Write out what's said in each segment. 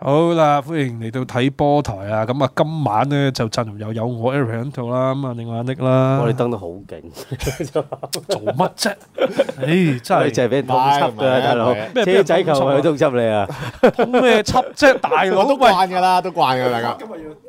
好啦，歡迎嚟到睇波台啊！咁啊，今晚咧就陣容又有我喺度啦，咁啊另外阿 Nick 啦，我哋登得好勁， 做乜啫？誒、哎，真係淨係俾人通緝大佬，啊啊、車仔球咪去通緝你啊？咩緝啫？大佬都慣噶啦，都慣噶啦大家。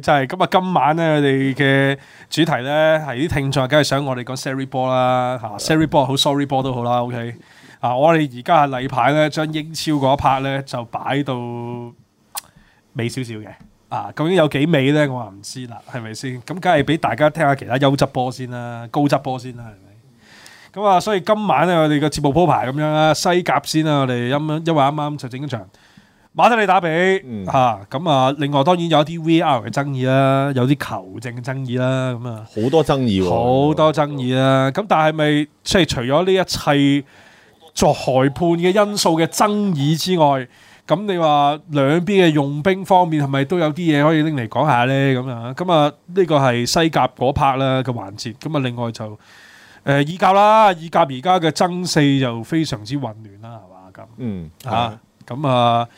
就係咁啊！今晚咧，我哋嘅主題咧係啲聽眾，梗係想我哋講 serie 波啦，吓 serie 波好，sorry 波都好啦，OK 啊！我哋而家係例牌咧，將英超嗰一 part 咧就擺到尾少少嘅啊！究竟有幾尾咧？我話唔知啦，係咪先？咁梗係俾大家聽下其他優質波先啦，高質波先啦，係咪？咁啊，所以今晚咧，我哋嘅節目鋪排咁樣啦，西甲先啦，我哋因為啱啱就整咗場。馬德里打比嚇，咁啊，另外當然有啲 VAR 嘅爭議啦，有啲球證嘅爭議啦，咁啊，好多爭議好多爭議啦。咁、啊、但係咪即係除咗呢一切作裁判嘅因素嘅爭議之外，咁你話兩邊嘅用兵方面係咪都有啲嘢可以拎嚟講下咧？咁啊，咁啊，呢個係西甲嗰 part 啦嘅環節。咁啊，另外就誒意甲啦，意甲而家嘅爭四就非常之混亂啦，係嘛咁？嗯啊，咁、嗯、啊。啊啊。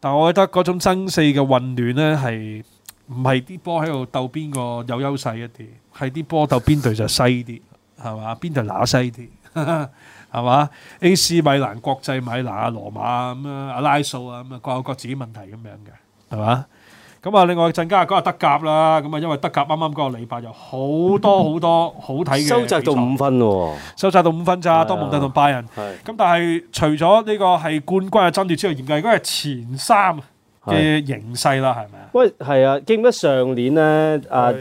但我覺得嗰種爭四嘅混亂咧，係唔係啲波喺度鬥邊個有優勢一啲？係啲波鬥邊隊就西啲，係嘛？邊隊乸西啲，係嘛？AC 米蘭、國際米蘭啊、羅馬啊咁啊、阿拉素，啊咁啊，各有各自己問題咁樣嘅，係嘛？咁啊！另外陣間講下德甲啦，咁啊，因為德甲啱啱嗰個禮拜有好多好多好睇嘅，收集到五分喎，收集到五分咋？多蒙特同拜仁，咁但係除咗呢個係冠軍嘅爭奪之外，而家而家係前三嘅形勢啦，係咪啊？喂，係啊！記得上年咧？阿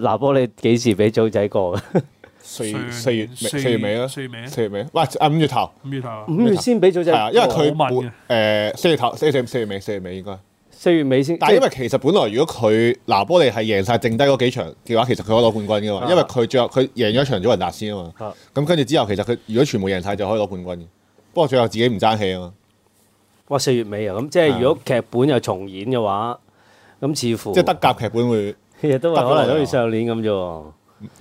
拿波，你幾時俾組仔過？四四月四月尾啦，四月尾，四月尾。喂，五月頭，五月頭，五月先俾組仔，因為佢誒四月頭，四四月尾，四月尾應該。四月尾先，但係因為其實本來如果佢拿波利係贏晒剩低嗰幾場嘅話，其實佢可以攞冠軍嘅嘛。因為佢最後佢贏咗場祖雲達斯啊嘛。咁跟住之後，其實佢如果全部贏晒就可以攞冠軍嘅。不過最後自己唔爭氣啊嘛。哇！四月尾啊，咁即係如果劇本又重演嘅話，咁似乎即係德甲劇本會，亦都可能都似上年咁啫。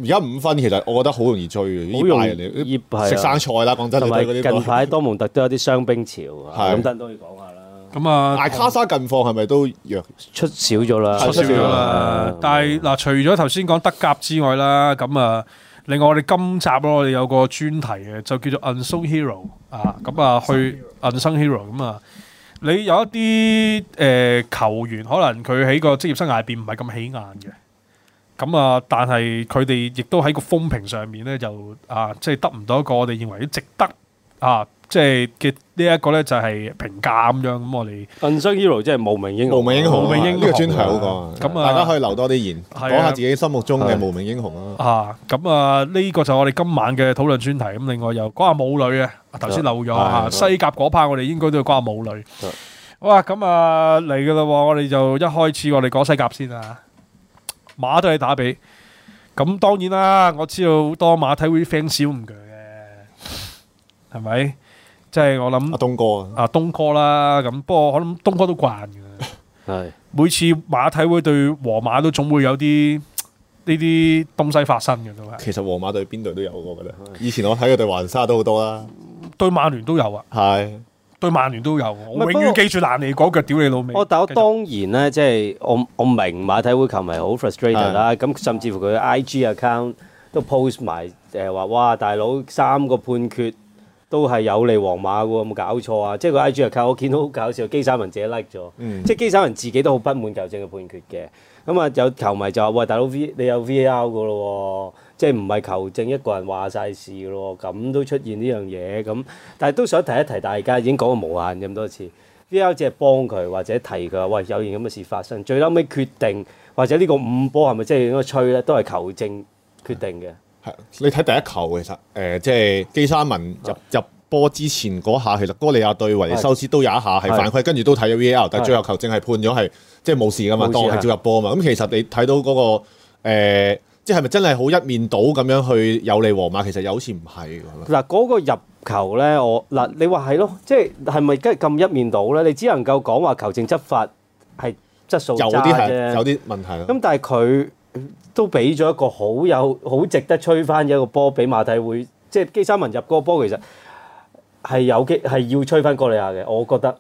而家五分其實我覺得好容易追嘅，易過嚟，易過食生菜啦。講真。近排多蒙特都有啲傷兵潮，咁真都要講下。咁啊，大、嗯、卡莎近況係咪都弱出少咗啦？出少咗啦，但係嗱，嗯、除咗頭先講德甲之外啦，咁啊，另外我哋今集咯，我哋有個專題嘅，就叫做 unsung hero 啊，咁啊，去 unsung hero 咁啊，你、嗯嗯、有一啲誒、呃、球員，可能佢喺個職業生涯入邊唔係咁起眼嘅，咁啊，但係佢哋亦都喺個風評上面咧，就啊，即係得唔到一個我哋認為值得啊。即係嘅呢一個咧，就係評價咁樣。咁我哋 unsung hero 即係無名英雄，無名英雄啊！呢個專題好講，咁啊，大家可以留多啲言，講下自己心目中嘅無名英雄啊。嚇咁啊，呢個就係我哋今晚嘅討論專題。咁另外又講下舞女嘅，頭先漏咗啊。西甲嗰批我哋應該都要講下舞女。好啊，咁啊嚟噶啦！我哋就一開始我哋講西甲先啊。馬都係打比，咁當然啦。我知道好多馬體會 fans 唔少嘅，係咪？即係我諗，阿東哥啊，東哥啦，咁不過我諗東哥都慣係每次馬體會對皇馬都總會有啲呢啲東西發生嘅。其實皇馬對邊隊都有過嘅咧。以前我睇佢對華仁沙都好多啦，對曼聯都有啊。係對曼聯都有，我，我，有有我永遠記住爛泥裹腳屌你老味。但我當然咧，即係我我明馬體會球迷好 frustrated 啦。咁甚至乎佢 IG account 都 post 埋誒話哇大佬三,三個判決。都係有利皇馬嘅喎，有冇搞錯啊？即係個 IGA，我見到好搞笑，基沙文自己甩、like、咗，嗯、即係基沙文自己都好不滿球證嘅判決嘅。咁、嗯、啊，有球迷就話：喂，大佬 V，你有 VAR 嘅咯喎，即係唔係球證一個人話晒事咯？咁都出現呢樣嘢咁。但係都想提一提，大家已經講過無限咁多次，VAR 只係幫佢或者提佢。喂，有件咁嘅事發生，最嬲尾決定或者呢個五波係咪即係應該吹咧？都係球證決定嘅。係你睇第一球，其實誒、呃、即係基沙文入是的 入波之前嗰下，其實哥利亞對維尼修斯都有一,一下係犯規，是的 跟住都睇咗 VAR，但最後球證係判咗係是的 即係冇事噶嘛，當係照入波啊嘛。咁其實你睇到嗰、那個誒、呃，即係咪真係好一面倒咁樣去有利皇馬？其實又好似唔係，嗱嗰個入球咧，我嗱你話係咯，即係係咪梗係咁一面倒咧？你只能夠講話球證執法係質素有啲係有啲問題咯。咁但係佢。都俾咗一個好有、好值得吹翻嘅一個波俾馬體會，即係基三文入個波，其實係有嘅，係要吹翻哥利亞嘅。我覺得，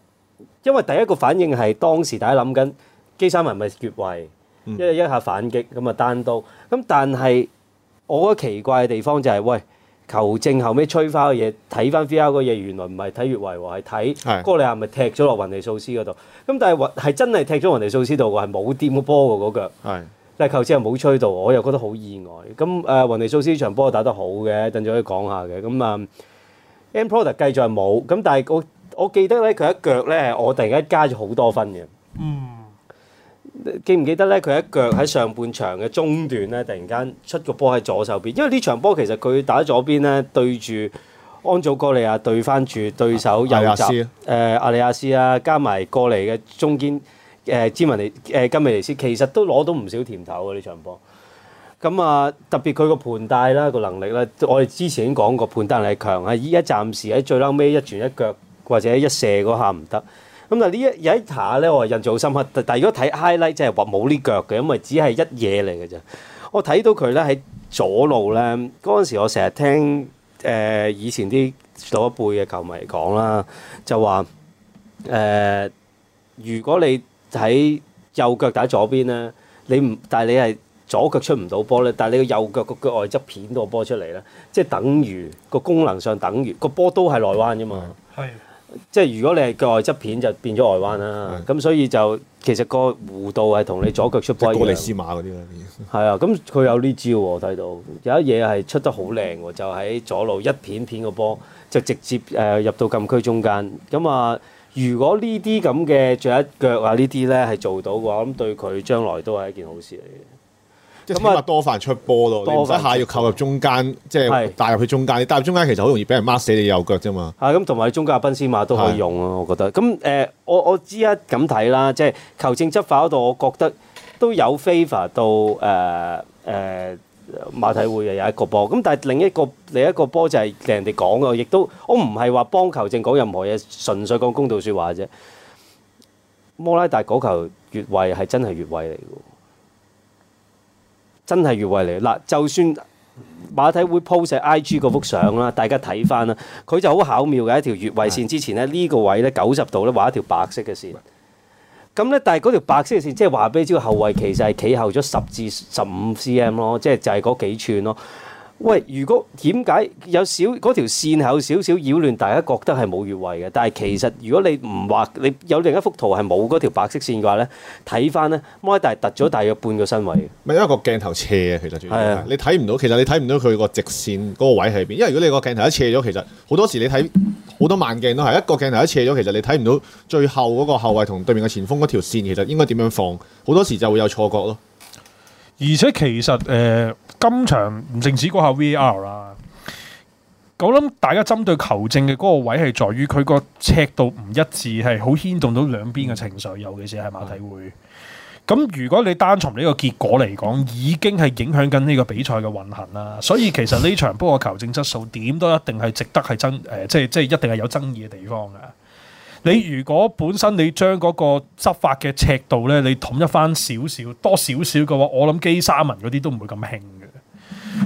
因為第一個反應係當時大家諗緊基三文係咪越位？因、嗯、一一下反擊咁啊單刀。咁但係我覺得奇怪嘅地方就係、是，喂球證後尾吹翻嘅嘢，睇翻 V R 嗰嘢，原來唔係睇越位喎，係睇哥利亞係咪踢咗落雲尼素斯嗰度。咁但係雲係真係踢咗雲尼素斯度喎，係冇掂個波喎，嗰腳。但係球證又冇吹到，我又覺得好意外。咁誒、呃，雲尼蘇斯呢場波打得好嘅，等咗可以講下嘅。咁啊，end product 繼續係冇。咁但係我我記得咧，佢一腳咧，我突然間加咗好多分嘅。嗯，記唔記得咧？佢一腳喺上半場嘅中段咧，突然間出個波喺左手邊。因為呢場波其實佢打左邊咧，對住安祖哥利亞對翻住對手右側誒阿里亞斯啊，加埋過嚟嘅中堅。誒詹、呃、文尼誒、呃、金美尼斯其實都攞到唔少甜頭喎呢場波，咁、嗯、啊特別佢個盤帶啦，個能力啦，我哋之前已經講過盤帶力強啊，依家暫時喺最撈尾一轉一腳或者一射嗰下唔得，咁嗱呢一有一下咧、嗯，我印象好深刻，但係如果睇 highlight 即係話冇呢腳嘅，因為只係一嘢嚟嘅啫。我睇到佢咧喺左路咧，嗰陣時我成日聽誒、呃、以前啲老一輩嘅球迷講啦，就話誒、呃、如果你喺右腳打左邊咧，你唔但係你係左腳出唔到波咧，但係你個右腳個腳外側片到個波出嚟咧，即係等於個功能上等於個波都係內彎啫嘛。係的。即係如果你係腳外側片就變咗外彎啦。咁所以就其實個弧度係同你左腳出波一樣。過嚟絲馬嗰啲啦，係啊，咁佢有呢招喎，睇到有一嘢係出得好靚喎，就喺左路一片片個波就直接誒、呃、入到禁區中間咁啊。如果呢啲咁嘅最後一腳啊，呢啲咧係做到嘅話，咁對佢將來都係一件好事嚟嘅。即係起碼多番出波咯，唔使下要扣入中間，是即係帶入去中間。你帶入中間其實好容易俾人 mark 死你右腳啫嘛。啊，咁同埋中間嘅賓斯馬都可以用啊，的我覺得。咁誒、呃，我我知啊，咁睇啦，即、就、係、是、球證執法嗰度，我覺得都有 favor 到誒誒。呃呃馬體會又有一個波，咁但係另一個另一個波就係人哋講嘅，亦都我唔係話幫球證講任何嘢，純粹講公道説話啫。摩拉大嗰球越位係真係越位嚟嘅，真係越位嚟。嗱，就算馬體會 post IG 嗰幅相啦， 大家睇翻啦，佢就好巧妙嘅一條越位線。之前呢，呢是的 個位咧九十度咧畫一條白色嘅線。咁咧，但係嗰條白色線，即係話俾你知個後衛其實係企後咗十至十五 CM 咯，即係就係嗰幾吋咯。喂，如果點解有少嗰條線有少少擾亂，大家覺得係冇越位嘅？但係其實如果你唔畫，你有另一幅圖係冇嗰條白色線嘅話咧，睇翻咧，摩拉達突咗大約半個身位嘅。唔係因為個鏡頭斜啊，其實主要係的你睇唔到。其實你睇唔到佢個直線嗰個位喺邊。因為如果你個鏡頭一斜咗，其實好多時你睇好多慢鏡都係一個鏡頭一斜咗，其實你睇唔到最後嗰個後衞同對面嘅前鋒嗰條線，其實應該點樣放？好多時就會有錯覺咯。而且其實誒。呃今場唔淨止嗰下 VAR 啦，我諗大家針對球證嘅嗰個位係在於佢個尺度唔一致，係好牽動到兩邊嘅情緒，尤其是係馬體會。咁、嗯、如果你單從呢個結果嚟講，已經係影響緊呢個比賽嘅運行啦。所以其實呢場波個球證質素點都一定係值得係爭，誒、呃，即係即係一定係有爭議嘅地方嘅。你如果本身你將嗰個執法嘅尺度咧，你統一翻少少，多少少嘅話，我諗基沙文嗰啲都唔會咁興。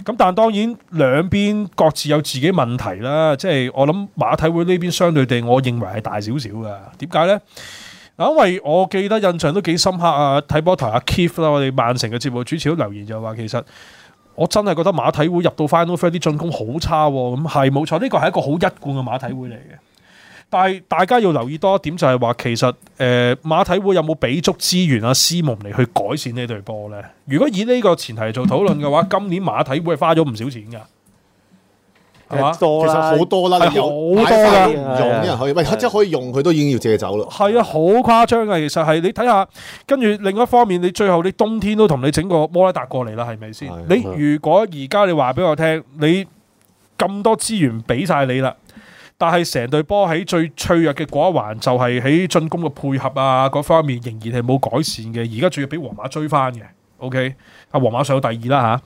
咁但當然兩邊各自有自己問題啦，即係我諗馬體會呢邊相對地，我認為係大少少噶。點解呢？因為我記得印象都幾深刻啊，體波台阿 Keith 啦，我哋曼城嘅節目主持都留言就話，其實我真係覺得馬體會入到 final four 啲進攻好差喎。咁係冇錯，呢個係一個好一貫嘅馬體會嚟嘅。但係大家要留意多一點就係話，其實誒馬體會有冇俾足資源啊，斯蒙尼嚟去改善呢隊波咧？如果以呢個前提做討論嘅話，今年馬體會係花咗唔少錢噶，係嘛？其實好多啦，好多噶，用啲人去，喂即係可以用，佢都已經要借走咯。係啊，好誇張啊！其實係你睇下，跟住另一方面，你最後你冬天都同你整個摩拉達過嚟啦，係咪先？你如果而家你話俾我聽，你咁多資源俾晒你啦。但係成隊波喺最脆弱嘅嗰一環，就係喺進攻嘅配合啊，嗰方面仍然係冇改善嘅。而家仲要俾皇馬追翻嘅。O K，阿皇馬上到第二啦吓、啊。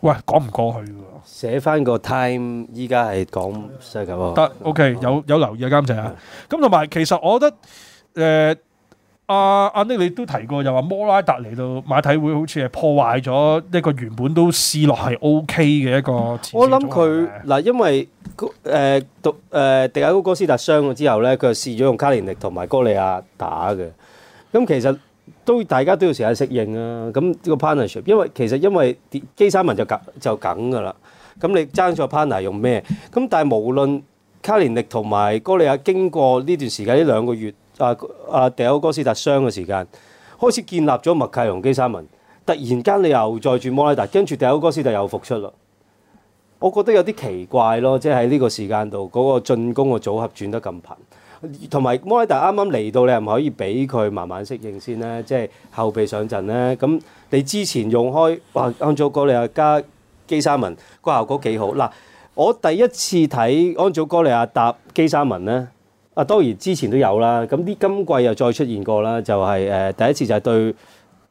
喂，講唔過去喎、啊。寫翻個 time，依家係講西甲喎。得。O、okay, K，、嗯、有有留意啊，監製啊。咁同埋，其實我覺得，誒、呃啊，阿阿 Nick 你都提過，又話摩拉達嚟到馬體會好似係破壞咗一個原本都試落係 O K 嘅一個次次。我諗佢嗱，是是因為。個誒讀誒迪亞哥斯達傷咗之後咧，佢試咗用卡連力同埋哥利亞打嘅。咁其實都大家都要時間適應啊。咁呢個 partnership，因為其實因為基沙文就梗就梗噶啦。咁你爭咗 partner 用咩？咁但係無論卡連力同埋哥利亞經過呢段時間呢兩個月啊啊，迪亞哥斯達傷嘅時間，開始建立咗默契同基沙文。突然間你又再住摩拉達，跟住迪亞哥斯達又復出啦。我覺得有啲奇怪咯，即係喺呢個時間度，嗰個進攻嘅組合轉得咁頻，同埋莫拉達啱啱嚟到，你係唔可以俾佢慢慢適應先咧？即係後備上陣咧。咁你之前用開哇安祖哥利亞加基沙文，個效果幾好。嗱，我第一次睇安祖哥利亞搭基沙文咧，啊當然之前都有啦，咁啲今季又再出現過啦，就係誒第一次就係對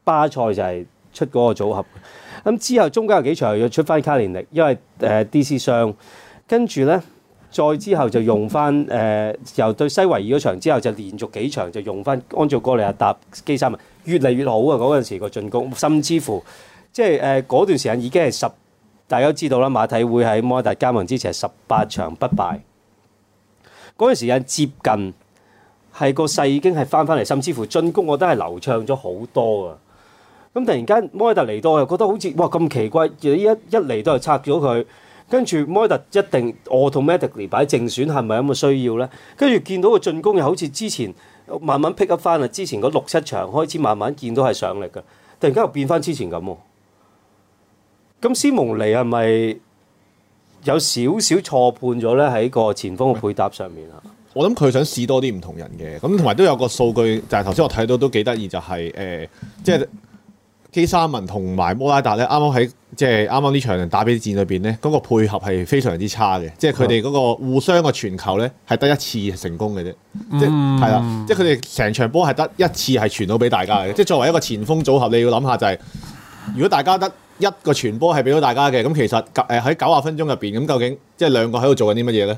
巴塞就係出嗰個組合。咁之後中間有幾場又要出翻卡連力，因為誒 DC 商跟住咧，再之後就用翻誒、呃、由對西維爾嗰場之後，就連續幾場就用翻，安照哥利亞搭基三啊，越嚟越好啊！嗰陣時個進攻，甚至乎即係誒嗰段時間已經係十，大家都知道啦，馬體會喺摩納加盟之前係十八場不敗，嗰陣時間接近係個勢已經係翻翻嚟，甚至乎進攻我都係流暢咗好多啊！咁突然間莫，莫特尼多又覺得好似哇咁奇怪，一一嚟到就拆咗佢，跟住莫特一定我同 m a d i c 尼擺正選係咪咁嘅需要咧？跟住見到個進攻又好似之前慢慢 pick up 翻啦，之前嗰六七場開始慢慢見到係上力嘅，突然間又變翻之前咁喎。咁斯蒙尼係咪有少少錯判咗咧？喺個前鋒嘅配搭上面啊？我諗佢想試多啲唔同人嘅，咁同埋都有個數據，就係頭先我睇到都幾得意，就係誒即係。呃就係嗯基沙文同埋摩拉達咧，啱啱喺即係啱啱呢場打吡戰裏邊咧，嗰、那個配合係非常之差嘅，即係佢哋嗰個互相嘅傳球咧係得一次成功嘅啫、嗯，即係係啦，即係佢哋成場波係得一次係傳到俾大家嘅，即係作為一個前鋒組合，你要諗下就係、是、如果大家得一個傳波係俾到大家嘅，咁其實誒喺九十分鐘入邊咁，究竟即係兩個喺度做緊啲乜嘢咧？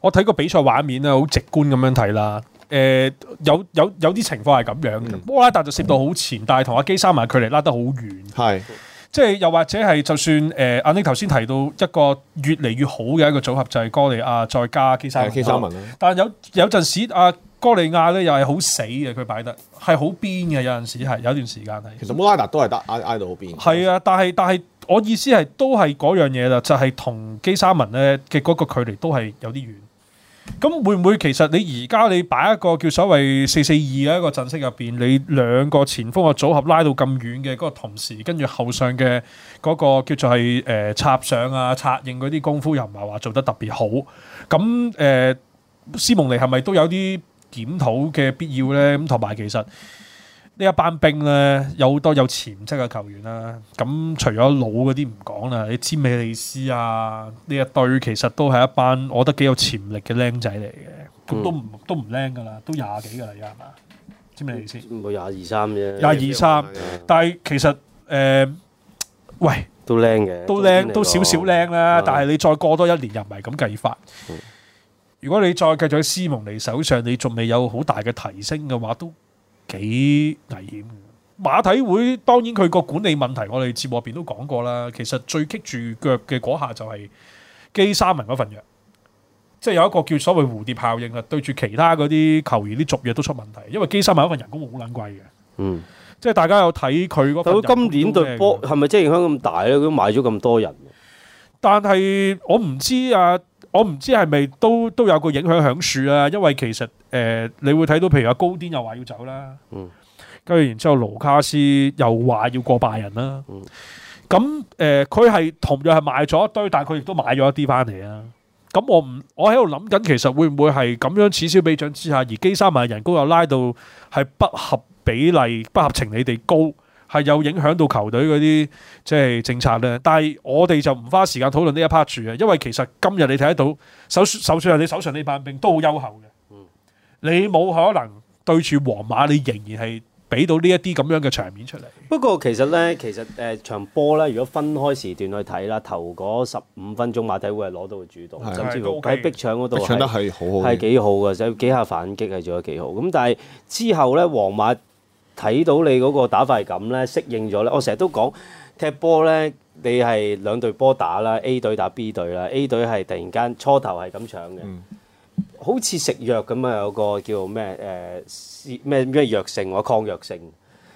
我睇過比賽畫面啦，好直觀咁樣睇啦。誒有有有啲情況係咁樣，摩拉達就攝到好前，但係同阿基沙文距離拉得好遠。係，即係又或者係就算誒，阿 Nick 頭先提到一個越嚟越好嘅一個組合，就係哥利亞再加基沙文。但係有有陣時阿哥利亞咧又係好死嘅，佢擺得係好邊嘅，有陣時係有段時間係。其實摩拉達都係得挨挨到好邊。係啊，但係但係我意思係都係嗰樣嘢啦，就係同基沙文咧嘅嗰個距離都係有啲遠。咁會唔會其實你而家你擺一個叫所謂四四二嘅一個陣式入邊，你兩個前鋒嘅組合拉到咁遠嘅嗰個同時，跟住後上嘅嗰個叫做係誒插上啊插應嗰啲功夫又唔係話做得特別好，咁誒、呃、施蒙尼係咪都有啲檢討嘅必要呢？咁同埋其實。呢一班兵咧有好多有潛質嘅球員啦、啊，咁、嗯、除咗老嗰啲唔講啦，你知咩意思啊？呢一隊其實都係一班我覺得幾有潛力嘅僆仔嚟嘅，咁都唔都唔僆噶啦，都廿幾噶啦，知知嗯、而家係嘛？知咩意思冇廿二三啫，廿二三，但係其實誒、呃，喂，都僆嘅，都僆都少少僆啦，嗯、但係你再過多一年又唔係咁計法。如果你再繼續喺斯蒙尼手上，你仲未有好大嘅提升嘅話，都。幾危險？馬體會當然佢個管理問題，我哋節目入邊都講過啦。其實最棘住腳嘅嗰下就係基沙文嗰份約，即係有一個叫所謂蝴蝶效應啦。對住其他嗰啲球員啲續約都出問題，因為基沙文嗰份人工好撚貴嘅。嗯，即係大家有睇佢嗰份。今年對波係咪真係影響咁大咧？佢買咗咁多人，但係我唔知啊。我唔知係咪都都有個影響響樹啊，因為其實誒、呃，你會睇到譬如話高端又話要走啦、啊，跟住、嗯、然之後盧卡斯又話要過拜仁啦、啊，咁誒佢係同樣係賣咗一堆，但係佢亦都買咗一啲翻嚟啊。咁我唔，我喺度諗緊，其實會唔會係咁樣此消彼長之下，而基沙文人工又拉到係不合比例、不合情理地高。係有影響到球隊嗰啲即係政策咧，但係我哋就唔花時間討論呢一 part 住啊，因為其實今日你睇得到，首就算係你手上呢班兵都好優厚嘅。嗯，你冇可能對住皇馬，你仍然係俾到呢一啲咁樣嘅場面出嚟。不過其實呢，其實誒，呃，場波呢，如果分開時段去睇啦，頭嗰十五分鐘馬體會係攞到個主動，的甚至乎喺逼搶嗰度係幾好嘅，即幾下反擊係做得幾好。咁但係之後呢，皇馬。睇到你嗰個打法係咁咧，適應咗咧。我成日都講踢波咧，你係兩隊波打啦，A 隊打 B 隊啦，A 隊係突然間初頭係咁搶嘅，嗯、好似食藥咁啊！有個叫咩誒咩咩藥性我抗藥性，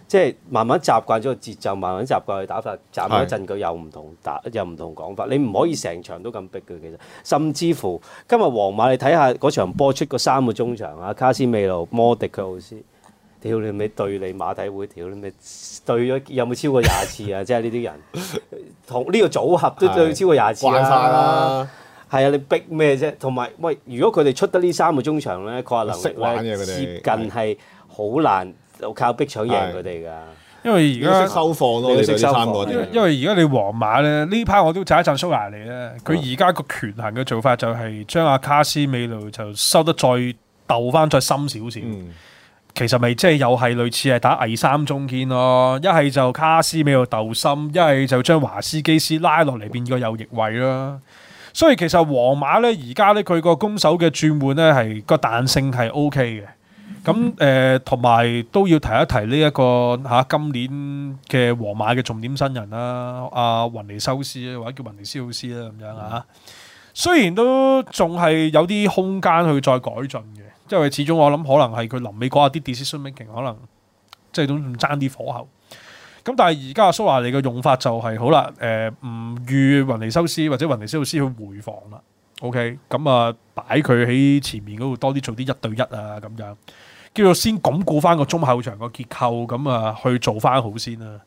即係慢慢習慣咗個節奏，慢慢習慣去打法。站咗一陣佢又唔同打，又唔是的 同講法。你唔可以成場都咁逼嘅，其實甚至乎今日皇馬，你睇下嗰場波出個三個中場啊，卡斯美路、摩迪、克奧斯。屌你咪對你馬體會條你咩？對咗有冇超過廿次啊？即係呢啲人同呢個組合都對超過廿次晒、啊、啦。係啊，你逼咩啫？同埋喂，如果佢哋出得呢三個中場咧，佢可能識玩嘅。接近係好難就靠逼搶贏佢哋噶。因為而家收貨咯、啊，你對三嗰啲。因為而家你皇馬咧，呢 part 的我都就一陣蘇牙嚟咧。佢而家個權衡嘅做法就係將阿卡斯美路就收得再鬥翻再深少少。嗯其實咪即係又係類似係打偽三中堅咯，一係就卡斯美路斗心，一係就將華斯基斯拉落嚟，變個右翼位啦。所以其實皇馬呢，而家呢，佢個攻守嘅轉換呢係個彈性係 O K 嘅。咁誒，同、呃、埋都要提一提呢、這、一個吓、啊、今年嘅皇馬嘅重點新人啦，阿、啊、雲尼修斯或者叫雲尼斯奧斯啦咁樣吓、啊。雖然都仲係有啲空間去再改進嘅。即係始終我諗可能係佢臨尾講下啲 decision making 可能即係都唔爭啲火候。咁但係而家阿蘇華利嘅用法就係、是，好啦，誒、呃、唔預雲尼修斯或者雲尼修斯去回防啦。OK，咁啊擺佢喺前面嗰度多啲做啲一,一對一啊咁樣，叫做先鞏固翻個中後場個結構，咁、嗯、啊去做翻好先啦。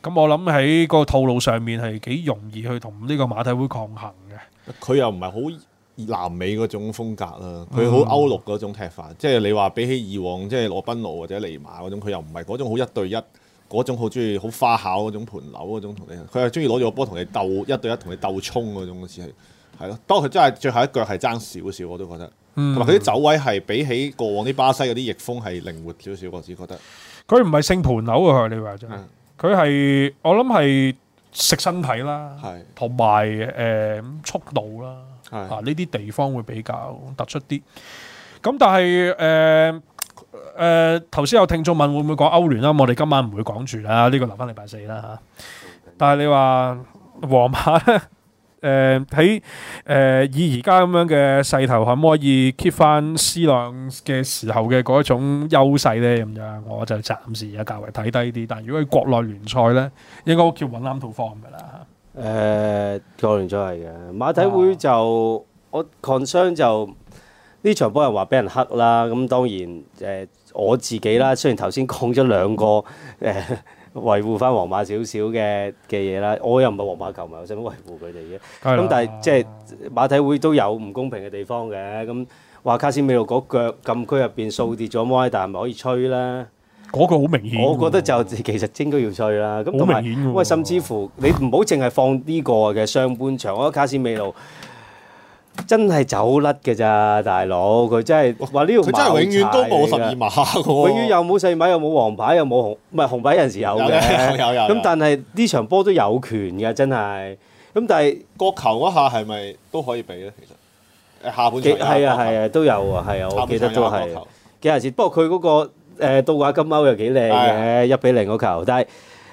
咁、嗯、我諗喺個套路上面係幾容易去同呢個馬體會抗衡嘅。佢又唔係好。南美嗰種風格啦，佢好歐陸嗰種踢法，嗯、即係你話比起以往即係羅賓奴或者尼馬嗰種，佢又唔係嗰種好一對一嗰種好鍾意好花巧嗰種盤扭嗰種同你，佢係鍾意攞住個波同你鬥一對一同你鬥衝嗰種似係係咯，不過佢真係最後一腳係爭少少，我都覺得，同埋佢啲走位係比起過往啲巴西嗰啲逆風係靈活少少，我自己覺得。佢唔係勝盤扭啊，你話真係，佢係、嗯、我諗係食身體啦，係同埋誒速度啦。啊！呢啲地方會比較突出啲，咁但係誒誒頭先有聽眾問會唔會講歐聯啦，我哋今晚唔會講住啦，呢、呢個留翻禮拜四啦嚇。但係你話皇馬咧，喺誒、呃呃、以而家咁樣嘅勢頭，可唔可以 keep 翻思量嘅時候嘅嗰一種優勢咧？咁樣我就暫時而家較為睇低啲。但係如果國內聯賽咧，應該叫揾啱套方案嘅啦。誒、嗯、過亂咗係嘅，馬體會就我 concern 就呢場波人話俾人黑啦，咁、嗯、當然誒、呃、我自己啦，雖然頭先講咗兩個誒、呃、維護翻皇馬少少嘅嘅嘢啦，我又唔係皇馬球迷，我使乜維護佢哋嘅？咁的、嗯、但係、啊、即係馬體會都有唔公平嘅地方嘅，咁、嗯、話卡斯美路嗰腳禁區入邊掃跌咗莫但蒂係咪可以吹啦？嗰個好明顯， 我覺得就其實應該要吹啦。咁好明顯喂，甚至乎 你唔好淨係放呢個嘅上半場，我覺得卡斯美路真係走甩嘅咋，大佬佢真係話呢個佢真係永遠都冇十二碼，永遠又冇四米，又冇黃牌，又冇紅，唔係紅牌有陣的時有嘅，有的有。咁但係呢場波都有權嘅，真係。咁但係過球嗰下係咪都可以俾咧？其實下半場係啊係啊，對啊都有喎，係啊，我記得都係幾陣時。不過佢嗰個。誒、呃、倒掛金鈎又幾靚嘅，一的比零個球，但係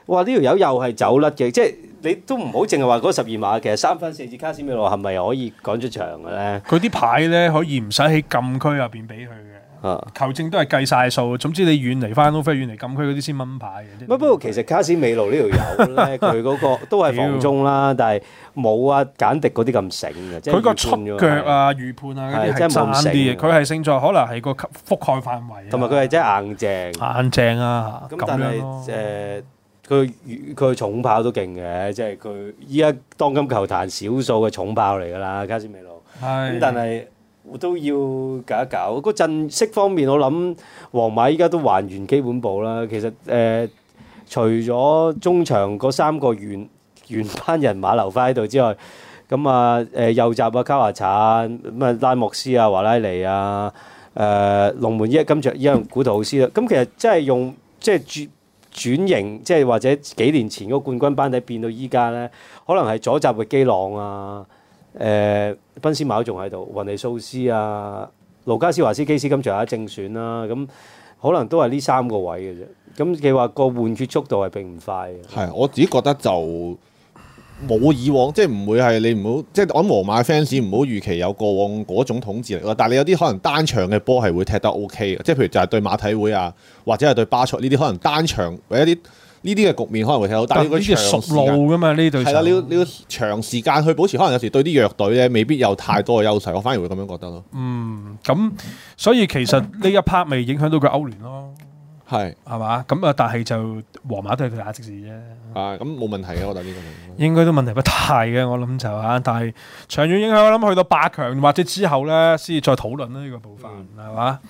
哇呢條友又係走甩嘅，即係你都唔好淨係話嗰十二碼其實三分四字卡斯米羅係咪可以趕出場嘅咧？佢啲牌咧可以唔使喺禁區入邊俾佢。啊！球證都係計晒數，總之你遠離翻，除非遠離禁區嗰啲先掹牌。唔係不過其實卡斯美路呢條友咧，佢嗰個都係防中啦，但係冇啊簡迪嗰啲咁醒嘅。佢個出腳啊、預判啊嗰啲係爭啲嘅。佢係勝在，可能係個覆蓋範圍。同埋佢係即係硬正。硬正啊！咁但係誒，佢佢重炮都勁嘅，即係佢依家當今球壇少數嘅重炮嚟㗎啦，卡斯美路。係。咁但係。我都要搞一搞。個陣式方面，我諗皇馬依家都還原基本步啦。其實誒、呃，除咗中場嗰三個原原班人馬留翻喺度之外，咁啊誒右閘啊卡瓦查，咁啊拉莫斯啊華拉尼啊，誒、呃、龍門一金爵依樣古圖斯啦。咁、嗯、其實真係用即係、就是、轉轉型，即、就、係、是、或者幾年前嗰個冠軍班底變到依家咧，可能係左閘嘅基朗啊。誒，賓、呃、斯馬都仲喺度，雲尼素斯啊，盧加斯華斯基斯今場有一正選啦、啊，咁、嗯、可能都係呢三個位嘅啫。咁你話個換血速度係並唔快嘅。係我自己覺得就冇以往，即係唔會係你唔好，即係我諗皇馬 fans 唔好預期有過往嗰種統治力咯。但係你有啲可能單場嘅波係會踢得 OK 嘅，即係譬如就係對馬體會啊，或者係對巴塞呢啲可能單場或一啲。呢啲嘅局面可能會睇到，但係呢啲係熟路噶嘛？呢對，係啊，你要你要長時間去保持，可能有時對啲弱隊咧，未必有太多嘅優勢。我反而會咁樣覺得咯。嗯，咁所以其實呢一 part 咪影響到佢歐聯咯。係係嘛？咁啊，但係就皇馬都係佢下即次啫。啊，咁冇問題嘅，我覺得呢個應該都問題不大嘅。我諗就啊，但係長遠影響，我諗去到八強或者之後咧，先至再討論啦、啊、呢、呢個部分係嘛？嗯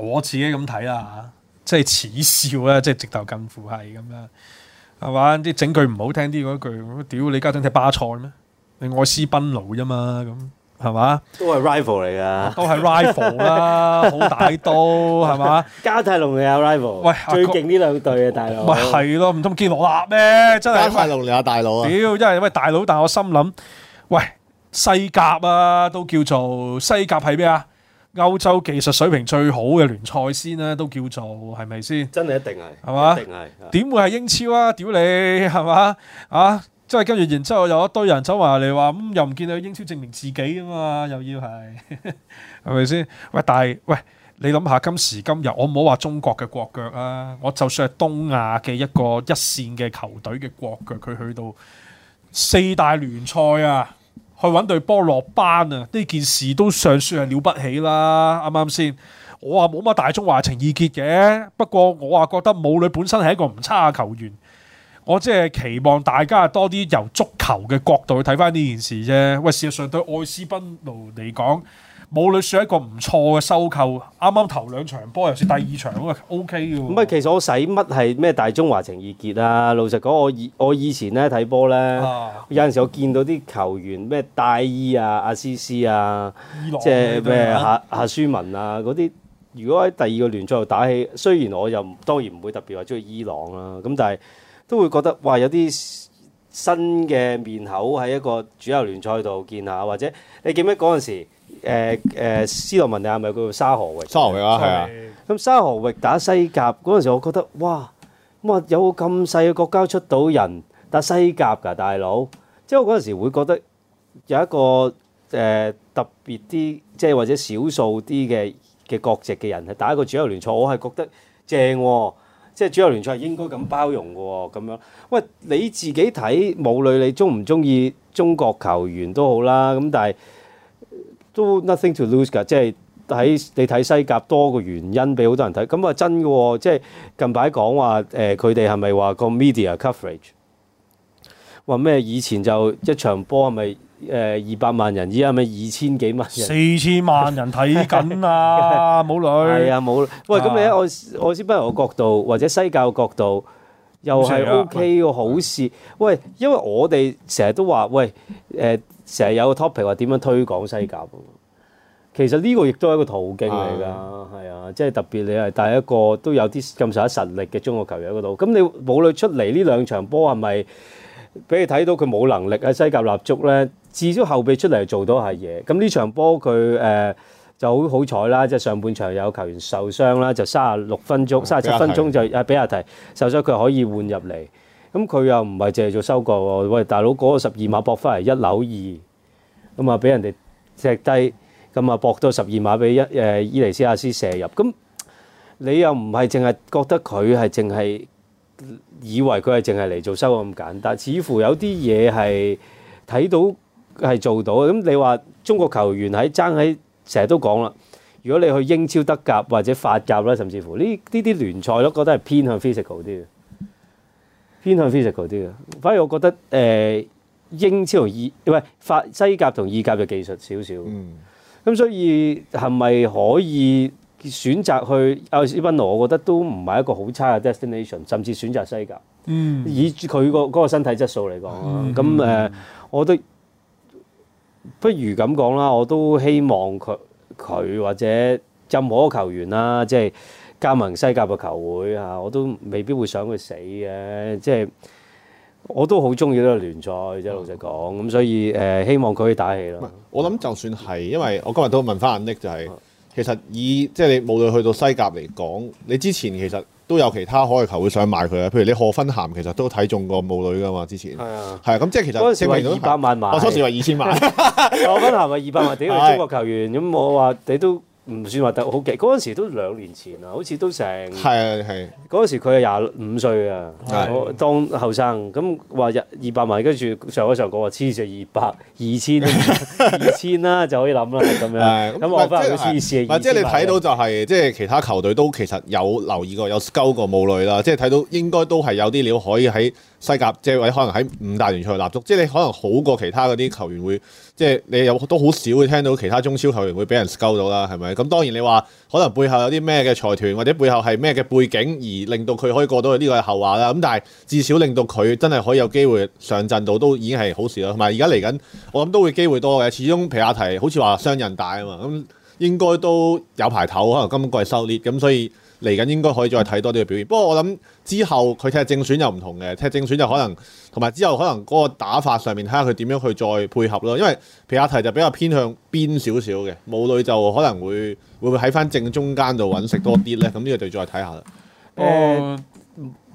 我自己咁睇啦嚇，即係恥笑咧，即係直頭近乎係咁樣，係嘛？啲整句唔好聽啲嗰句，屌你家陣踢巴塞咩？你愛斯賓奴啫嘛，咁係嘛？都係 rival 嚟噶，都係 rival 啦，好大刀係嘛？加泰隆你有 rival，喂，最勁呢兩隊啊，大佬喂，係咯我，唔通、啊、見落鴨咩？真係加泰隆你有大佬啊！屌，因為喂大佬，但我心諗，喂西甲啊，都叫做西甲係咩啊？歐洲技術水平最好嘅聯賽先咧、啊，都叫做係咪先？真係一定係，係嘛吧？一定係，點會係英超啊！屌你係嘛？啊！即係跟住，然之後有一堆人走埋嚟，話咁又唔見到英超證明自己啊嘛？又要係係咪先？喂，但係喂，你諗下今時今日，我唔好話中國嘅國腳啊，我就算係東亞嘅一個一線嘅球隊嘅國腳，佢去到四大聯賽啊！去揾隊波落班啊！呢件事都尚算係了不起啦，啱唔啱先？我話冇乜大中華情意結嘅，不過我話覺得武磊本身係一個唔差嘅球員，我即係期望大家多啲由足球嘅角度去睇翻呢件事啫。喂，事實上對愛斯賓奴嚟講。冇，你算一個唔錯嘅收購。啱啱頭兩場波，尤其是第二場，OK 嘅喎。咁啊，其實我使乜係咩大中華情意結啊？老實講，我以我以前咧睇波咧，呢啊、有陣時我見到啲球員咩戴依啊、阿思思啊，即係咩夏夏書文啊嗰啲。如果喺第二個聯賽度打起，雖然我又當然唔會特別話中意伊朗啦、啊，咁但係都會覺得哇有啲新嘅面口喺一個主流聯賽度見下，或者你記唔記得嗰陣時？誒誒，斯洛文尼亞係咪叫沙河域？沙河域啊，係啊。咁沙河域打西甲嗰陣時，我覺得哇，咁啊有個咁細嘅國家出到人打西甲㗎，大佬。即係我嗰陣時會覺得有一個誒特別啲，即係或者少數啲嘅嘅國籍嘅人係打一個主流聯賽，我係覺得正。即係主流聯賽係應該咁包容嘅喎，咁樣。喂，你自己睇無論，你中唔中意中國球員都好啦。咁但係。都 nothing to lose 噶，即係睇你睇西甲多個原因俾好多人睇。咁啊真噶、哦，即係近排講話誒，佢哋係咪話個 media coverage？話咩？以前就一場波係咪誒二百萬人，而家係咪二千幾萬人？四千萬人睇緊啊，冇 女。係啊，冇。啊、喂，咁你喺外外資不如嘅角度，或者西甲角度，又係 OK、啊、好事。喂，因為我哋成日都話喂誒。呃呃成日有個 topic 話點樣推廣西甲，其實呢個亦都係一個途徑嚟㗎，係啊，即係特別你係第一個都有啲咁實力嘅中國球員喺嗰度，咁你冇論出嚟呢兩場波係咪俾你睇到佢冇能力喺西甲立足呢，至少後備出嚟做到下嘢。咁呢場波佢誒就好好彩啦，即係上半場有球員受傷啦，就三十六分鐘、三十七分鐘就啊，比亞提，提受傷佢可以換入嚟。咁佢又唔係淨係做收購喎，喂大佬嗰、嗰個十二碼博翻嚟一扭二，咁啊俾人哋踢低，咁啊博到十二碼俾、呃、伊誒伊尼斯亞斯射入，咁你又唔係淨係覺得佢係淨係以為佢係淨係嚟做收購咁簡單，但係似乎有啲嘢係睇到係做到嘅。咁你話中國球員喺爭喺成日都講啦，如果你去英超德甲或者法甲啦，甚至乎呢呢啲聯賽都覺得係偏向 physical 啲。偏向 physical 啲嘅，反而我覺得誒、呃、英超同意，唔法西甲同意甲嘅技術少少。咁、嗯、所以係咪可以選擇去阿斯布諾？我覺得都唔係一個好差嘅 destination，甚至選擇西甲。嗯，以，以佢個嗰個身體質素嚟講，咁誒、嗯，呃嗯、我都不如咁講啦。我都希望佢，佢或者任何球員啦，即、就、係、是。加盟西甲嘅球會嚇，我都未必會想佢死嘅，即係我都好中意呢個聯賽，即係老實講，咁所以誒、呃、希望佢可以打起咯。我諗就算係，因為我今日都問翻阿 Nick 就係、是，其實以即係你武磊去到西甲嚟講，你之前其實都有其他海外球會想買佢啊，譬如你賀芬咸其實都睇中過武磊噶嘛，之前係啊，係啊，咁即係其實。嗰時二百萬買，我當時話二千萬。賀芬 咸係二百萬地， 因為中國球員，咁是我話你都唔算話得好勁，嗰陣時都兩年前啊，好似都成。係啊係。嗰陣時佢係廿五歲啊，的當後生咁話一二百萬，跟住上一上個話黐住二百二千二千啦，2000, 2000, 2000, 就可以諗啦咁樣。咁我翻黐住啊。唔係即係 20, 100, 你睇到就係、是，即係其他球隊都其實有留意過、有勾過母女啦，即係睇到應該都係有啲料可以喺。西甲即係或者可能喺五大聯賽立足，即係你可能好過其他嗰啲球員會，即係你有都好少會聽到其他中超球員會俾人 scout 到啦，係咪？咁當然你話可能背後有啲咩嘅財團或者背後係咩嘅背景而令到佢可以過到去呢個係後話啦。咁但係至少令到佢真係可以有機會上陣到都已經係好事啦。同埋而家嚟緊，我諗都會機會多嘅。始終皮亞提好似話雙人大啊嘛，咁應該都有排頭可能今季收列，咁，所以。嚟緊應該可以再睇多啲嘅表現，不過我諗之後佢踢正選又唔同嘅，踢正選就可能同埋之後可能嗰個打法上面睇下佢點樣去再配合咯，因為皮亞提就比較偏向邊少少嘅，武磊就可能會會唔會喺翻正中間度揾食多啲咧？咁、這、呢個就再睇下啦。誒話、哦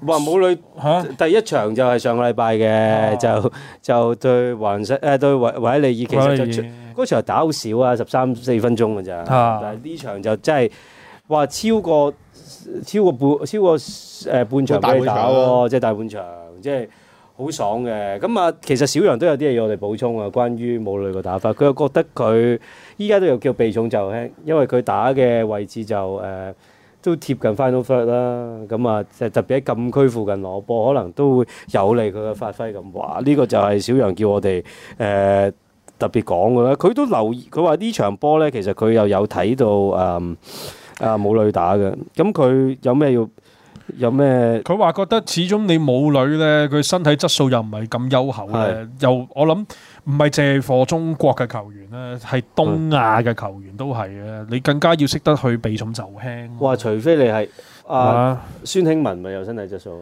呃、武磊哈第一場就係上個禮拜嘅，就就對雲實誒對維維利爾，其實嗰以場打好少13，啊，十三四分鐘嘅咋，但係呢場就真係話超過。超過半超過誒、呃、半場嘅打即係、啊、大半場，即係好爽嘅。咁啊，其實小楊都有啲嘢要我哋補充啊，關於武磊個打法，佢又覺得佢依家都有叫避重就輕，因為佢打嘅位置就誒、呃、都貼近 final third 啦。咁啊，就特別喺禁區附近攞波，可能都會有利佢嘅發揮咁。哇！呢、這個就係小楊叫我哋誒、呃、特別講嘅啦。佢都留意，佢話呢場波咧，其實佢又有睇到誒。嗯啊！冇女打嘅，咁佢有咩要？有咩？佢話覺得始終你冇女咧，佢身體質素又唔係咁優厚咧。的又我諗唔係借貨中國嘅球員咧，係東亞嘅球員都係咧。你更加要識得去避重就輕。哇！除非你係啊，孫的興文咪有身體質素。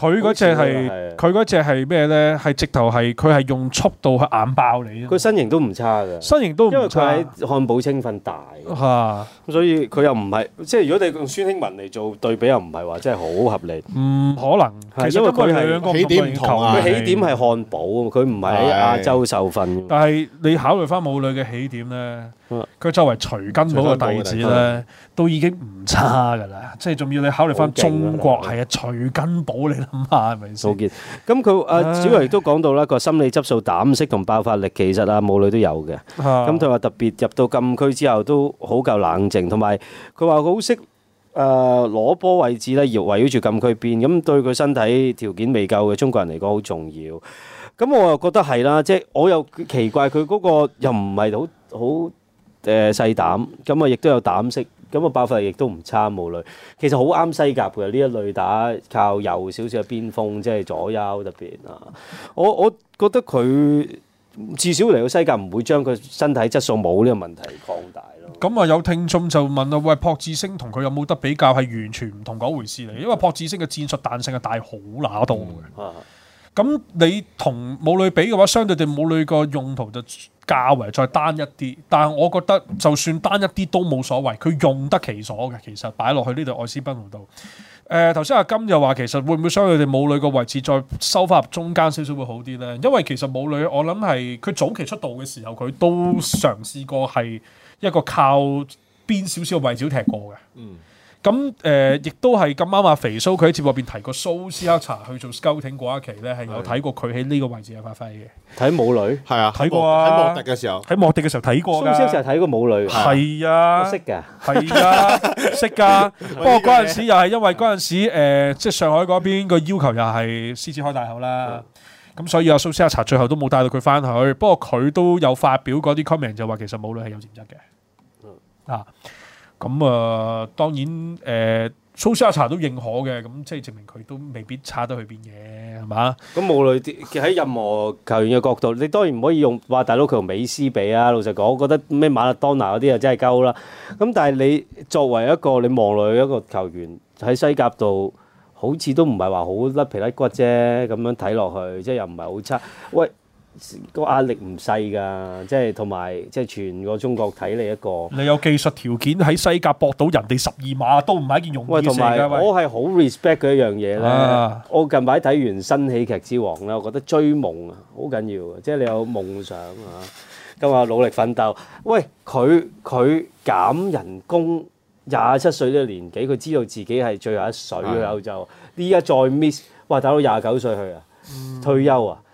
佢嗰只係佢只係咩咧？係直頭係佢係用速度去壓爆你，佢身形都唔差嘅，身形都唔差，因為佢喺漢堡青訓大嘅，咁、啊、所以佢又唔係即係如果你用孫興文嚟做對比又，又唔係話真係好合理。唔、嗯、可能，其實因為佢係兩個起點唔同，佢起點係漢堡，佢唔係喺亞洲受訓。但係你考慮翻武磊嘅起點咧？佢周圍徐根寶嘅弟子咧，都已經唔差㗎啦，即係仲要你考慮翻中國係啊徐根寶，你諗下係咪？杜傑，咁佢阿小維都講到啦，個心理質素、膽識同爆發力，其實啊母女都有嘅。咁佢話特別入到禁區之後都好夠冷靜，同埋佢話佢好識誒攞波位置咧，亦圍繞住禁區邊。咁對佢身體條件未夠嘅中國人嚟講好重要。咁我又覺得係啦，即係我又奇怪佢嗰個又唔係好好。誒細膽，咁啊亦都有膽識，咁啊爆發力亦都唔差無類。其實好啱西甲嘅呢一類打，靠右少少嘅邊鋒，即係左右特別啊。我我覺得佢至少嚟到西甲唔會將佢身體質素冇呢個問題擴大咯。咁、嗯嗯嗯、啊，有聽眾就問啊，喂，朴智星同佢有冇得比較？係完全唔同嗰回事嚟。因為朴智星嘅戰術彈性係大好乸到。嘅。咁你同母女比嘅話，相對地母女個用途就較為再單一啲，但係我覺得就算單一啲都冇所謂，佢用得其所嘅。其實擺落去呢度愛斯賓奴度，誒頭先阿金又話其實會唔會將佢哋母女個位置再收翻入中間少少會好啲呢？因為其實母女我諗係佢早期出道嘅時候，佢都嘗試過係一個靠邊少少位置踢過嘅，嗯。咁誒、呃，亦都係咁啱啊！肥蘇佢喺節目入邊提過蘇斯克查去做 scouting 嗰一期咧，係有睇過佢喺呢個位置嘅發揮嘅。睇武磊係啊，睇過啊，喺、啊、莫迪嘅時候，喺、啊、莫迪嘅時候睇過、啊。蘇斯克查睇過武磊係啊，識㗎，係啊，識㗎。啊、 不過嗰陣時又係因為嗰陣時、呃、即係上海嗰邊個要求又係獅子開大口啦。咁的的所以阿蘇斯克查最後都冇帶到佢翻去。不過佢都有發表嗰啲 comment，就話其實武磊係有潛質嘅。嗯、啊。咁啊、嗯，當然誒、呃，蘇亞查都認可嘅，咁、嗯、即係證明佢都未必差得去邊嘅，係嘛？咁無論喺任何球員嘅角度，你當然唔可以用話大佬佢同美斯比啊。老實講，我覺得咩馬勒當拿嗰啲又真係鳩啦。咁、嗯、但係你作為一個你望落去一個球員喺西甲度，好似都唔係話好甩皮甩骨啫，咁樣睇落去，即係又唔係好差。喂！個壓力唔細噶即係同埋即係全個中國睇你一個。你有技術條件喺西甲搏到人哋十二碼都唔係一件容易嘅事，同埋喂我係好 respect 嘅一樣嘢咧。啊、我近排睇完《新喜劇之王》咧，我覺得追夢啊好緊要，即係你有夢想啊，咁啊努力奮鬥。喂，佢佢減人工，廿七歲呢個年紀，佢知道自己係最後一水喺歐洲。呢家、啊啊、再 miss，哇，等到廿九歲去啊，退休啊！嗯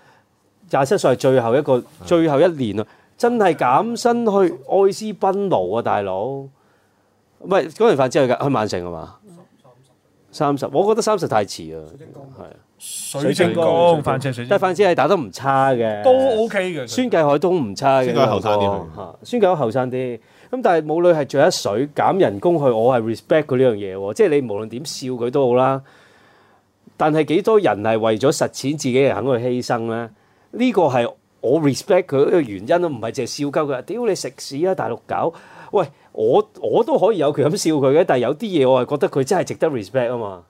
廿七歲係最後一個最後一年啦，真係減薪去愛斯賓奴啊，大佬唔係嗰輪飯之後去曼城啊嘛三十，30，我覺得三十太遲啊是。水晶宮係水晶宮，范志毅水晶宮，但范志毅係打得唔差嘅，都 O K 嘅。孫繼海都唔差嘅，都後生啲。孫繼海後生啲咁，但係母女係著一水減人工去，我係 respect 佢呢樣嘢喎。即係你無論點笑佢都好啦，但係幾多人係為咗實踐自己係肯去犧牲咧？呢個係我 respect 佢一個原因咯，唔係淨係笑鳩佢。屌你食屎啊！大陸狗，喂，我我都可以有權咁笑佢嘅，但係有啲嘢我係覺得佢真係值得 respect 啊嘛，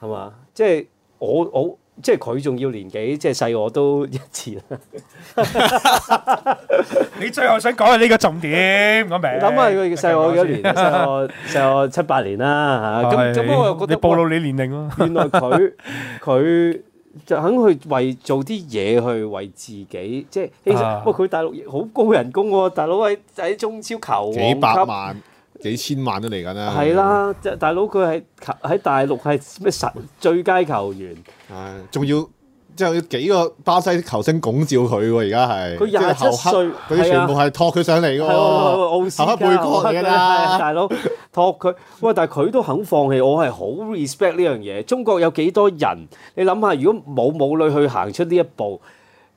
係嘛？即係我我即係佢仲要年紀即係細我都一次啦。 你最後想講下呢個重點，我明。諗下佢細我幾多年，細 我細我，我七八年啦嚇。咁咁我又覺得你暴露你年齡咯、啊。原來佢佢。 就肯去為做啲嘢去為自己，即係其實喂佢、啊、大陸好高人工喎、啊，大佬喺中超球員，幾百萬、幾千萬都嚟緊啦。係啦，就大佬佢係喺大陸係咩神最佳球員，仲要。即要幾個巴西球星拱照佢喎，而家係佢廿七歲，佢、啊、全部係托佢上嚟嘅喎，大佬托佢。喂，但係佢都肯放棄，我係好 respect 呢樣嘢。中國有幾多人？你諗下，如果冇武磊去行出呢一步，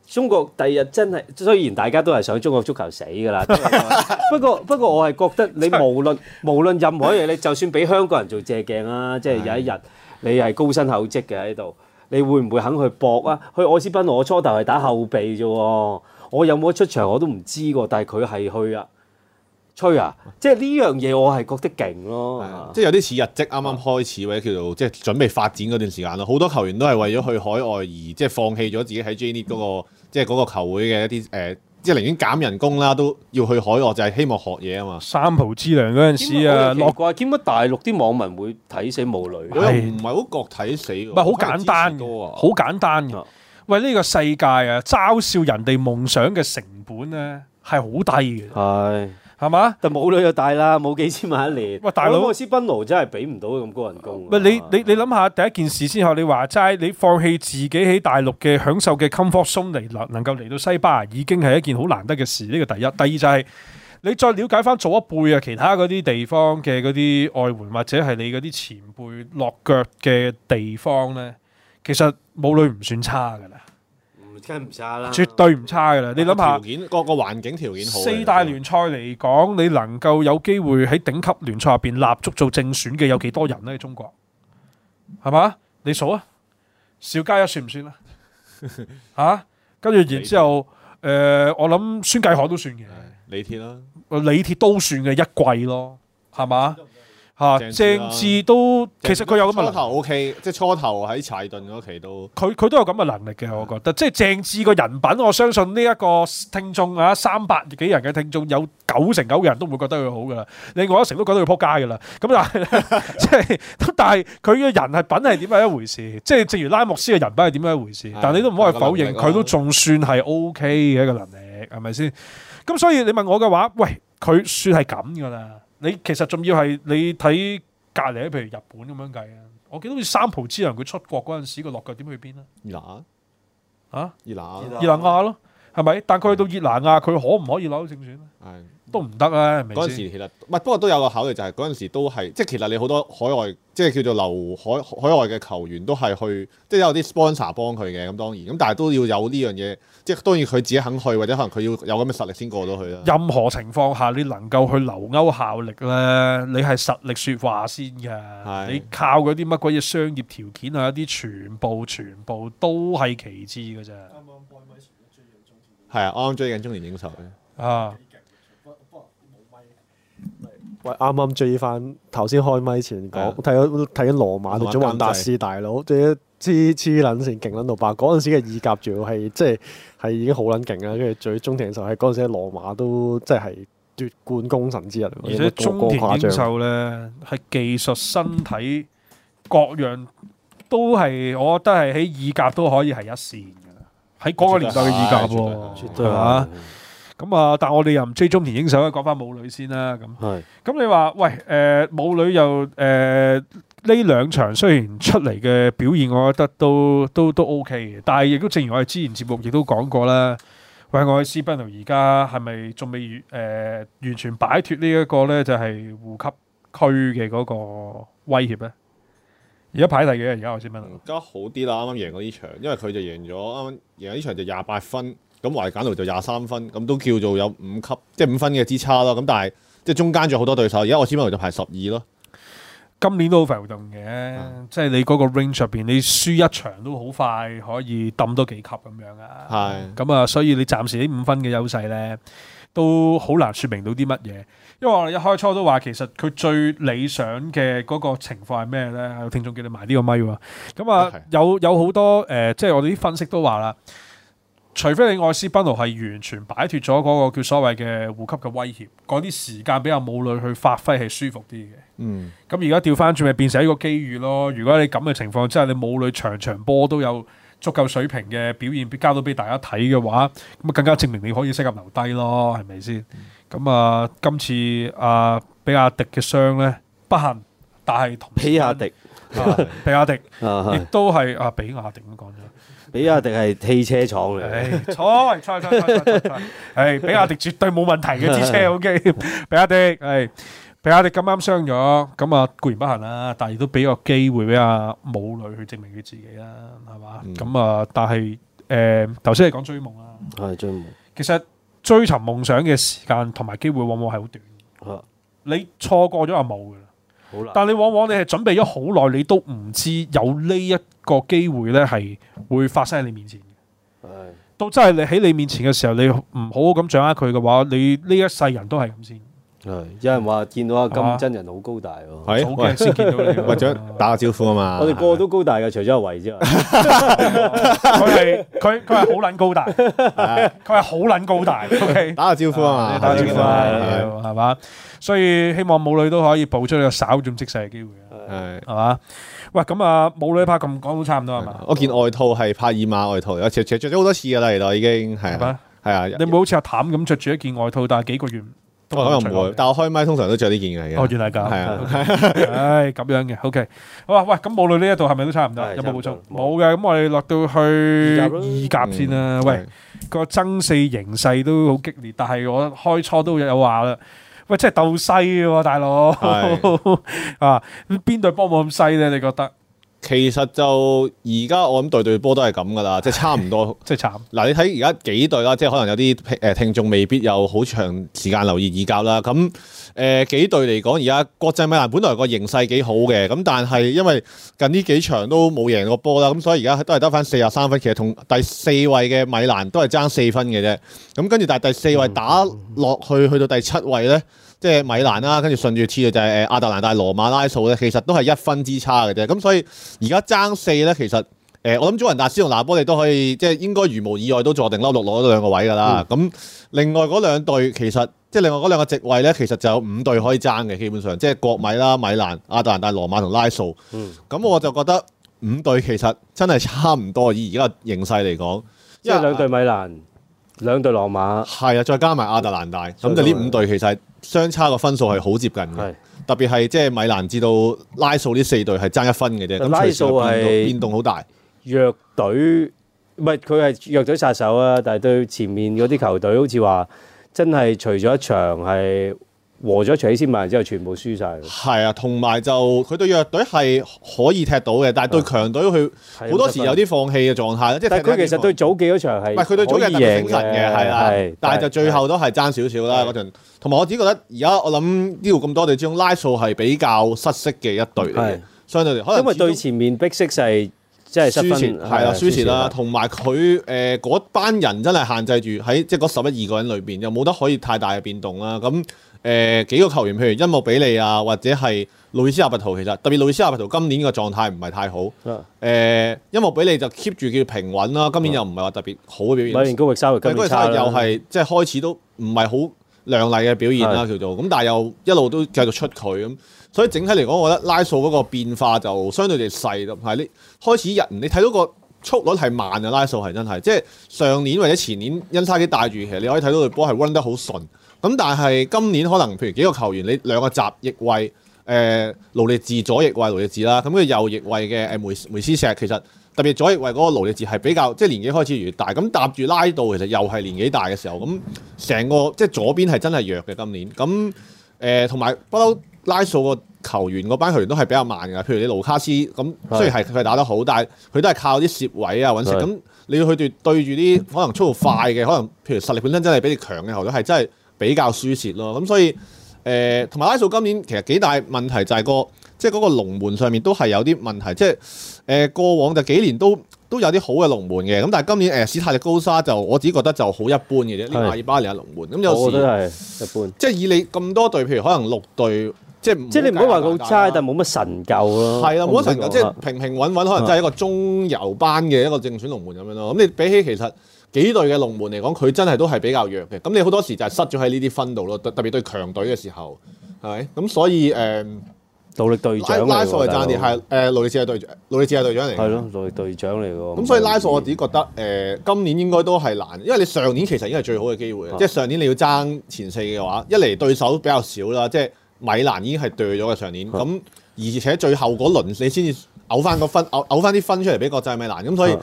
中國第日真係雖然大家都係想中國足球死㗎啦。 不過不過，我係覺得你無論 無論任何嘢，你就算俾香港人做借鏡啦，即、就、係、是、有一日你係高薪厚職嘅喺度。你會唔會肯去搏啊？去愛斯賓羅，我初頭係打後備啫喎，我有冇出場我都唔知喎。但係佢係去啊，吹啊！即係呢樣嘢，我係覺得勁咯。即係有啲似日職啱啱開始或者叫做即係準備發展嗰段時間咯。好多球員都係為咗去海外而即係放棄咗自己喺 J 聯嗰個即係嗰個球會嘅一啲誒。呃即係寧願減人工啦，都要去海外就係希望學嘢啊嘛。三浦知良嗰陣時啊，落奇怪，點解大陸啲網民會睇死無奈？唔係好覺睇死，唔係好簡單。好簡單嘅，是喂！呢個世界啊，嘲笑人哋夢想嘅成本咧，係好低嘅。係。係嘛？但冇女就大啦，冇幾千萬一年。喂，大佬，我我斯賓奴真係俾唔到咁高人工。喂，你你你諗下第一件事先後，你話齋，你放棄自己喺大陸嘅享受嘅 comfort zone 嚟能能夠嚟到西班牙，已經係一件好難得嘅事。呢個第一，第二就係、是、你再了解翻做一輩啊，其他嗰啲地方嘅嗰啲外援或者係你嗰啲前輩落腳嘅地方咧，其實冇女唔算差嘅咧。梗唔差啦，絕對唔差噶啦！你諗下，條件各個環境條件好，四大聯賽嚟講，你能夠有機會喺頂級聯賽入邊立足做正選嘅有幾多人呢？中國係嘛？你數啊，邵佳一算唔算咧？嚇，跟住然之後，誒，我諗孫繼海都算嘅，李鐵啦，李鐵都算嘅一季咯，係嘛？啊，鄭智都其實佢有咁嘅初頭 OK，即係初頭喺柴頓嗰期都佢佢都有咁嘅能力嘅，我覺得，即係鄭智嘅人品，我相信呢一個聽眾啊，三百幾人嘅聽眾有九成九嘅人都唔會覺得佢好噶啦，另外一成都覺得佢撲街噶啦，咁啊即係，但係佢嘅人係品係點係一回事，即係正如拉莫斯嘅人品係點係一回事， 但係你都唔可以否認佢都仲算係 OK 嘅一個能力，係咪先？咁所以你問我嘅話，喂，佢算係咁噶啦。你其實仲要係你睇隔籬，譬如日本咁樣計啊，我記得好似三浦知良，佢出國嗰陣時，佢落腳點去邊拉啊？伊朗啊，伊朗、伊朗亞咯。係咪？但佢去到越南亞，佢可唔可以攞到正選係都唔得啊！嗰陣時其實，唔係不過都有個考慮，就是，就係嗰陣時都係即係其實你好多海外即係叫做留海海外嘅球員都係去，即係有啲 sponsor 幫佢嘅咁當然，咁但係都要有呢樣嘢，即係當然佢自己肯去，或者可能佢要有咁嘅實力先過到去啦。任何情況下你能夠去留歐效力咧，你係實力説話先㗎。的你靠嗰啲乜鬼嘢商業條件啊，啲全部全部都係其次㗎啫。啊係啊，啱追緊中田英壽。咧。啊！喂，啱啱追翻頭先開咪前講，睇緊睇緊羅馬對祖雲達斯著、啊、大佬，仲有黐黐撚線勁撚到爆。嗰陣時嘅意甲仲係即係係已經好撚勁啦。跟住最中田英壽喺嗰陣時，羅馬都即係奪冠功臣之一。而且中田英壽咧，係技術、身體各樣都係，我覺得係喺意甲都可以係一線。喺嗰個年代嘅意甲喎，絕對，嚇咁啊！但係我哋又唔追今年英超，講翻武磊先啦。咁，咁你話喂誒武磊又誒呢兩場雖然出嚟嘅表現，我覺得都都都 OK 嘅，但係亦都正如我哋之前節目亦都講過啦。喂，我哋，斯賓奴而家係咪仲未誒完全擺脫呢一個咧？就係護級區嘅嗰個威脅咧？而家排第幾啊？而家我先問。而家、嗯、好啲啦，啱啱贏過呢場，因為佢就贏咗，啱啱贏咗呢場就廿八分，咁懷簡奴就廿三分，咁都叫做有五級，即係五分嘅之差咯。咁但係即係中間仲有好多對手，而家我先問就排十二咯。今年都好浮動嘅，嗯、即係你嗰個 range 入邊，你輸一場都好快可以抌多幾級咁樣啊。係是。咁啊，所以你暫時呢五分嘅優勢咧，都好難說明到啲乜嘢。因為我哋一開初都話，其實佢最理想嘅嗰個情況係咩呢？有聽眾叫你埋呢個咪喎。咁啊 Okay.、嗯嗯，有有好多誒、呃，即係我哋啲分析都話啦，除非你愛斯賓奴係完全擺脱咗嗰個叫所謂嘅護級嘅威脅，嗰啲時間俾阿武磊去發揮係舒服啲嘅。嗯。咁而家調翻轉咪變成一個機遇咯。如果你咁嘅情況之下，你武磊場場波都有足夠水平嘅表現，交到俾大家睇嘅話，咁啊更加證明你可以西甲留低咯，係咪先？嗯。咁啊，今次阿比亞迪嘅傷咧，不幸，但係同比亞迪，比亞迪亦都係阿比亞迪咁講咗。比亞迪係汽車廠嘅，錯，錯，錯，錯，錯，錯，係比亞迪絕對冇問題嘅支車，O K。比亞迪，係比亞迪咁啱傷咗，咁啊固然不幸啦，但係亦都俾個機會俾阿武磊去證明佢自己啦，係嘛？咁啊，但係誒，頭先係講追夢啦，係追夢，其實。追尋夢想嘅時間同埋機會往往係好短嘅，你錯過咗就冇㗎啦。但係你往往你係準備咗好耐，你都唔知有呢一個機會咧係會發生喺你面前嘅。到真係你喺你面前嘅時候，你唔好好咁掌握佢嘅話，你呢一世人都係咁先。有人話見到阿金真人好高大喎。係，我先見到你，或者打個招呼啊嘛。我哋個個都高大嘅，除咗阿偉之外，佢係佢佢係好撚高大，佢係好撚高大。O K，打個招呼啊嘛，打個招呼係嘛。所以希望母女都可以爆出個稍縱即逝嘅機會啊。係係嘛。喂，咁啊，母女拍咁講都差唔多啊嘛。我件外套係帕爾馬外套，我着着咗好多次噶啦，而家已經係啊係啊。你冇好似阿淡咁着住一件外套，但係幾個月？可能唔會，但我開麥通常都着呢件嘅。我祝大家，係 o 唉，咁樣嘅，OK。好啊，okay. 哎 okay. 喂，咁冇女呢一度係咪都差唔多？是有冇補充？冇嘅。咁我哋落到去意甲，意甲先啦。嗯、喂，個爭四形勢都好激烈，但係我開初都有話啦。喂，真係鬥西喎，大佬是 啊，邊隊波冇咁西咧？你覺得？其實就而家我諗對對波都係咁噶啦，即係差唔多，即係 是慘。嗱，你睇而家幾隊啦，即係可能有啲誒聽眾未必有好長時間留意意甲啦。咁誒幾隊嚟講，而家國際米蘭本來個形勢幾好嘅，咁但係因為近呢幾場都冇贏過波啦，咁所以而家都係得翻四十三分，其實同第四位嘅米蘭都係爭四分嘅啫。咁跟住但係第四位打落去，去到第七位咧。即係米蘭啦，跟住順住次嘅就係、是、誒亞特蘭大、羅馬、拉素咧，其實都係一分之差嘅啫。咁所以而家爭四咧，其實誒我諗祖雲達斯同拿波利都可以，即係應該如無意外都坐定粒六攞到兩個位㗎啦。咁、嗯、另外嗰兩隊其實即係另外嗰兩個席位咧，其實就有五隊可以爭嘅，基本上即係國米啦、米蘭、亞特蘭大、羅馬同拉素。嗯。咁我就覺得五隊其實真係差唔多，以而家形勢嚟講，因為兩隊米蘭、兩隊羅馬，係啊，再加埋亞特蘭大，咁、嗯、就呢五隊其實。相差個分數係好接近嘅，是特別係即係米蘭至到拉素呢四隊係爭一分嘅啫。拉素係變動好大，弱隊唔係，佢係弱隊殺手啊，但係對前面嗰啲球隊好似話真係除咗一場係。和咗除先買之後，全部輸晒。係啊，同埋就佢對弱隊係可以踢到嘅，但係對強隊佢好多時有啲放棄嘅狀態。即係佢其實對早幾嗰場係佢對早幾特別醒神嘅係啦，但係就最後都係爭少少啦嗰陣。同埋我只覺得而家我諗呢度咁多，我哋將拉數係比較失色嘅一隊嚟嘅，相對嚟。因為對前面逼色係即係輸蝕係啦，輸蝕啦，同埋佢誒嗰班人真係限制住喺即係嗰十一二個人裏邊，又冇得可以太大嘅變動啦咁。誒幾個球員，譬如恩沃比利啊，或者係路易斯阿伯圖，其實特別路易斯阿伯圖今年個狀態唔係太好。誒，恩沃比利就 keep 住叫平穩啦，今年又唔係話特別好嘅表現。米連高域沙又係即係開始都唔係好亮麗嘅表現啦，叫做咁，但係又一路都繼續出佢咁，所以整體嚟講，我覺得拉數嗰個變化就相對地細咯。係你開始人，你睇到個速率係慢嘅。拉數係真係，即係上年或者前年恩沙基帶住，其實你可以睇到佢波係 run 得好順。咁但係今年可能譬如幾個球員，你兩個集翼位，誒、呃、勞力治左翼位勞力治啦，咁佢右翼位嘅誒梅梅斯石，其實特別左翼位嗰個勞力治係比較即係年紀開始越大，咁搭住拉到其實又係年紀大嘅時候，咁成個即係左邊係真係弱嘅今年。咁誒同埋不嬲拉數個球員，嗰班球員都係比較慢嘅，譬如你盧卡斯，咁雖然係佢打得好，是的 但係佢都係靠啲攝位啊揾食。咁是的 你要去對對住啲可能速度快嘅，可能譬如實力本身真係比你強嘅球隊係真係。比較輸蝕咯，咁所以誒同埋拉素今年其實幾大問題就係、嗰個即係嗰個龍門上面都係有啲問題，即係誒過往就幾年都都有啲好嘅龍門嘅，咁但係今年誒、呃、史泰力高沙就我自己覺得就好一般嘅啫，呢個阿是爾巴尼亞嘅龍門，咁有時我都係一般，即係以你咁多隊，譬如可能六隊，即係即係你唔好話佢好差，但係冇乜神救咯，係啦、啊，冇乜神救，神啊、即係平，平平穩穩，可能真係一個中游班嘅一個正選龍門咁樣咯。咁你比起其實。幾隊嘅龍門嚟講，佢真係都係比較弱嘅。咁你好多時就係失咗喺呢啲分度咯。特特別對強隊嘅時候，係咪？咁所以誒，勞、呃、力隊長拉索係爭啲，係誒勞力士係隊，勞力士係隊長嚟嘅。係咯，勞力隊長嚟咁所以拉索，我自己覺得誒、呃，今年應該都係難，因為你上年其實已經係最好嘅機會。的即係上年你要爭前四嘅話，一嚟對手比較少啦，即係米蘭已經係墮咗嘅上年。咁的而且最後嗰輪你先至嘔翻個分，嘔嘔翻啲分出嚟俾國際米蘭。咁所以。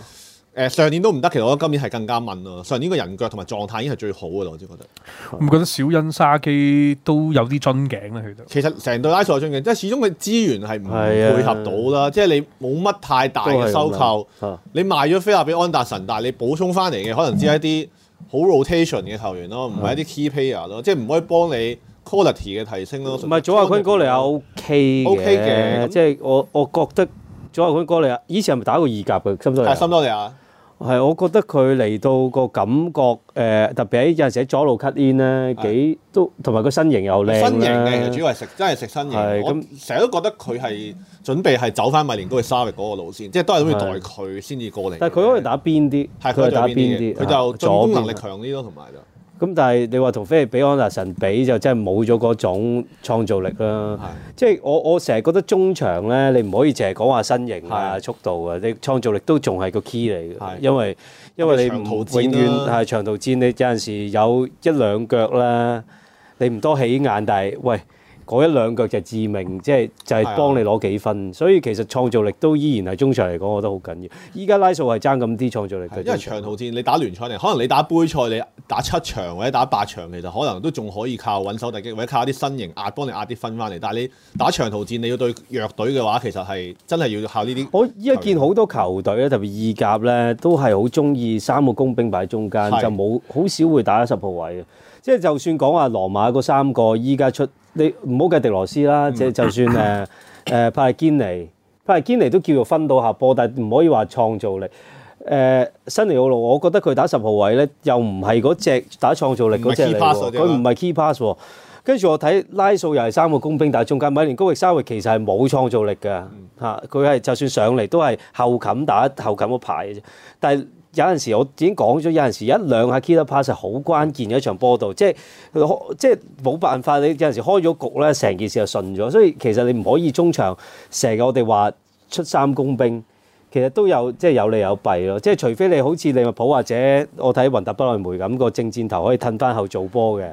誒上年都唔得，其實我覺得今年係更加悶咯。上年個人腳同埋狀態已經係最好嘅啦，我先覺得。我唔覺得小恩沙基都有啲樽頸咧，佢都其實成隊拉索有樽頸，即係始終佢資源係唔配合到啦。即係你冇乜太大嘅收購，你賣咗菲亞比安達臣，但係你補充翻嚟嘅可能只係一啲好 rotation 嘅球員咯，唔係一啲 key player 咯，即係唔可以幫你 quality 嘅提升咯。唔係，左亞坤哥你有 OK 嘅，即係我我覺得。左岸佢過嚟啊！以前係咪打過二甲嘅？森多利亞係，森多利亞係，我覺得佢嚟到個感覺誒、呃，特別喺有陣時喺左路 cut in 咧，幾的都，同埋個身形又靚。身型嘅主要係食，真係食身型。咁，成日都覺得佢係準備係走翻米年高去沙域嗰個路線，即係都係要待佢先至過嚟。但係佢可以打邊啲？係佢打邊啲？佢就助攻能力強啲咯，同埋就。咁但係你話同菲利比安達臣比就真係冇咗嗰種創造力啦。的即係我我成日覺得中場咧，你唔可以淨係講話身形、啊的、速度啊，你創造力都仲係個 key 嚟嘅的。因為因為你永遠係長途戰，你有陣時有一兩腳啦，你唔多起眼，但係喂。嗰一兩腳就致命，即係就係、是、幫你攞幾分，的所以其實創造力都依然係中場嚟講，我覺得好緊要。依家拉素係爭咁啲創造力，因為長途戰，你打聯賽你可能你打杯賽，你打七場或者打八場，其實可能都仲可以靠穩守突擊，或者靠啲身形壓幫你壓啲分翻嚟。但係你打長途戰，你要對弱隊嘅話，其實係真係要靠呢啲。我依家見好多球隊咧，特別意甲咧，都係好中意三個工兵擺喺中間，的就冇好少會打十號位嘅。即係就算講話羅馬嗰三個，依家出你唔好計迪羅斯啦，即係、嗯、就算誒誒、 呃、帕列堅尼，帕列堅尼都叫做分到下波，但係唔可以話創造力。誒、呃，新尼奧路，我覺得佢打十號位咧，又唔係嗰隻打創造力嗰隻佢唔係 key pass 喎、啊。跟住我睇拉素又係三個工兵，但係中間米連高域沙域其實係冇創造力㗎，嚇佢係就算上嚟都係後冚打後冚嗰排嘅啫，但係。有陣時我已經講咗，有陣時一兩下 key pass 好關鍵嘅一場波度，即係即係冇辦法。你有陣時開咗局咧，成件事就順咗，所以其實你唔可以中場成日我哋話出三攻兵，其實都有即係有利有弊咯。即係除非你好似利物浦，或者我睇雲達不萊梅咁個正箭頭可以褪翻後做波嘅，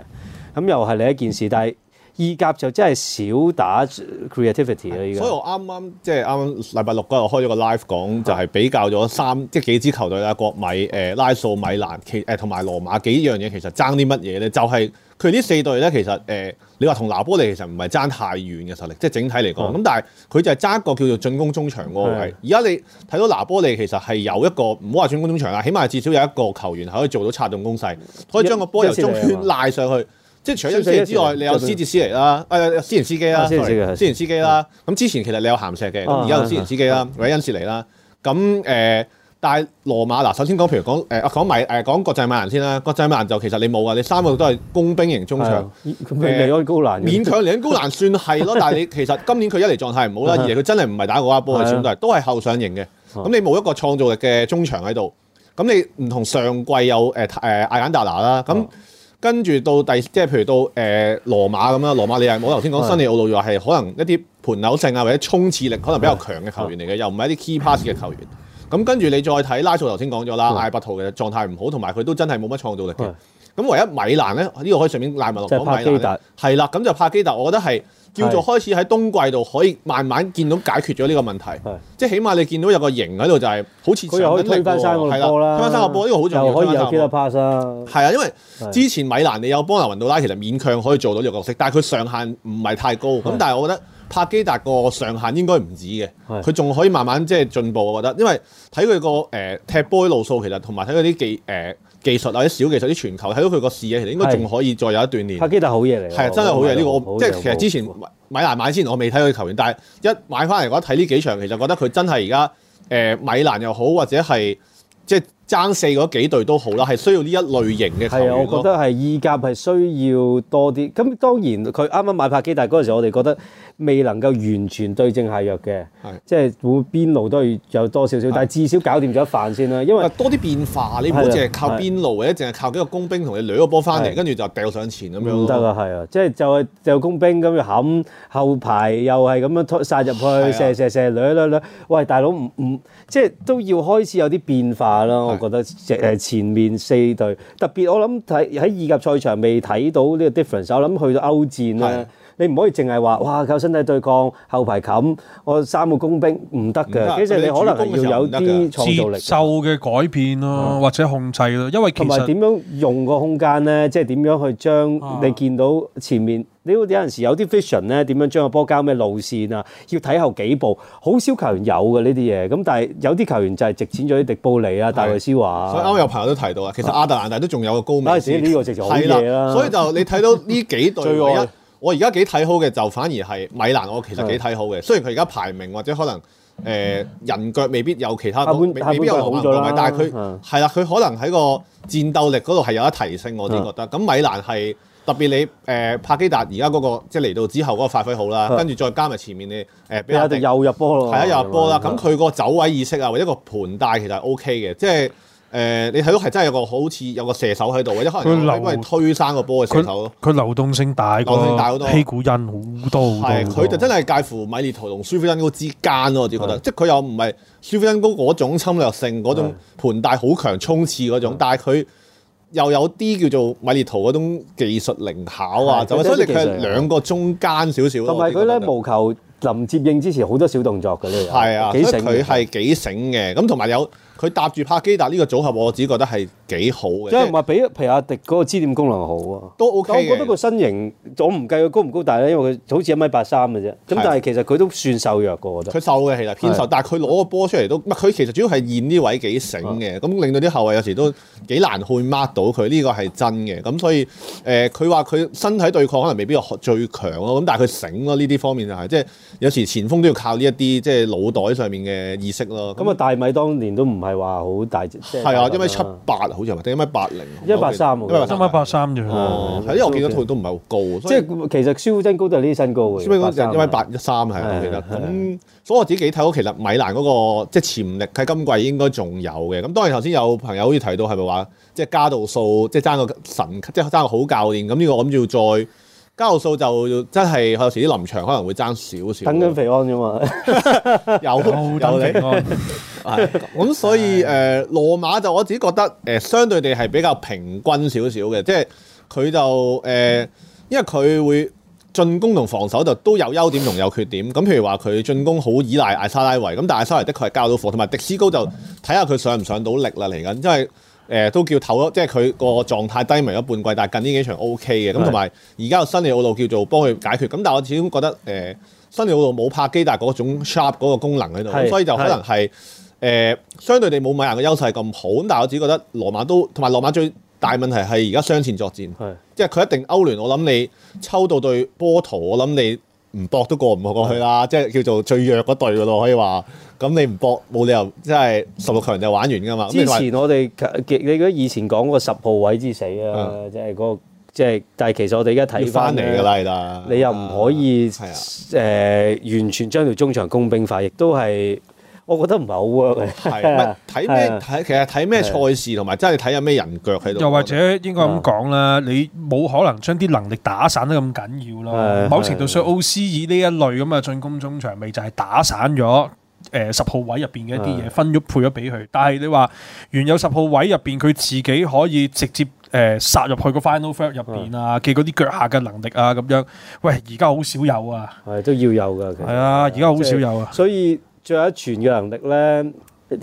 咁又係另一件事，但係。意甲就真係少打 creativity 咯，依家。所以我啱啱即係啱啱禮拜六嗰日開咗個 live 講，就係、是、比較咗三即係幾支球隊啦，國米、誒、呃、拉素、米蘭，其誒同埋羅馬幾樣嘢，其實爭啲乜嘢咧？就係佢呢四隊咧，其實誒、呃、你話同拿波利其實唔係爭太遠嘅實力，即係整體嚟講。咁但係佢就係爭一個叫做進攻中場喎。而家你睇到拿波利其實係有一個唔好話進攻中場啦，起碼至少有一個球員係可以做到策動攻勢，可以將個波由中圈拉上去。即係除恩切之外，你有斯捷斯嚟啦，啊斯前司機啦，斯前司機啦。咁之前其實你有鹹石嘅，咁而家有斯前司機啦，有恩切嚟啦。咁誒，但係羅馬嗱，首先講譬如講誒，講埋誒講國際米蘭先啦。國際米蘭就其實你冇啊，你三個都係工兵型中場，勉強嚟緊高蘭，勉強嚟高蘭算係咯。但係你其實今年佢一嚟狀態唔好啦，而佢真係唔係打過壓波嘅，全部都係都係後上型嘅。咁你冇一個創造力嘅中場喺度，咁你唔同上季有誒誒艾簡達拿啦，咁。跟住到第，即係譬如到誒羅馬咁啦，羅馬，羅馬你係冇頭先講，的新尼奧路又話係可能一啲盤扭性啊，或者衝刺力可能比較強嘅球員嚟嘅，又唔係一啲 key pass 嘅球員。咁跟住你再睇拉素，頭先講咗啦，艾伯圖嘅狀態唔好，同埋佢都真係冇乜創造力嘅。咁的唯一米蘭咧，呢、這個可以順便賴埋落講米蘭，係啦的，咁就帕基特，我覺得係。叫做開始喺冬季度可以慢慢見到解決咗呢個問題，的即係起碼你見到有個型喺度，就係好似佢又可以推返三個波了啦，推返三個波呢個好重要，可以有帕基達 pass 啊。係啊，因為之前米蘭你有邦拿雲度拉其實勉強可以做到呢個角色，的但係佢上限唔係太高咁，的但係我覺得帕基達個上限應該唔止嘅，佢仲的可以慢慢即係進步，我覺得，因為睇佢個誒踢波啲路數其實同埋睇佢啲技誒。呃技術或者小技術啲全球睇到佢個視野，其實應該仲可以再有一段年。卡基達好嘢嚟，係啊，真係好嘢呢個我，即係其實之前米蘭買之前，我未睇過佢球員，但係一買翻嚟嗰，睇呢幾場，其實覺得佢真係而家誒，米蘭又好或者係即係。即係爭四嗰幾隊都好啦，係需要呢一類型嘅球。係啊，我覺得係意甲係需要多啲。咁當然佢啱啱買拍機，但係嗰陣時我哋覺得未能夠完全對症下藥嘅，即係會邊路都要有多少少。但係至少搞掂咗一飯先啦。因為多啲變化，你唔好淨係靠邊路，或者淨係靠幾個工兵同你掠個波翻嚟，跟住就掉上前咁樣。得啊，係啊，即係就係就工兵咁樣冚後排，又係咁樣殺入去射射射掠一掠，喂，大佬唔唔，即係都要開始有啲變化咯。我覺得誒前面四隊特別，我諗睇喺意甲賽場未睇到呢個 difference，我諗去到歐戰咧。你唔可以淨係話哇靠身體對抗後排冚我三個工兵唔得嘅，其實行你可能係要有啲創造力、受嘅改變咯、啊，嗯、或者控制咯、啊。因為同埋點樣用個空間咧，即係點樣去將你見到前面，你會有陣時有啲 vision 咧，點樣將個波交咩路線啊？要睇後幾步，好少球員有嘅呢啲嘢。咁但係有啲球員就係值錢咗啲，迪布尼啊、嗯、戴維斯華。所以啱啱有朋友都提到啊，其實亞特蘭大都仲有個高明。嗰陣呢個值咗好嘢啦。 所以就你睇到呢幾隊。 我而家幾睇好嘅就反而係米蘭，我其實幾睇好嘅。雖然佢而家排名或者可能誒人腳未必有其他，未必有好人腳，但係佢係啦，佢可能喺個戰鬥力嗰度係有一提升，我先覺得。咁米蘭係特別你誒帕基達而家嗰個即係嚟到之後嗰個發揮好啦，跟住再加埋前面你誒，又入波啦，係啊，又入波啦。咁佢個走位意識啊，或者個盤帶其實 OK 嘅，即係。誒、呃，你睇到係真係有個好似有個射手喺度，一可能佢因為推生個波嘅射手咯。佢流動性大好多，很多，很多，希古因好多。係，佢就真係介乎米列圖同舒夫真高之間咯，我哋覺得。是的 即係佢又唔係舒夫真高嗰種侵略性，嗰種盤帶好強、衝刺嗰種，是的 但係佢又有啲叫做米列圖嗰種技術靈巧啊。的就所以佢係兩個中間少少。同埋佢咧無球臨接應之前好多小動作嘅咧，係、這、啊、個，所以佢係幾醒嘅。咁同埋有。佢搭住帕基達呢個組合，我自己覺得係幾好嘅，即係唔係比皮阿迪嗰個支點功能好啊？都 OK 我覺得個身形，我唔計佢高唔高大咧，因為佢好似一米八三嘅啫。咁的但係其實佢都算瘦弱個，我覺得。佢瘦嘅其實，偏瘦，的但係佢攞個波出嚟都，佢的其實主要係現呢位幾醒嘅，咁的令到啲後衞有時都幾難去 mark 到佢，呢、這個係真嘅。咁所以誒，佢話佢身體對抗可能未必係最強咯，咁但係佢醒咯，呢啲方面就係、是、即係有時前鋒都要靠呢一啲即係腦袋上面嘅意識咯。咁啊，大米當年都唔係。係話好大隻，係啊，一米七八好似係定一米八零，一八三喎，一米八三啫。係因為我見到套都唔係好高，即係其實舒夫真高都係呢身高嘅，舒夫真高一米八三係，我記得。咁所以我自己睇到其實米蘭嗰個即係潛力，喺今季應該仲有嘅。咁當然頭先有朋友好似提到係咪話，即係加度數，即係爭個神，即係爭個好教練。咁呢個我諗要再。交數就真係有時啲臨場可能會爭少少，等緊肥安啫嘛 又，有有肥安，咁所以誒、呃、羅馬就我自己覺得誒、呃、相對地係比較平均少少嘅，即係佢就誒、呃，因為佢會進攻同防守就都有優點同有缺點。咁譬如話佢進攻好依賴艾沙拉維，咁但係沙拉維的確係交到貨，同埋迪斯高就睇下佢上唔上到力啦嚟緊，因為。誒、呃、都叫唞咗，即係佢個狀態低迷咗半季，但係近呢幾場 O K 嘅，咁同埋而家有新利奧路叫做幫佢解決，咁但係我始終覺得誒、呃、新利奧路冇拍基，但係嗰種 sharp 嗰個功能喺度，的所以就可能係誒、呃、相對地冇米蘭嘅優勢咁好，咁但係我自己覺得羅馬都同埋羅馬最大問題係而家雙前作戰，的即係佢一定歐聯，我諗你抽到對波圖，我諗你。唔搏都過唔過去啦，是的 即係叫做最弱嗰隊噶咯，可以話。咁你唔搏，冇理由即係十六強就玩完噶嘛。之前我哋嘅、嗯、你嗰以前講個十號位之死啦，即係嗰即係，但係其實我哋而家睇翻嚟嘅拉達，你又唔可以誒、啊呃、完全將條中場工兵化，亦都係。我覺得唔係好喎，係咪睇咩睇？其實睇咩賽事同埋真係睇下咩人腳喺度。又或者應該咁講啦，嗯、你冇可能將啲能力打散得咁緊要咯。嗯、某程度上，奧斯以爾呢一類咁嘅進攻中場，咪就係打散咗誒十號位入邊嘅一啲嘢，嗯、分咗配咗俾佢。但係你話原有十號位入邊，佢自己可以直接誒、呃、殺入去個 final third 入邊啊嘅嗰啲腳下嘅能力啊咁樣。喂，而家好少有啊，係都要有㗎，係啊，而家好少有啊，就是、所以。最後一傳嘅能力呢，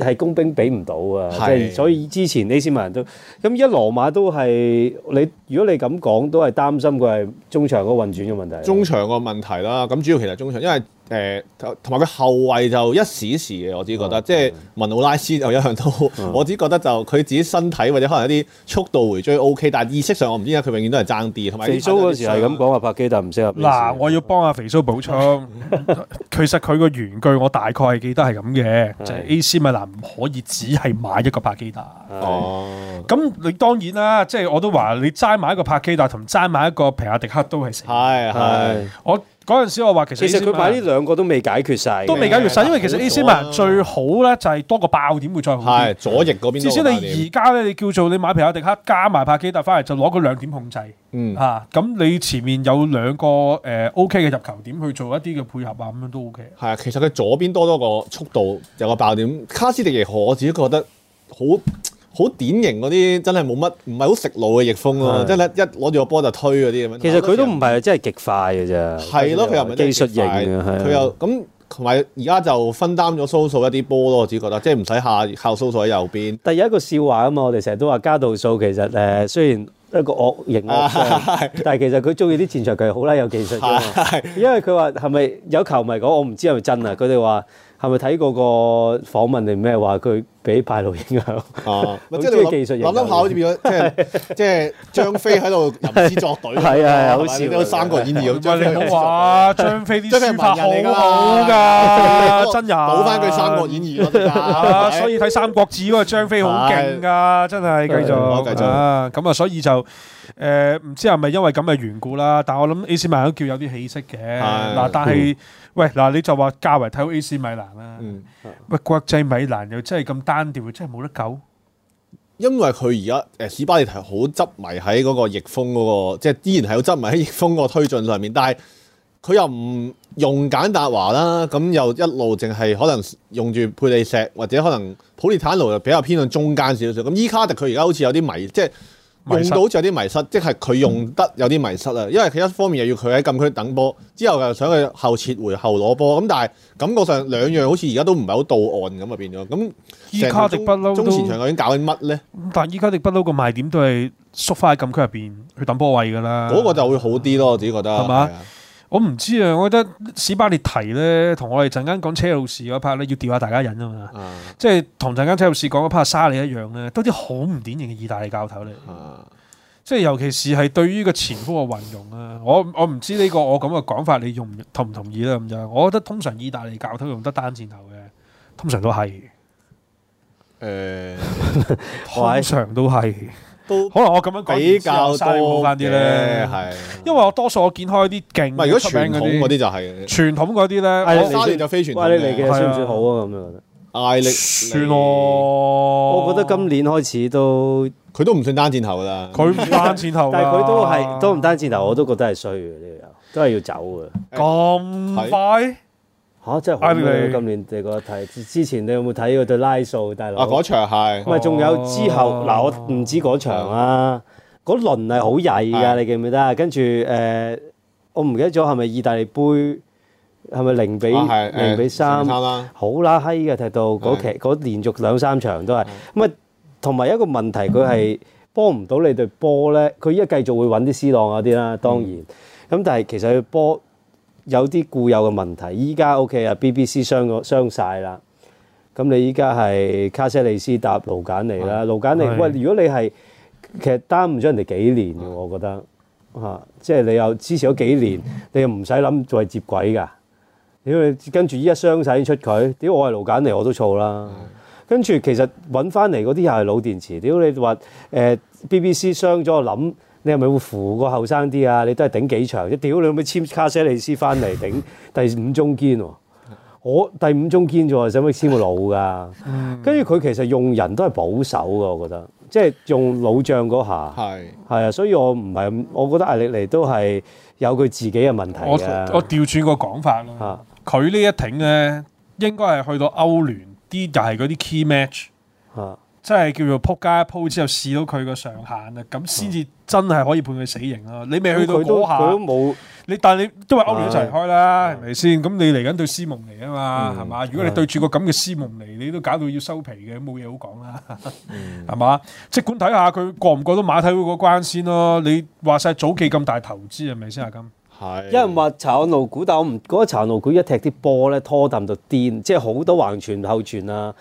係工兵畀唔到啊！所以之前呢四萬人都咁，而家羅馬都係你。如果你咁講，都係擔心佢係中場嗰個運轉嘅問題。中場個問題啦，咁主要其實中場，因為誒同埋佢後衞就一時一時嘅，我自己覺得，即係文奧拉斯就一向都，我自己覺得就佢自己身體或者可能一啲速度回追 O K，但係意識上我唔知點解佢永遠都係爭啲。同埋肥蘇嗰時係咁講話柏基，但唔適合。嗱，我要幫阿肥蘇補充，其實佢個原句我大概係記得係咁嘅，就 AC 米蘭唔可以只係買一個柏基達。哦。咁你當然啦，即係我都話你買一個帕基特同爭買一個皮亞迪克都係死。係係，我嗰陣時我話其實。其實佢買呢兩個都未解決晒。都未解決晒，的因為其實 a c m 最好咧就係多個爆點會再好啲。係左翼邊。至少你而家咧，你叫做你買皮亞迪克加埋帕基特翻嚟，就攞個兩點控制。嗯。吓、啊，咁你前面有兩個誒、呃、O.K. 嘅入球點去做一啲嘅配合啊，咁樣都 O.K. 係啊，其實佢左邊多多個速度，有個爆點。卡斯迪耶河，我自己覺得好。好典型嗰啲真係冇乜，唔係好食腦嘅逆風咯，即係的一攞住個波就推嗰啲咁樣。其實佢都唔係真係極快嘅啫，係咯的，佢又唔係技術型，佢又咁，同埋而家就分擔咗蘇素一啲波咯，我自己覺得即係唔使下靠蘇素喺右邊。但有一個笑話啊嘛，我哋成日都話加度素其實誒、呃、雖然一個惡型， 但係其實佢中意啲戰場佢好叻，有技術 因為佢話係咪有球迷講我唔知係咪真啊？佢哋話係咪睇嗰個訪問定咩話佢？俾派路影響啊！即係你技術，諗諗下好似變咗，即係即係張飛喺度吟詩作對，係啊係啊，好似《三國演義》咁。喂，你唔好話張飛啲書法好好噶，真係補翻佢《三國演義》。所以睇《三國志》嗰個張飛好勁噶，真係。繼續，咁啊，所以就誒唔知係咪因為咁嘅緣故啦？但係我諗 AC 米蘭都叫有啲氣息嘅嗱。但係喂嗱，你就話較為睇好 AC 米蘭啦，喂國際米蘭又真係咁單調真係冇得救，因為佢而家誒史巴利提好執迷喺嗰個逆風嗰個，即係依然係好執迷喺逆風個推進上面。但係佢又唔用簡達華啦，咁又一路淨係可能用住佩利石或者可能普利坦奴又比較偏向中間少少。咁伊卡迪佢而家好似有啲迷，即係。用到就有啲迷失，即係佢用得有啲迷失啦，因為佢一方面又要佢喺禁區等波，之後又想去後撤回後攞波，咁但係感覺上兩樣好似而家都唔係好到岸咁啊，變咗咁。伊卡迪不嬲都中前場究竟搞緊乜咧？但係伊卡迪不嬲個賣點都係縮翻喺禁區入邊去等波位噶啦。嗰個就會好啲咯，嗯，我自己覺得。係嘛？我唔知啊，我覺得史巴列提呢，同我哋陣間講車路士嗰一 part 要吊下大家癮啊嘛。嗯、即係同陣間車路士講嗰 part 沙利一樣呢，都啲好唔典型嘅意大利教頭嚟。嗯、即係尤其是係對於個前鋒嘅運用啊，我我唔知呢、呢個我咁嘅講法，你用同唔同意咧咁樣？我覺得通常意大利教頭用得單箭頭嘅，通常都係。誒、欸， 通常都係。欸 都可能我咁樣比較多翻啲咧，係因為我多數我見開啲勁。如果傳統嗰啲就係傳統嗰啲咧。艾力就非傳統嘅，艾力嚟嘅算唔算好啊？咁樣艾力算喎。我覺得今年開始都佢都唔算單箭頭啦，佢唔單箭頭，但係佢都係都唔單箭頭，我都覺得係衰嘅呢個都係要走嘅。咁快？嚇！真係，今年你個題之前，你有冇睇佢對拉素大佬？啊，嗰場係咪仲有之後？嗱，我唔知嗰場啦，嗰輪係好曳㗎，你記唔記得？跟住誒，我唔記得咗係咪意大利杯？係咪零比零比三？好拉閪嘅，踢到嗰期嗰連續兩三場都係。咁啊，同埋一個問題，佢係幫唔到你隊波咧。佢依家繼續會揾啲 C 朗嗰啲啦，當然。咁但係其實佢波。有啲固有嘅問題，依家 O.K. 啊，B.B.C. 傷咗，傷晒啦。咁你依家係卡西利斯搭勞簡尼啦，勞簡是尼是喂，如果你係其實耽誤咗人哋幾年嘅。是我覺得嚇、啊，即係你又支持咗幾年，你又唔使諗再接軌㗎。屌你跟住依家傷晒先出佢，屌我係勞簡尼我都錯啦。跟住是其實揾翻嚟嗰啲又係老電池。屌你話誒、呃、B.B.C. 傷咗我諗。你係咪會扶個後生啲啊？你都係頂幾場，一屌你可唔可以簽卡西利斯翻嚟頂第五中堅喎、啊？ 我第五中堅咋喎？使乜簽個老㗎、啊？跟住佢其實用人都係保守嘅，我覺得，即係用老將嗰下，係係是啊，所以我唔係，我覺得艾力尼都係有佢自己嘅問題。我我調轉個講法咯，佢呢一挺咧，應該係去到歐聯啲，就係嗰啲 key match 啊。 即係叫做撲街一鋪之後試到佢個上限啊，咁先至真係可以判佢死刑啊。你未去到下，佢都冇。都你但係你都係歐聯一齊開啦，係咪先？咁你嚟緊對斯蒙尼啊嘛，係嘛、嗯？如果你對住個咁嘅斯蒙尼，你都搞到要收皮嘅，冇嘢好講啦，係嘛、嗯？即管睇下佢過唔過到馬體會個關先咯。你話晒早期咁大投資係咪先啊金？因為話查魯古，但我唔覺得查魯古一踢啲波咧拖淡就癲，即係好多橫傳後傳啊！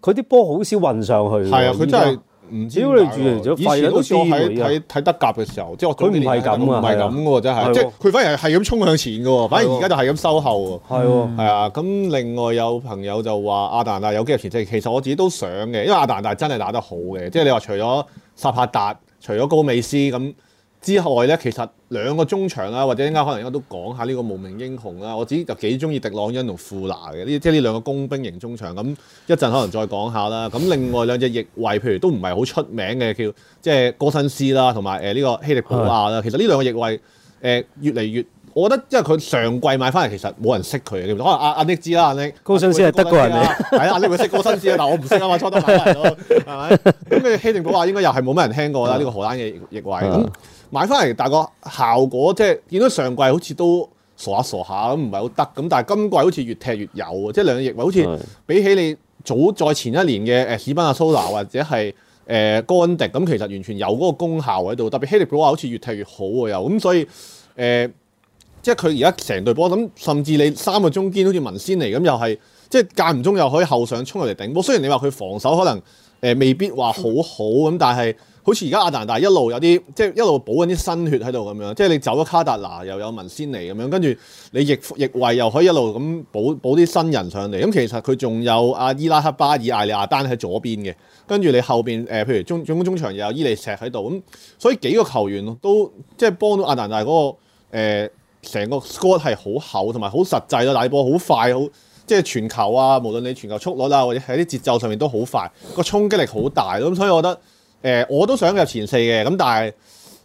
佢啲波好少運上去，係啊！佢真係唔知後。你住嚟咗，以前好似睇睇德甲嘅時候，即係佢唔係咁唔係咁喎，真係即係佢反而係係咁衝向前嘅喎，啊、反而而家就係咁收後喎。係啊！咁、啊啊、另外有朋友就話阿特蘭大有機會前進，其實我自己都想嘅，因為阿特蘭大真係打得好嘅，即係你話除咗薩帕達，除咗高美斯咁。之外咧，其實兩個中場啊，或者應該可能應該都講下呢個無名英雄啦。我自己就幾中意迪朗恩同富拿嘅，呢即係呢兩個工兵型中場。咁一陣可能再講下啦。咁另外兩隻翼位，譬如都唔係好出名嘅，叫即係高辛斯啦，同埋誒呢個希力古亞啦。是的 其實呢兩個翼位誒、呃、越嚟越，我覺得因為佢上季買翻嚟，其實冇人識佢。可能阿阿力知啦，阿力高辛斯係德國人嚟，係商啊，你唔係識高辛斯啊？ 啊斯但我唔識啊嘛，初頭買嚟咗，係咪？咁 希迪古亞應該又係冇咩人聽過啦。呢 個荷蘭嘅翼位、 嗯。買翻嚟，大個效果即係見到上季好似都傻下、啊、傻下、啊、咁，唔係好得咁。但係今季好似越踢越有喎，即係兩隻翼位好似比起你早在前一年嘅誒史賓阿蘇拉或者係誒、呃、甘迪咁，其實完全有嗰個功效喺度。特別希利波亞好似越踢越好喎，又咁所以誒、呃，即係佢而家成隊波咁，甚至你三個中堅好似文仙尼咁，又係即係間唔中又可以後上衝入嚟頂。不過雖然你話佢防守可能誒、呃、未必話好好咁，但係。好似而家阿特蘭大一路有啲即係一路補緊啲新血喺度咁樣，即係你走咗卡達拿又有文仙尼咁樣，跟住你翼翼位又可以一路咁補補啲新人上嚟。咁其實佢仲有阿伊拉克巴爾艾利亞丹喺左邊嘅，跟住你後邊誒、呃，譬如中總共中，中，中場又有伊利石喺度咁，所以幾個球員都即係幫到阿特蘭大嗰個成、呃、個 score 係好厚同埋好實際咯，大波好快，好即係傳球啊，無論你傳球速率啊或者喺啲節奏上面都好快，個衝擊力好大咯。咁所以我覺得。誒、呃、我都想入前四嘅，咁但係誒、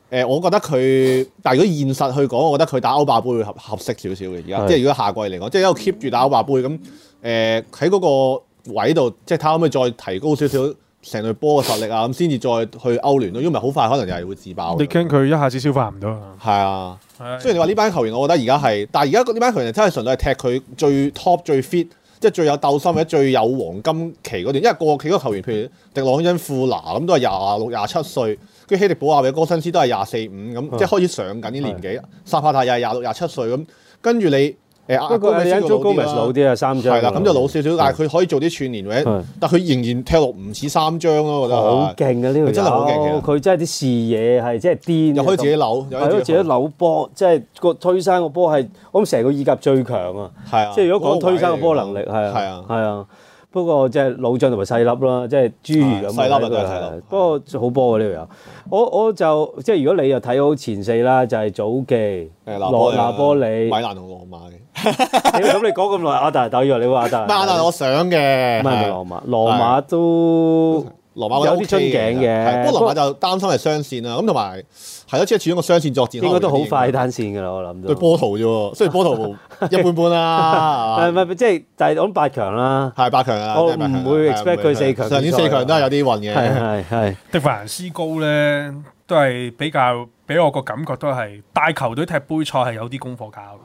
呃、我覺得佢，但係如果現實去講，我覺得佢打歐霸杯會合合適少少嘅，而家是的 即係如果下季嚟講，即係一路 keep 住打歐霸杯咁，誒喺嗰個位度，即係睇可唔可以再提高少少成隊波嘅實力啊，咁先至再去歐聯咯，如果唔係好快可能又係會自爆。你驚佢一下子消化唔到啊？係啊，雖然你話呢班球員，我覺得而家係，但係而家呢班球員真係純粹係踢佢最 top 最 fit。即係最有鬥心或者最有黃金期嗰段，因為過期嗰個球員，譬如迪朗恩庫拿咁都係廿六廿七歲，跟住希迪保亞嘅哥紳斯都係廿四五咁，即係開始上緊啲年紀啦。薩帕泰又係廿六廿七歲咁，跟住你。誒阿阿 Gomez 老啲啊，三張係啦，咁就老少少，但係佢可以做啲串連嘅，但佢仍然踢落唔似三張咯。我覺得好勁啊，呢條友真係好勁，佢真係啲視野係即係癲，又可以自己扭，又可以自己扭波，即係個推生個波係。我諗成個意甲最強啊，係啊，即係如果講推生個波能力係啊係啊，不過即係老將同埋細粒啦，即係侏儒咁細粒嘅都係，不過好波嘅呢條友。我我就即係如果你又睇好前四啦，就係祖記、羅拿波里、米蘭同羅馬嘅。咁你講咁耐，阿達，例如你話阿達，馬係我想嘅，唔係羅馬，羅馬都羅馬有啲樽頸嘅，不過羅馬就擔心係雙線啦。咁同埋係咯，即係始終個雙線作戰，應該都好快單線噶啦。我諗對波圖啫，雖然波圖一般般啦，唔係即係，但係講八強啦，係八強啊。我唔會 expect 佢四強。上年四強都係有啲運嘅，係係。迪凡斯高咧都係比較俾我個感覺都係大球隊踢杯賽係有啲功課教。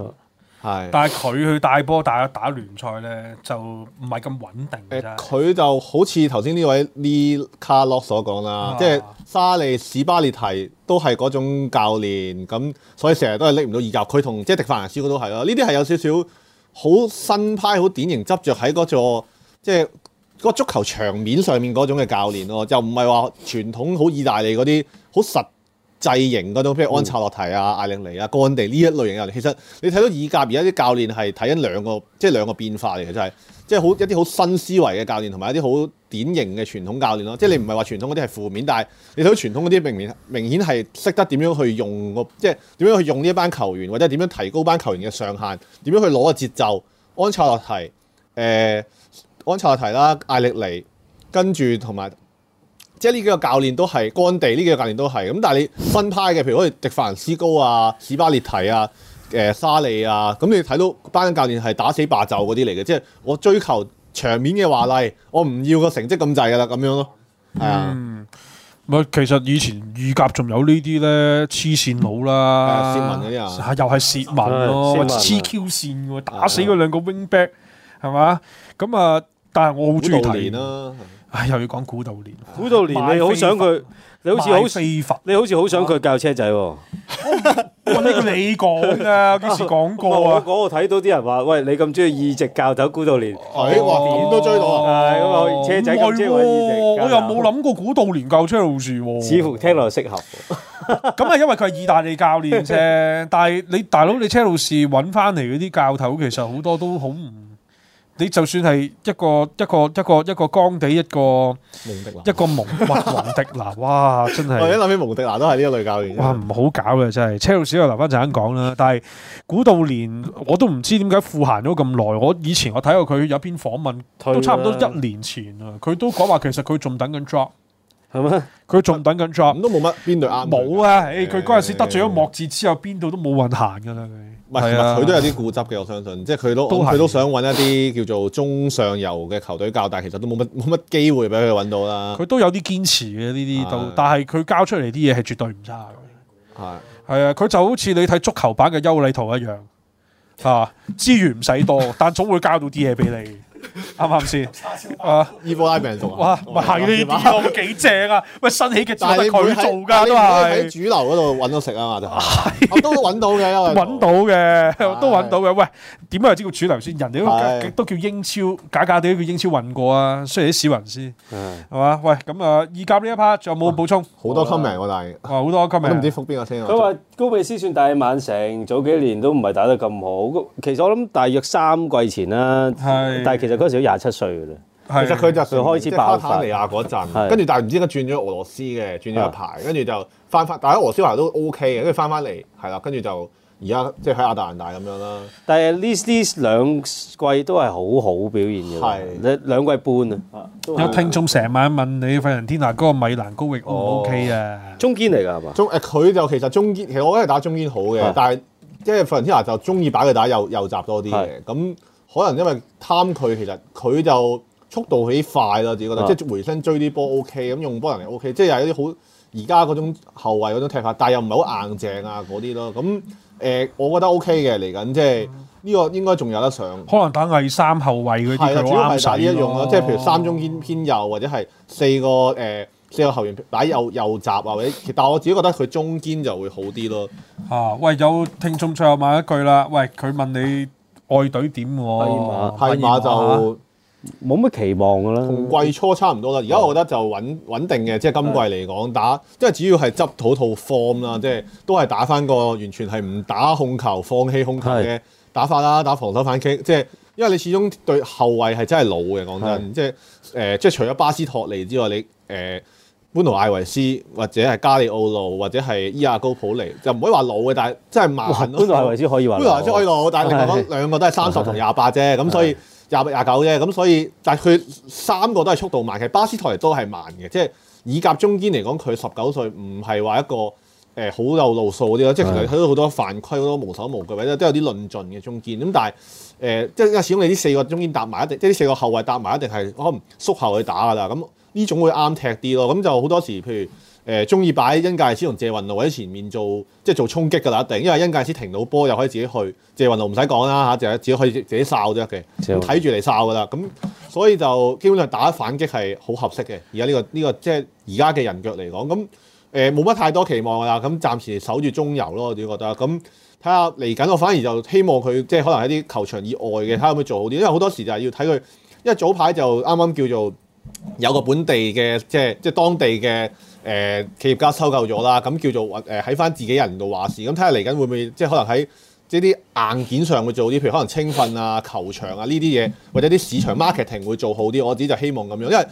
係，但係佢去帶波打打聯賽咧，就唔係咁穩定。誒，佢、呃、就好似頭先呢位利卡洛所講啦，啊、即係沙利史巴列提都係嗰種教練，咁所以成日都係拎唔到意甲。佢同即係迪凡尼師哥都係咯，呢啲係有少少好新派、好典型執着喺嗰座即係個足球場面上面嗰種嘅教練咯，就唔係話傳統好意大利嗰啲好實。製型嗰種譬如安察洛提啊、艾力尼啊、干地呢一類型啊。其實你睇到意甲而家啲教練係睇緊兩個，即係兩個變化嚟嘅，就係即係好一啲好新思維嘅教練，同埋一啲好典型嘅傳統教練咯。即係你唔係話傳統嗰啲係負面，但係你睇到傳統嗰啲明面明顯係識得點樣去用個，即係點樣去用呢一班球員，或者點樣提高班球員嘅上限，點樣去攞個節奏，安察洛提，誒、呃、安察洛提啦、艾力尼，跟住同埋。即係呢幾個教練都係乾地，呢幾個教練都係咁。但係你新派嘅，譬如好似迪凡斯高啊、史巴列提啊、誒、呃、沙利啊，咁你睇到班教練係打死霸就嗰啲嚟嘅，即係我追求場面嘅華麗，我唔要個成績咁滯噶啦，咁樣咯，係、嗯、啊。咪其實以前意甲仲有呢啲咧，黐線佬啦，涉文啲啊，又係涉文咯、啊，黐 Q 線喎，打死嗰兩個 wingback 係嘛？咁啊，但係我好中意睇啦。啊。又要講古，古道年。古道年，你好想佢，你好似好四佛，你好似好想佢教車仔。我呢你講啊，幾 時講過啊？ 啊那那我嗰個睇到啲人話，喂，你咁中意意籍教頭古道年，係話點都追到啊！係咁啊，車仔咁中、哎哦、好我又冇諗過古道年教車路士喎、啊。似乎聽落又適合。咁 係因為佢係意大利教練啫。 但係你大佬，你車路士揾翻嚟嗰啲教頭，其實好多都好唔～你就算係一個一個一個一個干地一個,的的一個蒙迪，一個蒙麥蒙迪拿，哇！真係 我一諗起蒙迪拿都係呢一類教練。哇！唔好搞嘅真係車路士又留翻陣間講啦。但係古道年我都唔知點解富閒咗咁耐。我以前我睇過佢有篇訪問，都差唔多一年前啊，佢都講話其實佢仲等緊 job。係咩？佢仲等緊 job，都冇乜邊度啱？冇啊！誒是的、欸，佢嗰陣時得罪咗莫志之後，邊度都冇運行嘅啦。佢唔係，佢都有啲固執嘅，我相信。即係佢都，佢都，是都想揾一啲叫做中上游嘅球隊教，但係其實都冇乜冇乜機會俾佢揾到啦。佢都有啲堅持嘅呢啲，都是的 但係佢交出嚟啲嘢係絕對唔差嘅。係係啊，佢就好似你睇足球版嘅優禮圖一樣啊，資源唔使多，但係總會交到啲嘢俾你。啱唔啱先？啊，伊波拉病毒啊！哇，唔係你幾正啊！喂、啊，新起嘅大，佢做噶都係主流嗰度揾到食啊嘛，就係都揾到嘅，揾到嘅都揾到嘅。喂，點解又知叫主流先？人哋都,是都叫英超，假假地都叫英超揾過啊，雖然啲市雲先係嘛。是喂，咁啊，意甲呢一 part 仲有冇補充？好、啊、多 comment 喎、啊，但係好多 comment 都唔知覆邊個聽啊。高比斯算大晚成，早幾年都唔係打得咁好。其實我諗大約三季前啦，是但係其實嗰時都廿七歲㗎啦。佢是就開始爆芬尼亞嗰陣，跟住的但係唔知點解轉咗俄羅斯嘅，轉咗一排，跟住就翻翻。但係俄燒鞋都 OK 嘅，跟住翻翻嚟係啦，跟住就。而家即係喺亞特蘭大咁樣啦，但係呢呢兩季都係好好表現嘅，係兩兩季半啊，有是、啊、聽眾成晚問你費倫天拿嗰個米蘭高域 O 唔 OK 啊、哦？中堅嚟㗎係嘛？中誒佢、呃、就其實中堅，其實我覺得打中堅好嘅，是啊、但係因為費倫天拿就中意打佢打右右閘多啲嘅，咁是、啊嗯、可能因為貪佢其實佢就速度起快咯，自己覺得即係回身追啲波 O K，咁用波能力 O、OK, K，即係又有啲好而家嗰種後衞嗰種踢法，但係又唔係好硬正啊嗰啲咯，咁。誒、呃，我覺得 OK 嘅嚟緊，即係呢個應該仲有得上。可能打魏三後衞嗰啲主要係打呢一樣咯，即係譬如三中堅偏右或者係四個誒、呃、四個後衞打右右閘或者，但係我自己覺得佢中堅就會好啲咯。嚇、啊！喂，有聽眾最後問一句啦，喂，佢問你愛隊點、啊？係嘛係就。冇乜期望噶啦，同季初差唔多啦。而家我覺得就穩穩定嘅，即係今季嚟講打，即係主要係執好套 form 啦，即係都係打翻個完全係唔打控球、放棄控球嘅打法啦，打防守反擊。即係因為你始終對後衞係真係老嘅，講真是的、就是呃，即係誒，即係除咗巴斯托尼之外，你誒本拿艾維斯或者係加利奧路或者係伊亞高普尼，就唔可以話老嘅，但係真係慢、呃。本拿艾維斯可以話，本拿艾維斯可以老，但係你講兩個都係三十同廿八啫，咁所以。廿廿九啫，咁所以但係佢三個都係速度慢，其實巴斯托尼都係慢嘅，即係以甲中堅嚟講，佢十九歲唔係話一個誒好有路數啲咯，即係佢睇到好多犯規，好多無手無腳或者都有啲論盡嘅中堅。咁但係誒、呃，即係因為始終你呢四個中堅搭埋一定，即係呢四個後衞搭埋一定係可能縮後去打噶啦。咁呢種會啱踢啲咯。咁就好多時譬如。誒中意擺恩介斯同謝雲露喺前面做即係做衝擊㗎啦，一定因為恩介斯停到波又可以自己去，謝雲露唔使講啦嚇，就、啊、係自己可以自己哨啫嘅，睇住嚟哨㗎啦。咁所以就基本上打反擊係好合適嘅。而家呢個呢個即係而家嘅人腳嚟講，咁誒冇乜太多期望㗎啦。咁暫時守住中游咯，我覺得。咁睇下嚟緊，我反而就希望佢即係可能喺啲球場以外嘅睇下有冇做好啲，因為好多時就係要睇佢。因為早排就啱啱叫做有個本地嘅，即係即係當地嘅。誒、呃、企業家收購咗啦，咁叫做或喺翻自己人度話事，咁睇下嚟緊會唔會即係可能喺即係啲硬件上會做啲，譬如可能青訓啊、球場啊呢啲嘢，或者啲市場 marketing 會做好啲。我自己就希望咁樣，因為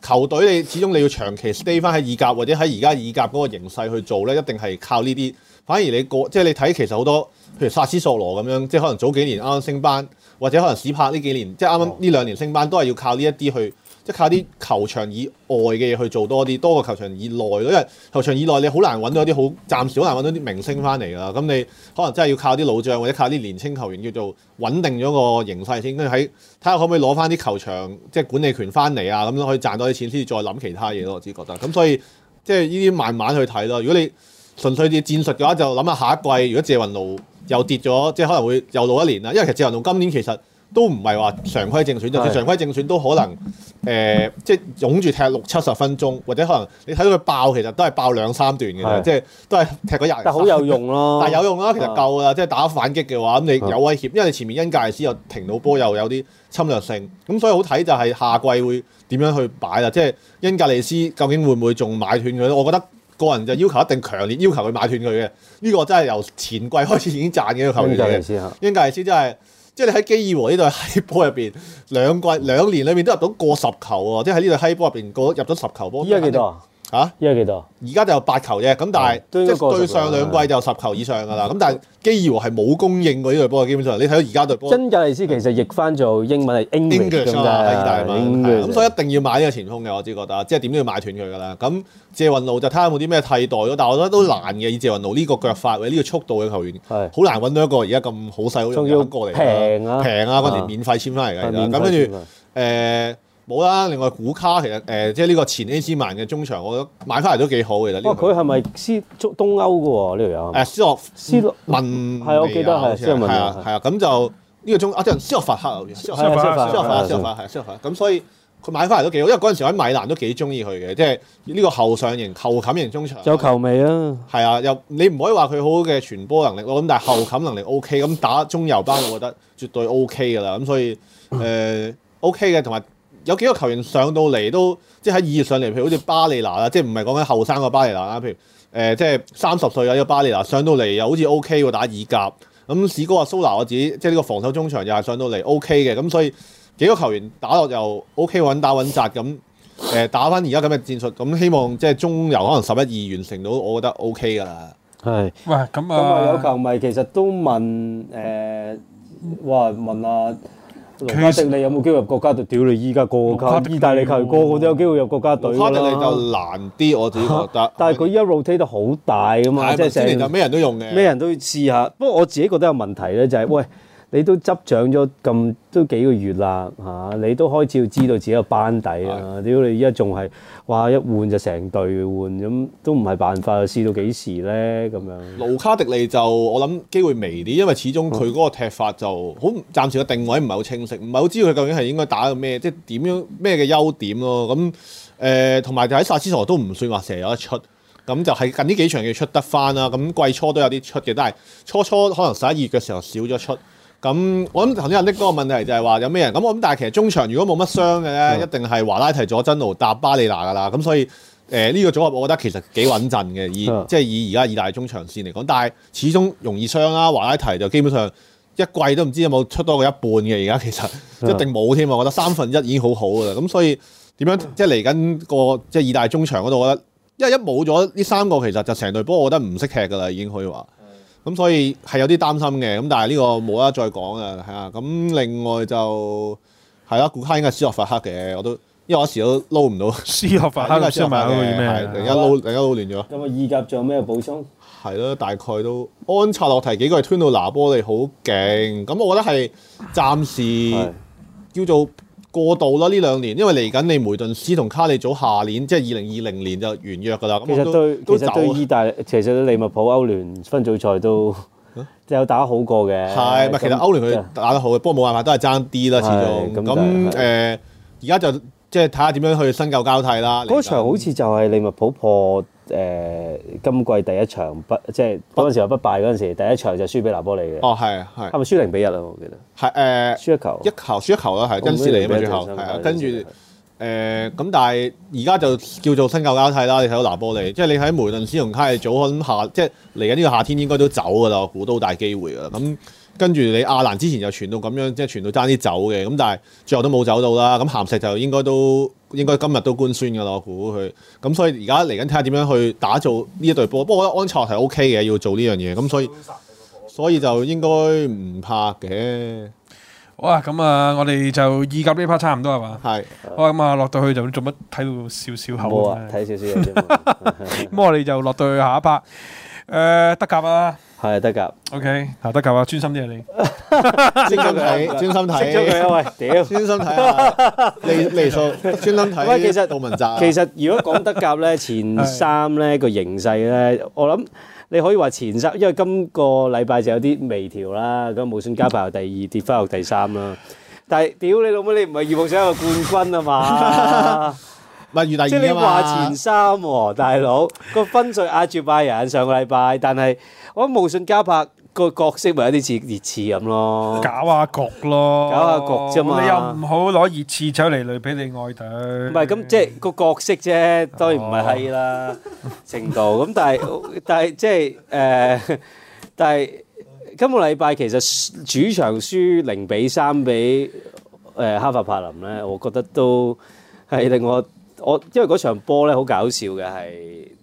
球隊你始終你要長期 stay 翻喺意甲或者喺而家意甲嗰個形勢去做咧，一定係靠呢啲。反而你過即係你睇，其實好多譬如薩斯索羅咁樣，即係可能早幾年啱啱升班，或者可能史柏呢幾年即係啱啱呢兩年升班，都係要靠呢一啲去。即係靠啲球場以外嘅嘢去做多啲，多過球場以內。因為球場以內你好難揾到啲好，暫時好難揾到啲明星翻嚟㗎啦。咁你可能真係要靠啲老將或者靠啲年青球員叫做穩定咗個形勢先，跟住喺睇下可唔可以攞翻啲球場，即係管理權翻嚟啊，咁樣可以賺多啲錢先至再諗其他嘢咯。我自己覺得咁，所以即係呢啲慢慢去睇咯。如果你純粹啲戰術嘅話，就諗下下一季，如果謝雲露又跌咗，即係可能會又老一年啦。因為其實謝雲露今年其實都唔係話常規正選，就算常規正選都可能誒、呃，即係湧住踢六七十分鐘，或者可能你睇到佢爆，其實都係爆兩三段嘅啫，的即係都係踢咗廿。但好有用咯，但係有用啊，其實夠啦。是的 即係打反擊嘅話，咁、嗯、你有威脅，因為你前面英格利斯又停到波，又有啲侵略性，咁、嗯、所以好睇就係下季會點樣去擺啦，即係英格利斯究竟會唔會仲買斷佢咧？我覺得個人就要求一定強烈要求佢買斷佢嘅，呢個真係由前季開始已經賺嘅一個球員。英格利斯，英格利斯真係。即係你喺基爾和呢隊閪波入邊兩季兩年裏面都入到過十球喎，即係喺呢隊閪波入邊過入咗十球波。嚇，而家幾多？而家就八球啫，咁但係即係對上兩季就十球以上噶啦。咁但係幾乎係冇供應過呢隊波，基本上你睇到而家隊波。恩格里斯其實翻譯翻做英文係 e n g l 英語咁，大咁所以一定要買呢個前鋒嘅，我自己覺得，即係點都要買斷佢噶啦。咁謝雲奴就睇下有冇啲咩替代咯。但係我覺得都難嘅，以謝雲奴呢個腳法，呢、呢個速度嘅球員，好是難揾到一個而家咁好細好種人嚟。平啊，平啊，嗰年免費簽翻嚟嘅。咁跟住誒。呃好啦，另外古卡其實誒、呃，即係呢個前 A 斯曼嘅中場，我覺得買翻嚟都幾好嘅。其實、哦，哇，佢係咪斯東歐嘅喎呢條友？誒、嗯，斯洛斯文，係問、嗯、我記得係，啊，係啊，咁就呢個中啊，即係斯洛伐克斯洛斯斯洛斯斯洛伐斯洛伐，克。斯洛伐，咁、嗯、所以佢買翻嚟都幾好，因為嗰陣時喺米蘭都幾中意佢嘅，即係呢個後上型、後冚型中場，有球味啊，係啊，又你唔可以話佢好好嘅傳波能力咯，咁但係後冚能力 OK，咁打中游班，我覺得絕對 OK 噶啦，咁所以誒、呃、OK 嘅，同埋。有幾個球員上到嚟都即係喺二月上嚟，譬如好似巴里拿啦，即係唔係講緊後生個巴里拿啦，譬如誒即係三十歲有呢個巴里拿上到嚟又好似 O K 喎打二甲，咁史哥阿蘇拿我自己即係呢個防守中場又係上到嚟 O K 嘅，咁、OK、所以幾個球員打落又 O K 穩打穩扎咁誒打翻而家咁嘅戰術，咁希望即係中游可能十一二完成到，我覺得 O K 㗎啦。係，喂咁啊咁啊有球迷其實都問誒，哇、呃問，呃、問啊！其實你有冇機會入國家隊？屌你！依家個個意大利球，個個都有機會入國家隊㗎啦。你就難啲，我自己覺得。但係佢依家 rotate 得好大㗎嘛，即係成年就咩人都用嘅，咩人都要試下。不過我自己覺得有問題咧，就係、是、喂。你都執掌咗咁都幾個月啦嚇、啊，你都開始要知道自己個班底啦。屌是的 你依家仲係，哇一換就成隊換咁，都唔係辦法啊！試到幾時咧咁樣？盧卡迪利就我諗機會微啲，因為始終佢嗰個踢法就好，暫時個定位唔係好清晰，唔係好知道佢究竟係應該打到咩，即係點樣咩嘅優點咯。咁誒同埋就喺薩斯洛都唔算話成日有得出，咁就係近呢幾場要出得翻啦。咁季初都有啲出嘅，但係初初可能十一二嘅時候少咗出。咁我諗頭先阿 Nick 嗰個問題就係話有咩人咁我咁，但係其實中場如果冇乜傷嘅咧，一定係華拉提、佐真奴、搭巴利拿噶啦。咁所以誒呢、呃這個組合，我覺得其實幾穩陣嘅，以即係以而家二大中場線嚟講。但係始終容易傷啦。華拉提就基本上一季都唔知有冇出多過一半嘅，而家其實一定冇添。我覺得三分一已經好好噶啦。咁所以點樣即係嚟緊個即係二大中場嗰度，我覺得因為一冇咗呢三個，其實就成隊波，我覺得唔識踢噶啦，已經可以話。咁所以係有啲擔心嘅，咁但係呢個冇得再講啦，啊。咁另外就係啦、啊，古卡應該斯洛伐克嘅，我都因為我時都撈唔到。斯洛伐克係斯洛伐克嘅，突然間撈突然間撈亂咗。咁啊意甲仲有咩補充？係咯、啊，大概都安察洛提幾個係吞到拿波利，好勁。咁我覺得係暫時叫做。是嗯過度啦呢兩年，因為嚟緊你梅頓斯同卡利祖下年即係二零二零年就完約㗎啦。其實對都其實對意大利，其實對利物浦歐聯分組賽都即係有打得好過嘅。係咪？其實歐聯佢打得好嘅，不過冇辦法都係爭啲啦。始終咁誒，而家、呃、就。即係睇下點樣去新舊交替啦。嗰場好似就係利物浦破誒今季第一場不，即係嗰陣時話不敗嗰陣時，第一場就輸俾拿波利嘅。哦，係係，係咪輸零比一啊？我記得係誒，輸一球，一球，輸一球咯，係跟住誒，咁但係而家就叫做新舊交替啦。你睇到拿波利，即係你喺梅頓斯隆卡嘅組合咁下，即係嚟緊呢個夏天應該都走噶啦，我估都好大機會噶啦。咁。跟住你亞蘭之前就傳到咁樣，即係傳到爭啲走嘅，咁但係最後都冇走到啦。咁鹹石就應該都應該今日都官宣㗎喇，我估佢。咁所以而家嚟緊睇下點樣去打造呢一隊波。不過我覺得安察係 OK 嘅，要做呢樣嘢。咁所以所以就應該唔怕嘅。好啊，咁啊，我哋就意甲呢 part 差唔多係嘛？係是。好啊，咁啊，落到去就做乜睇到少少口？冇啊，睇少少嘢啫。咁 我哋就落到去下一 part。誒、呃，德甲啊！係德甲，OK，啊德甲，專心啲啊你，專心睇，專心睇，專心睇，喂，屌，專心睇，利利數，專心睇。喂，其實杜文澤，其實如果講德甲咧，前三咧個形勢咧，我諗你可以話前三，因為今個禮拜就有啲微調啦，咁慕遜加柏落第二，跌翻落第三啦。但係屌你老母，你唔係意望死一個冠軍啊嘛？唔係越嚟越勁啊！即係你話前三喎，大佬個分數壓住拜仁上個禮拜，但係我無信加拍個角色咪有啲似熱刺咁咯，搞下局咯，搞下局啫嘛，又唔好攞熱刺出嚟擂俾你外隊。唔係咁，即係個角色啫，當然唔係係啦程度。咁但係但係即係誒，但係今個禮拜其實主場輸零比三比誒哈佛柏林咧，我覺得都係令我。我因為嗰場波咧好搞笑嘅，係誒、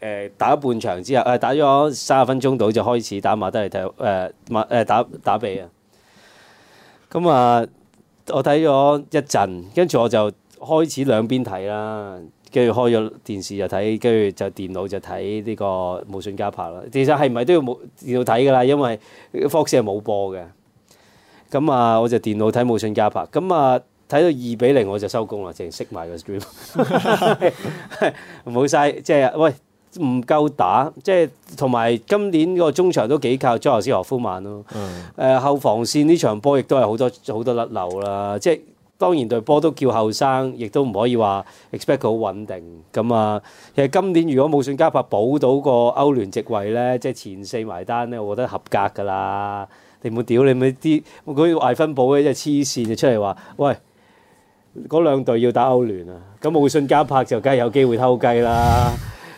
呃、打咗半場之後，誒、呃、打咗三十分鐘度就開始打馬德里睇。誒馬誒打打吡啊！咁、嗯、啊，我睇咗一陣，跟住我就開始兩邊睇啦。跟住開咗電視就睇，跟住就電腦就睇呢個無線加拍啦。其實係唔係都要電腦睇㗎啦？因為 Fox 係冇播嘅。咁、嗯、啊，我就電腦睇無線加拍。咁、嗯、啊。睇到二比零我就收工啦，淨係熄埋個 stream，唔好嘥， 即係喂唔夠打，即係同埋今年個中場都幾靠張學斯何夫曼咯。誒、嗯呃、後防線呢場波亦都係好多好多甩漏啦，即係當然隊波都叫後生，亦都唔可以話 expect 佢好穩定咁啊。其實今年如果冇信加法保到個歐聯席位咧，即係前四埋單咧，我覺得合格㗎啦。你冇屌你咪啲，佢壞、那個、艾分寶嘅真係黐線，出嚟話喂～喂嗰兩隊要打歐聯啊，咁慕遜加柏就梗係有機會偷雞啦。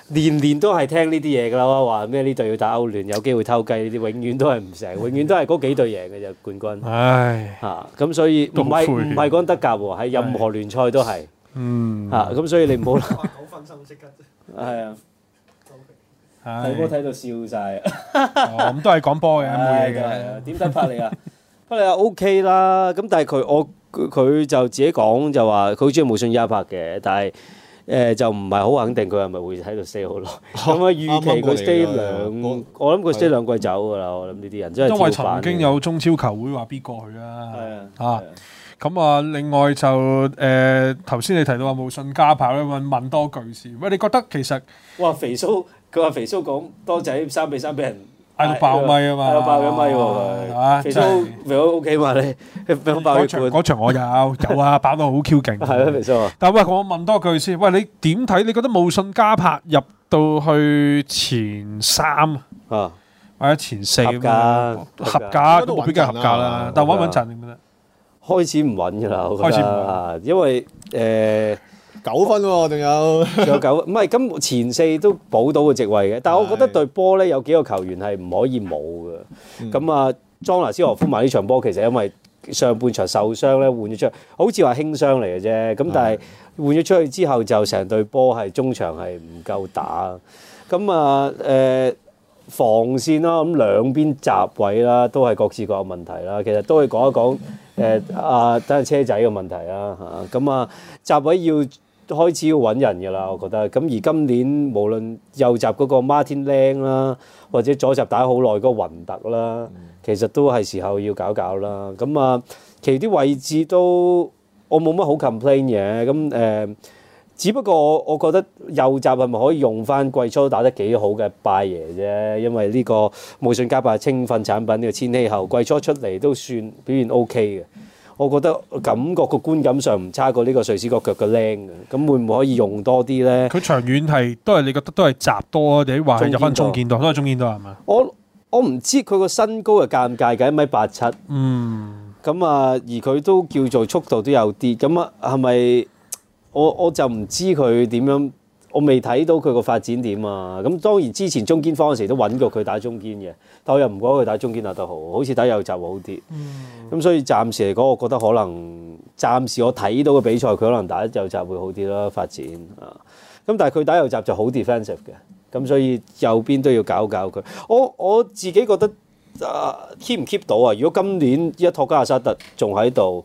年年都係聽呢啲嘢㗎啦，話咩呢隊要打歐聯，有機會偷雞，呢啲永遠都係唔成，永遠都係嗰幾隊贏嘅啫，冠軍。唉，嚇咁所以唔係唔係講德甲喎，係任何聯賽都係。嗯，嚇咁所以你唔好。九分心即刻啫。係啊。睇波睇到笑曬。咁都係講波嘅冇嘢嘅。點得法你啊？得法又 OK 啦。咁但係佢我。佢佢就自己講就話佢好中意慕遜加柏嘅，但係誒就唔係好肯定佢係咪會喺度 stay 好耐。咁啊預期佢 stay 兩，我諗佢 stay 兩季走㗎啦。我諗呢啲人真係因為曾經有中超球會話必過去啦。嚇咁啊！另外就誒頭先你提到話慕遜加柏咧，問多句先。喂，你覺得其實哇肥蘇，佢話肥蘇講多仔三比三畀人。帶個爆咪啊嘛，帶個爆嘅咪喎，係嘛？肥叔，喺屋企嘛？你喺場嗰場我有，有啊，爆得好 Q 勁。係啊，肥叔。但喂，我問多句先。喂，你點睇？你覺得無信嘉拍入到去前三啊，或者前四？合格，合格都比較合格啦。但穩唔穩陣？你覺得？開始唔穩噶啦，我覺得。因為誒。九分喎，仲有仲有九，唔係咁前四都保到個席位嘅。但係我覺得隊波咧有幾個球員係唔可以冇嘅。咁啊，莊拿斯和夫埋呢場波其實因為上半場受傷咧換咗出去，好似話輕傷嚟嘅啫。咁但係換咗出去之後就成隊波係中場係唔夠打。咁啊誒防線啦，咁兩邊閘位啦都係各自各有問題啦。其實都可以講一講誒啊，等陣車仔嘅問題啦嚇。咁啊閘位要。開始要揾人㗎啦，我覺得。咁而今年無論右閘嗰個 Martin Lang 啦，或者左閘打好耐嗰個雲特啦，其實都係時候要搞搞啦。咁、嗯、啊，其餘啲位置都我冇乜好 complain 嘅。咁、嗯、誒、呃，只不過我，我覺得右閘係咪可以用翻季初打得幾好嘅拜爺啫？因為呢個無信加伯清訓產品，呢個千禧後季初出嚟都算表現 OK 嘅。我覺得感覺個觀感上唔差過呢個瑞士國腳嘅靚嘅，咁會唔會可以用多啲咧？佢長遠係都係你覺得都係雜多，或者話入中間多，都係中間多係咪？我我唔知佢個身高又尷尬嘅一米八七，嗯，咁啊，而佢都叫做速度都有啲，咁啊，係咪我我就唔知佢點樣？我未睇到佢個發展點啊！咁當然之前中堅方嗰時都揾過佢打中堅嘅，但我又唔覺得佢打中堅打得好，好似打右閘會好啲。咁、嗯嗯、所以暫時嚟講，我覺得可能暫時我睇到嘅比賽，佢可能打右閘會好啲啦。發展啊！咁、嗯嗯嗯、但係佢打右閘就好 defensive 嘅，咁、嗯、所以右邊都要搞搞佢。我我自己覺得啊，keep 唔 keep 到啊？如果今年一托加亞沙特仲喺度，誒、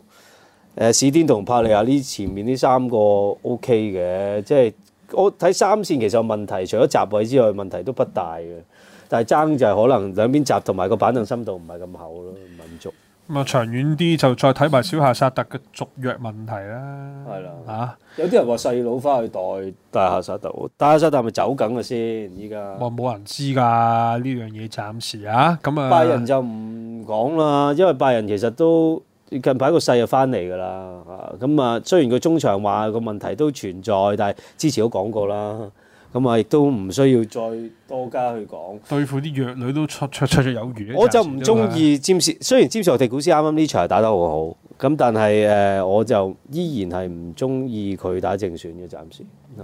呃、史添同帕利亞呢前面呢三個 OK 嘅，即係。我睇三線其實問題，除咗集位之外，問題都不大嘅。但係爭就係可能兩邊集同埋個板凳深度唔係咁厚咯，唔足。咁啊，長遠啲就再睇埋小夏薩特嘅續約問題啦。係啦，嚇有啲人話細佬翻去代大夏薩特，大夏薩特咪走緊啊先，依家。我，冇人知㗎呢樣嘢，暫時啊。咁啊，拜仁就唔講啦，因為拜仁其實都。近排個勢又翻嚟㗎啦，嚇咁啊！雖然佢中場話個問題都存在，但係之前都講過啦，咁啊亦都唔需要再多加去講。對付啲弱旅都出出出，出有餘。我就唔中意占士，啊、雖然占士我哋股師啱啱呢場打得好好，咁但係誒、呃，我就依然係唔中意佢打正選嘅暫時。啊、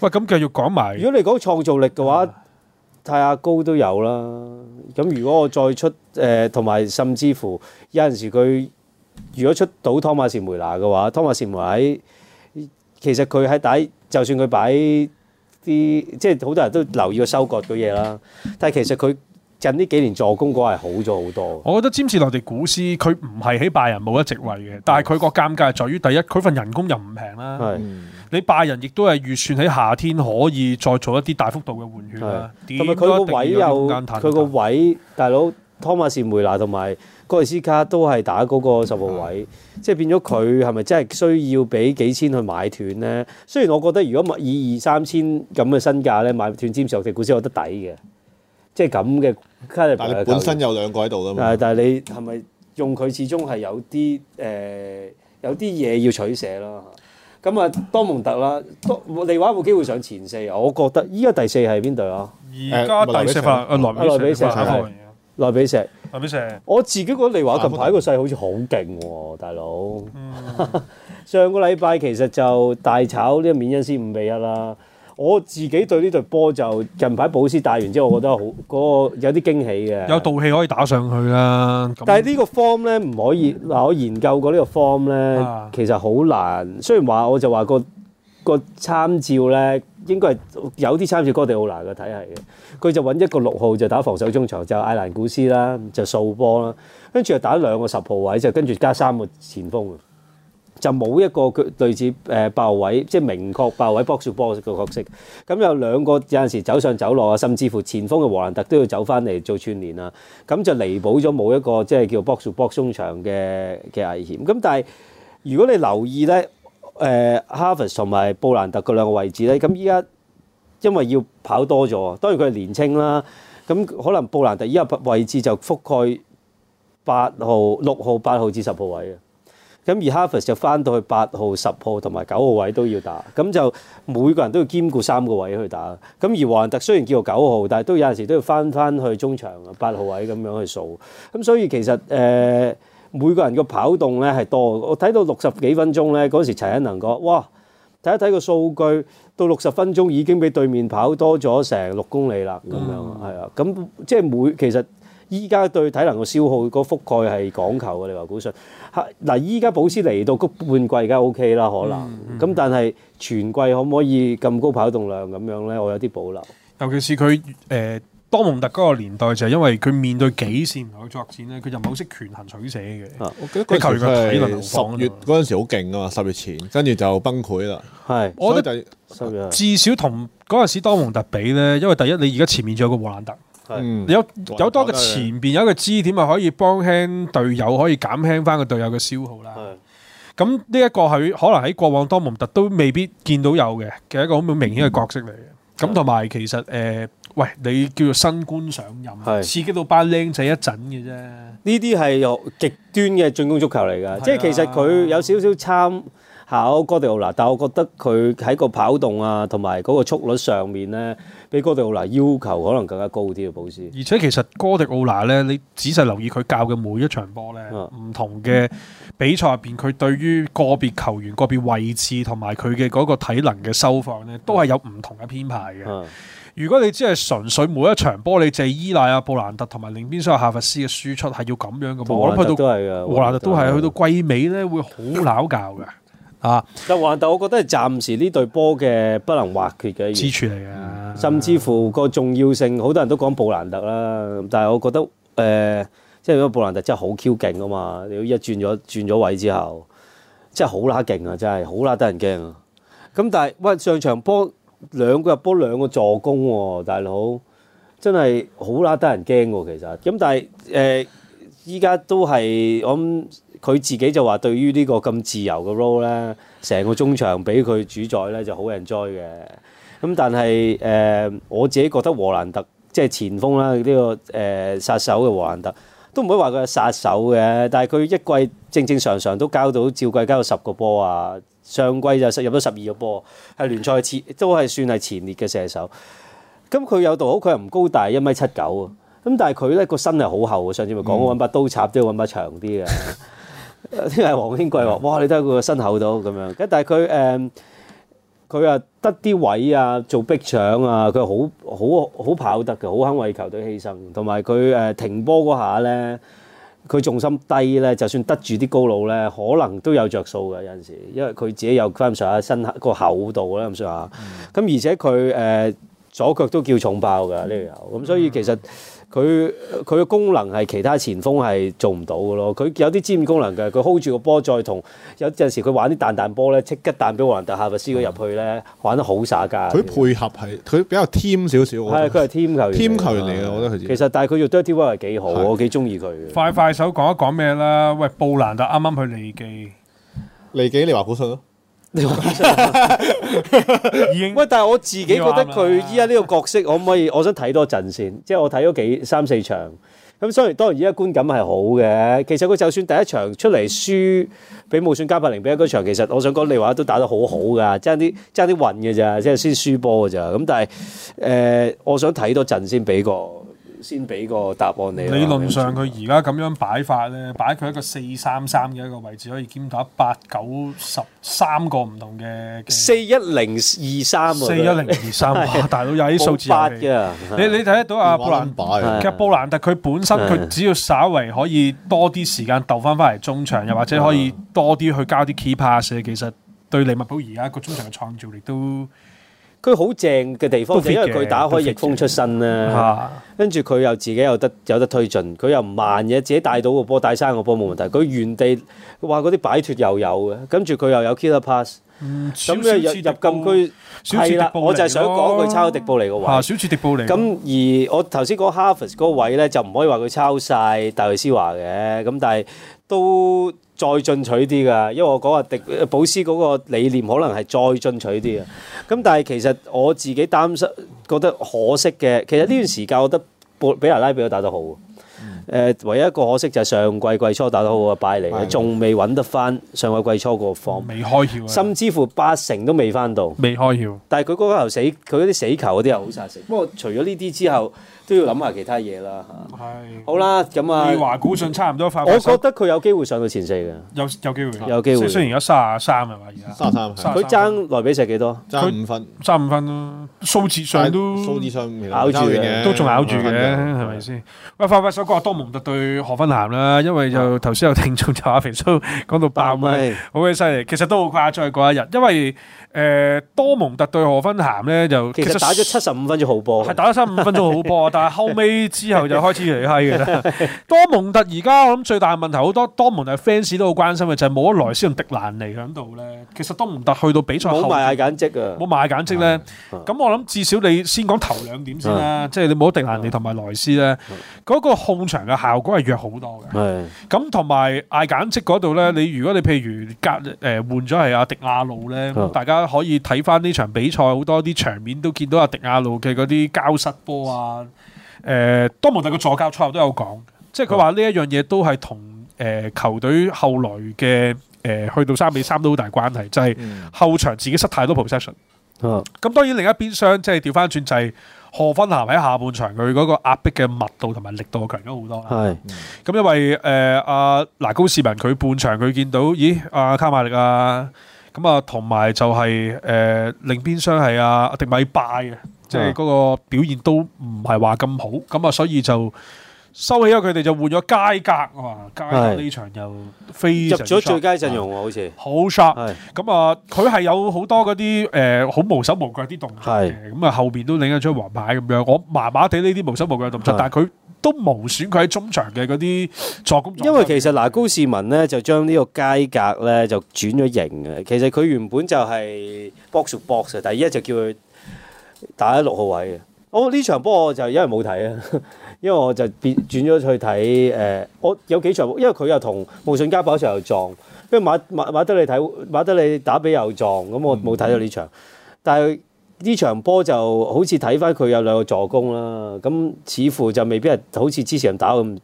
喂，咁繼續講埋。如果你講創造力嘅話，泰雅、嗯、高都有啦、啊。咁如果我再出誒，同、呃、埋甚至乎有陣時佢。呃呃呃呃如果出到湯馬士梅拿嘅話，湯馬士梅喺其實佢喺底，就算佢擺啲，即係好多人都留意佢收割嘅嘢啦。但係其實佢近呢幾年助攻嗰係好咗好多。我覺得占士洛迪古斯，佢唔係喺拜仁冇一席位嘅，但係佢個尷尬在於第一，佢份人工又唔平啦。的你拜仁亦都係預算喺夏天可以再做一啲大幅度嘅換血同埋佢個位又佢個位，大佬湯馬士梅拿同埋。戈瑞斯卡都係打嗰個十號位，嗯、即係變咗佢係咪真係需要俾幾千去買斷咧？雖然我覺得如果以二三千咁嘅身價咧買斷尖石嘅股，先有得抵嘅，即係咁嘅卡利。但係你本身有兩個喺度啦嘛。但係你係咪用佢始終係有啲誒、呃、有啲嘢要取捨咯？咁、嗯、啊，多蒙特啦，多你話有冇機會上前四？我覺得依家第四係邊隊啊？而家第四啊，內、呃、比石。內比石。阿邊我自己覺得嚟話、啊、近排個勢好似好勁喎，大佬。 上個禮拜其實就大炒呢個免因先五比一啦。我自己對呢隊波就近排保斯帶完之後，我覺得好 個有啲驚喜嘅。有道氣可以打上去啦、啊。但係呢個 form 咧唔可以嗱，嗯、我研究過呢個 form 咧，其實好難。雖然話我就話個、嗰個參照咧。應該係有啲參與哥迪奧拿嘅體系嘅，佢就揾一個六號就打防守中場，就艾蘭古斯啦，就掃波啦，跟住又打兩個十號位，就跟住加三個前鋒就個，就冇一個佢類似誒爆位，即係明確爆位 box 波、er、嘅角色。咁有兩個有陣時走上走落啊，甚至乎前鋒嘅夏蘭特都要走翻嚟做串連啊，咁就彌補咗冇一個即係叫 box、er、box 中場嘅嘅危險。咁但係如果你留意咧。誒哈弗斯同埋布蘭特嗰兩個位置咧，咁依家因為要跑多咗，當然佢係年青啦。咁可能布蘭特依個位置就覆蓋八號、六號、八號至十號位嘅。咁而哈弗斯就翻到去八號、十號同埋九號位都要打。咁就每個人都要兼顧三個位去打。咁而布蘭特雖然叫做九號，但係都有陣時都要翻翻去中場八號位咁樣去掃。咁所以其實誒。呃每個人個跑動咧係多，我睇到六十幾分鐘咧，嗰時齊一能講，哇！睇一睇個數據，到六十分鐘已經比對面跑多咗成六公里啦，咁、嗯、樣係啊。咁、嗯嗯、即係每其實依家對體能嘅消耗個覆蓋係講求嘅，你話古訊。嗱，依家保斯嚟到谷半季，而家 O K 啦，可能。咁、嗯嗯、但係全季可唔可以咁高跑動量咁樣咧？我有啲保留。尤其是佢誒。呃多蒙特嗰個年代就係因為佢面對幾線去作戰咧，佢就唔係好識權衡取捨嘅。我記得佢球員嘅體能十月嗰陣時好勁啊嘛，十月前跟住就崩潰啦。係，我覺得就月至少同嗰陣時多蒙特比咧，因為第一你而家前面仲有個荷蘭特，嗯，有有多嘅前邊有一個支點啊，可以幫輕隊友，可以減輕翻個隊友嘅消耗啦。係，咁呢一個係可能喺過往多蒙特都未必見到有嘅，嘅一個好明顯嘅角色嚟嘅。咁同埋其實誒。喂，你叫做新官上任，是刺激到班僆仔一陣嘅啫。呢啲係有極端嘅進攻足球嚟㗎，啊、即係其實佢有少少參考哥迪奧拿，嗯、但係我覺得佢喺個跑動啊，同埋嗰個速率上面呢，比哥迪奧拿要求可能更加高啲嘅部署。而且其實哥迪奧拿呢，你仔細留意佢教嘅每一場波呢，唔、啊、同嘅比賽入邊，佢對於個別球員、個別位置同埋佢嘅嗰個體能嘅收放呢，都係有唔同嘅編排嘅。嗯嗯。如果你只係純粹每一場波，你就係依賴阿布蘭特同埋另邊所有夏佛斯嘅輸出，係要咁樣嘅。布蘭特都係啊，布蘭特都係去到季尾咧，很會好攪教嘅。啊，但係布蘭特，我覺得係暫時呢隊波嘅不能或缺嘅支柱嚟嘅。嗯、甚至乎個重要性，好多人都講布蘭特啦。但係我覺得，誒、呃，即係如果布蘭特真係好 Q 勁啊嘛。你一轉咗轉咗位之後，真係好乸勁啊！真係好乸得人驚啊！咁但係，喂，上場波。兩個入波，兩個助攻喎、哦，大佬真係好難得人驚喎，其實。咁但係誒，依、呃、家都係我諗佢自己就話，對於呢個咁自由嘅 role 咧，成個中場俾佢主宰咧就好 enjoy 嘅。咁但係誒、呃，我自己覺得霍蘭特即係前鋒啦，呢、這個誒、呃、殺手嘅霍蘭特都唔可以話佢係殺手嘅，但係佢一季正正常常都交到照季交到十個波啊！上季就入咗十二個波，係聯賽次都係算係前列嘅射手。咁佢有道好，佢又唔高大，一米七九啊。咁但係佢咧個身係好厚，上次咪講過揾把刀插，都要揾把長啲嘅。啲人黃興貴話，哇，你睇佢個身厚到咁樣。咁但係佢誒，佢啊得啲位啊做逼搶啊，佢好好好跑得嘅，好肯為球隊犧牲。同埋佢誒停波嗰下咧。佢重心低咧，就算得住啲高佬咧，可能都有着數嘅。有陣時，因為佢自己有翻上身個厚度啦，咁上下，咁、嗯、而且佢誒、呃、左腳都叫重爆㗎呢個有，咁、嗯、所以其實。嗯佢佢嘅功能係其他前鋒係做唔到嘅咯，佢有啲尖功能嘅，佢 hold 住個波，再同有陣時佢玩啲彈彈波咧，即刻彈俾夏蘭特下個司機入去咧，玩得好耍家。佢、嗯、的配合係佢比較 team 少少。係，佢係 team 球 t e 球員嚟嘅，我覺得佢。其實但係佢用 dirty work 係幾好，的我幾中意佢。的快快手講一講咩啦？喂，布蘭特啱啱去利記，利記你話好熟咯。你話齋，已經喂！但係我自己覺得佢依家呢個角色可唔可以？我想睇多陣先，即係我睇咗幾三四場，咁雖然當然依家觀感係好嘅。其實佢就算第一場出嚟輸，畀無算加八零比一嗰場，其實我想講你話都打得好好㗎，爭啲爭啲運嘅咋，即係先輸波嘅咋。咁但係誒、呃，我想睇多陣先比個。先俾個答案你。理論上佢而家咁樣擺法咧，擺佢一個四三三嘅一個位置，可以兼打八九十三個唔同嘅四一零二三，四一零二三。哇！大佬有啲數字啊！你你睇得到阿布蘭特，其實布蘭特佢是本身佢只要稍為可以多啲時間逗翻翻嚟中場，又是或者可以多啲去交啲 key pass，其實對利物浦而家個中場嘅創造力都。佢好正嘅地方，就因為佢打開逆風出身啦，跟住佢又自己又得有得推進，佢又唔慢嘅，自己帶到個波帶生個波冇問題。佢原地話嗰啲擺脫又有嘅，跟住佢又有 killer pass，咁咩、嗯、入，入禁區係啦。了我就係想講佢抄迪布尼嘅位。小切迪布尼。咁而我頭先講 Harvus 嗰位咧，就唔可以話佢抄晒戴瑞斯華嘅，咁但係都。再進取啲㗎，因為我講話迪保斯嗰個理念可能係再進取啲嘅。咁但係其實我自己擔心覺得可惜嘅。其實呢段時間我覺得博比阿拉，拉比都打得好嘅。嗯、唯一一個可惜就係上季季初打得好嘅拜利，仲未揾得翻上季季初個方，未開竅，甚至乎八成都未翻到，未開竅。但係佢嗰個球死，佢嗰啲死球嗰啲又好殺食。不過除咗呢啲之後，都要諗下其他嘢啦嚇。係。好啦，咁啊。二華股差唔多翻。我覺得佢有機會上到前四嘅。有有機會？有機會。雖然而家卅三係嘛，而家卅三佢爭萊比錫幾多？佢五分。三五分咯。數字上都。數字上咬住嘅。都仲咬住嘅，係咪先？喂，發發所講多蒙特對何芬咸啦，因為就頭先有聽眾就阿肥蘇講到爆咩？好鬼犀利。其實都好誇再嗰一日，因為。誒，多蒙特對何芬咸咧就其實打咗七十五分鐘好波，係打咗三十五分鐘好波，但係後尾之後就開始嚟閪嘅啦。多蒙特而家我諗最大嘅問題好多，多蒙特 fans 都好關心嘅就係冇咗萊斯同迪蘭尼響度咧。其實多蒙特去到比賽冇買嗌簡績啊，冇買嗌簡績咧。咁我諗至少你先講頭兩點先啦，即係你冇咗迪蘭尼同埋萊斯咧，嗰個控場嘅效果係弱好多嘅。係咁，同埋嗌簡績嗰度咧，你如果你譬如隔誒換咗係阿迪亞魯咧，大家。可以睇翻呢場比賽，好多啲場面都見到阿迪亞路嘅嗰啲交失波啊！誒、呃，多蒙特嘅助教賽後都有講，即係佢話呢一樣嘢都係同誒球隊後來嘅誒、呃、去到三比三都好大關係，就係、是、後場自己失太多 possession。咁、嗯、當然另一邊廂即係調翻轉就係賀芬咸喺下半場佢嗰個壓迫嘅密度同埋力度強咗好多。係咁是、啊，因為誒阿嗱高士文佢半場佢見到，咦阿、啊、卡馬力啊！咁、就是呃、啊，同埋就係誒，另一邊廂係阿迪米拜，嘅，即係嗰個表現都唔係話咁好。咁啊，所以就收起咗佢哋，就換咗街格啊嘛。街格呢場又飛入咗最佳陣容喎，好似好塞。咁啊，佢係、嗯、有好多嗰啲誒，好、呃、無手無腳啲動作咁啊是的、嗯，後面都領一張黃牌咁樣。我麻麻地呢啲無手無腳動作，的但係佢。都無損佢喺中場嘅嗰啲作用，因為其實嗱高士文咧就將呢個街格咧就轉咗型嘅。其實佢原本就係 box box 嘅，但依家就叫佢打喺六號位嘅。我、哦、呢場波我就因為冇睇啊，因為我就變轉咗去睇誒、呃。我有幾場，因為佢又同無信加堡場又撞，因為馬馬德里睇馬德里打比又撞，咁、嗯嗯、我冇睇到呢場，但係。呢場波就好似睇翻佢有兩個助攻啦，咁似乎就未必係好似之前打咁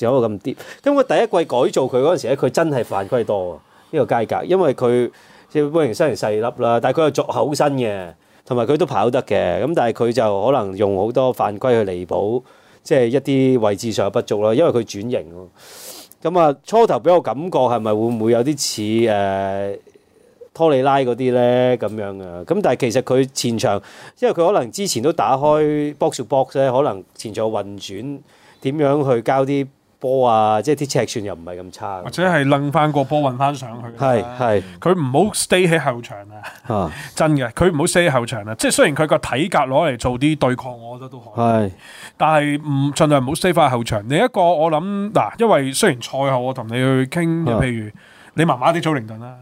有個咁啲，因為佢第一季改造佢嗰陣時咧，佢真係犯規多啊，呢、這個階格。因為佢雖然身形係細粒啦，但係佢又作口身嘅，同埋佢都跑得嘅。咁但係佢就可能用好多犯規去彌補，即、就、係、是、一啲位置上不足啦。因為佢轉型，咁啊初頭俾我感覺係咪會唔會有啲似誒？呃拖你拉嗰啲咧咁樣嘅。咁但係其實佢前場，因為佢可能之前都打開 box to box 咧，可能前場運轉點樣去交啲波啊，即係啲尺寸又唔係咁差。或者係擰翻個波運翻上去。係係，佢唔好 stay 喺後場啊！啊，真嘅，佢唔好 stay 喺後場啊！即係雖然佢個體格攞嚟做啲對抗，我覺得都可以。是但係唔盡量唔好 stay 翻後場。另一個我諗嗱、啊，因為雖然賽後我同你去傾，譬、啊、如你麻麻啲，祖靈頓啦。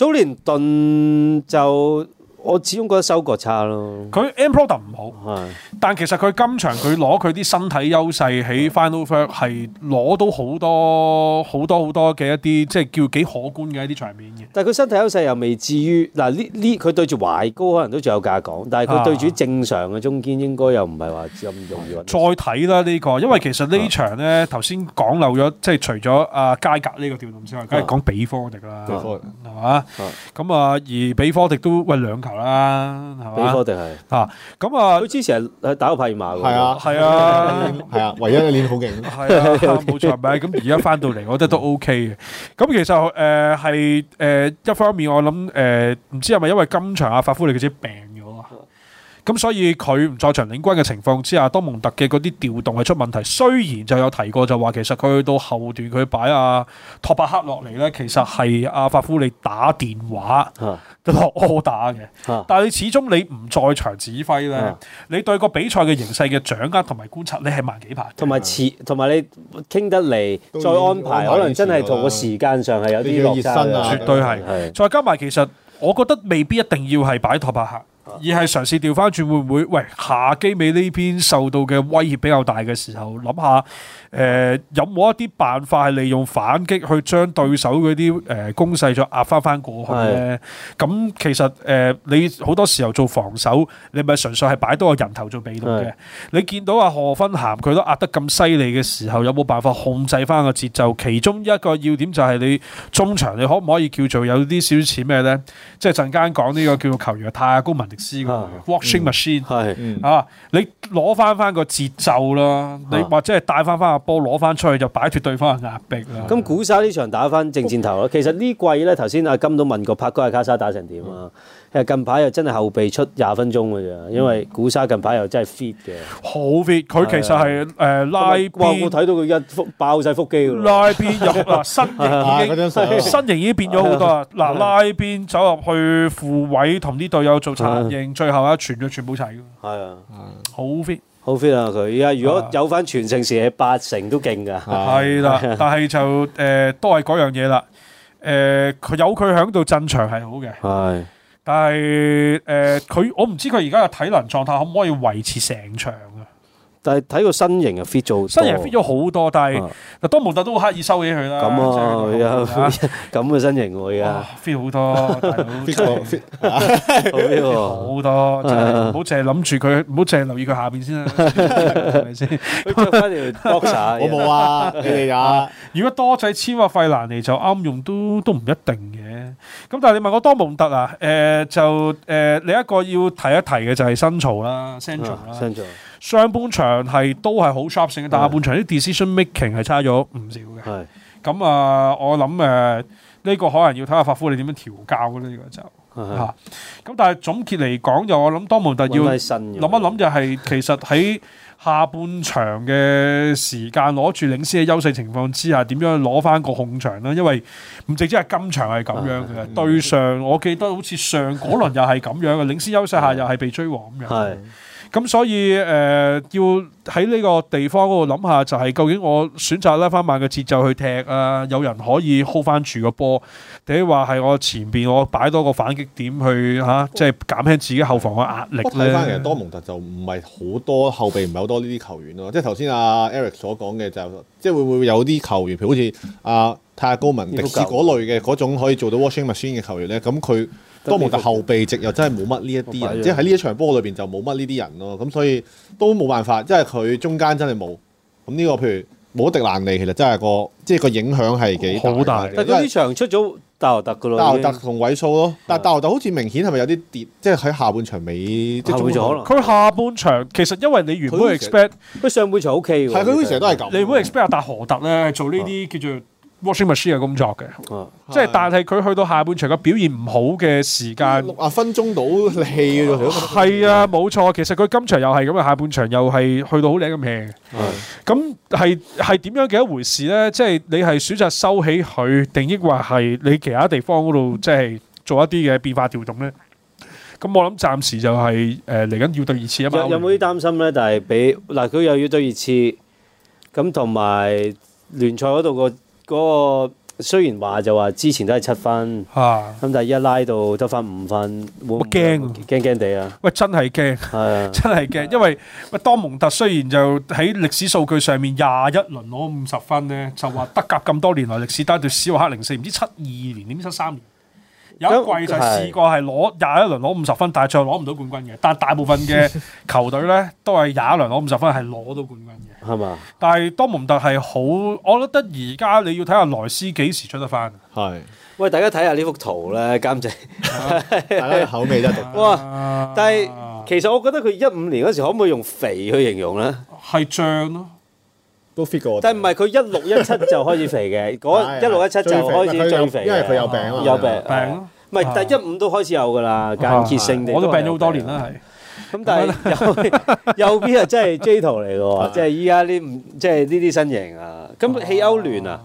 蘇連頓就。我始終覺得收穫差咯。佢 improvement 唔好，是但其實佢今場佢攞佢啲身體優勢喺 final four 係攞到好多好多好多嘅一啲即係叫幾可觀嘅一啲場面嘅。但係佢身體優勢又未至於嗱呢呢，佢、啊、對住懷高可能都仲有價講，但係佢對住正常嘅中堅應該又唔係話咁容易揾是再睇啦呢個，因為其實場呢場咧頭先講漏咗，即、就、係、是、除咗阿佳格呢個調動之外，梗係講比科迪啦，係嘛吧？咁啊吧，而比科迪都喂兩球。啦，係咪？俾波定係？嚇？咁啊，佢、啊啊、之前係打過帕爾馬嘅。係啊，係啊，係啊， 唯一一年好勁，係啊，冇錯 啊，咩？咁而家翻到嚟，我覺得都 OK 嘅。咁其實誒係誒一方面，我諗誒唔知係咪因為今場阿法夫利佢啲病？咁所以佢唔在場領軍嘅情況之下，多蒙特嘅嗰啲調動係出問題。雖然就有提過，就話其實佢去到後段佢擺阿托巴克落嚟咧，其實係阿法夫你打電話落 order 嘅。但係你始終，你唔在場指揮咧，你對個比賽嘅形勢嘅掌握同埋觀察，你係慢幾排。同埋同埋你傾得嚟，再安排，可能真係同個時間上係有啲落差。絕對係，再加埋其實我覺得未必一定要係擺托巴克。而係嘗試調返轉，會唔會？喂，夏基美呢邊受到嘅威脅比較大嘅時候，諗下。誒、呃、有冇一啲辦法係利用反擊去將對手嗰啲誒攻勢再壓翻翻過去咧？咁是的 其實誒、呃、你好多時候做防守，你咪純粹係擺多個人頭做備用嘅。是的 你見到阿何芬咸佢都壓得咁犀利嘅時候，有冇辦法控制翻個節奏？其中一個要點就係你中場，你可唔可以叫做有啲少少似咩咧？即係陣間講呢個叫做球員泰亞高文迪斯嘅 working machine。啊，嗯啊嗯、你攞翻翻個節奏啦，你或者係帶翻翻。波攞翻出去就擺脫對方嘅壓迫啦。咁古沙呢場打翻正箭頭啦。其實呢季咧頭先阿金都問過柏哥喺卡莎打成點啊。其實近排又真係後備出廿分鐘嘅啫。因為古沙近排又真係 fit 嘅。好 fit，佢其實係誒拉邊。哇！我睇到佢一腹爆晒腹肌拉邊入嗱，身形已經身形已經變咗好多啦。嗱，拉邊走入去副位同啲隊友做策應，最後啊，傳咗全部齊嘅。啊，好 fit。好 fit 啊佢而家如果有翻全盛時係的八成都勁㗎係啦，的的但係就誒、呃、都係樣嘢啦。誒、呃，佢有佢響度進場係好嘅，係是的，但係誒佢我唔知佢而家嘅體能狀態可唔可以維持成場。但係睇個身形啊，fit 咗身形 fit 咗好多，但係多蒙特都刻意收起佢啦。咁咁嘅身形喎，fit 好多，fit 好多，好多，唔好淨係諗住佢，唔好淨係留意佢下邊先啦，係咪先？咁啊，冇啊，你哋有。如果多仔簽話費蘭尼就啱用，都都唔一定嘅。咁但係你問我多蒙特啊，誒就誒，另一個要提一提嘅就係新槽啦，central 啦。上半場係都係好 sharp 性嘅，但下半場啲 decision making 係差咗唔少嘅。咁啊的、嗯呃，我諗誒呢個可能要睇下法夫利點樣調教嘅呢、呢個就嚇。咁的、嗯、但係總結嚟講，就我諗多蒙特要諗一諗，就係其實喺下半場嘅時間攞住領先嘅優勢情況之下，點樣攞翻個控場咧？因為唔止只係今場係咁樣嘅，的對上的我記得好似上嗰輪又係咁樣嘅，的領先優勢下又係被追和咁樣。咁所以誒、呃，要喺呢個地方嗰度諗下，就係、是、究竟我選擇拉翻慢嘅節奏去踢啊，有人可以 hold 翻住個波，定話係我前邊我擺多個反擊點去嚇、啊，即係減輕自己後防嘅壓力咧。睇翻其實多蒙特就唔係好多後備，唔係好多呢啲球員咯。即係頭先阿 Eric 所講嘅，就即係會唔會有啲球員，譬、就是、如好似阿泰高文迪斯嗰不類嘅嗰種，可以做到 washing machine 嘅球員咧？咁佢。多蒙特後備席又真係冇乜呢一啲人，放即係喺呢一場波裏邊就冇乜呢啲人咯，咁所以都冇辦法，即係佢中間真係冇。咁呢個譬如冇迪蘭尼其實真係個，即係個影響係幾大。但係呢場出咗大豪特噶啦。大豪特同位素咯，但係大豪特好似明顯係咪有啲跌？即係喺下半場尾，即係中場佢下半場其實因為你原本 expect 佢會上半場 OK 㗎。係佢成日都係咁。你唔會 expect 阿大豪特咧做呢啲叫做 washing machine 嘅工作嘅，即係但係佢去到下半場嘅表現唔好嘅時間六啊分鐘到氣嘅啫。係啊，冇錯。其實佢今場又係咁啊，下半場又係去到好靚咁 hea 嘅。咁係係點樣幾一回事咧？即係你係選擇收起佢，定抑或係你其他地方嗰度即係做一啲嘅變化調動咧？咁我諗暫時就係誒嚟緊要第二次啊嘛。有冇啲擔心咧，但係俾嗱佢又要第二次咁，同埋聯賽嗰度個。嗰個雖然話就話之前都係七分，咁但係一拉到得翻五分，我驚驚驚地啊！喂，真係驚，真係驚，因為喂多蒙特雖然就喺歷史數據上面廿一輪攞五十分咧，就話德甲咁多年來歷史單對史浩克零四，唔知七二年，定七三年。有一季就試過係攞廿一輪攞五十分，但係最後攞唔到冠軍嘅。但係大部分嘅球隊咧，都係廿一輪攞五十分係攞到冠軍嘅。係嘛吧？但係多蒙特係好，我覺得而家你要睇下萊斯幾時出得翻。係是，喂大家睇下呢幅圖咧，監製，睇下、啊、 口味得度。哇、啊！但係其實我覺得佢一五年嗰時可唔可以用肥去形容咧？係脹咯。都肥過我，但唔係佢一六一七就開始肥嘅，一六一七就開始最肥，因為佢有病啊，有病，病，唔係，但一五都開始有㗎啦，間歇性的。我都病咗好多年啦，係。咁但係右邊啊，真係 J 圖嚟㗎喎，即係依家啲即係呢啲身形啊。咁氣歐聯啊？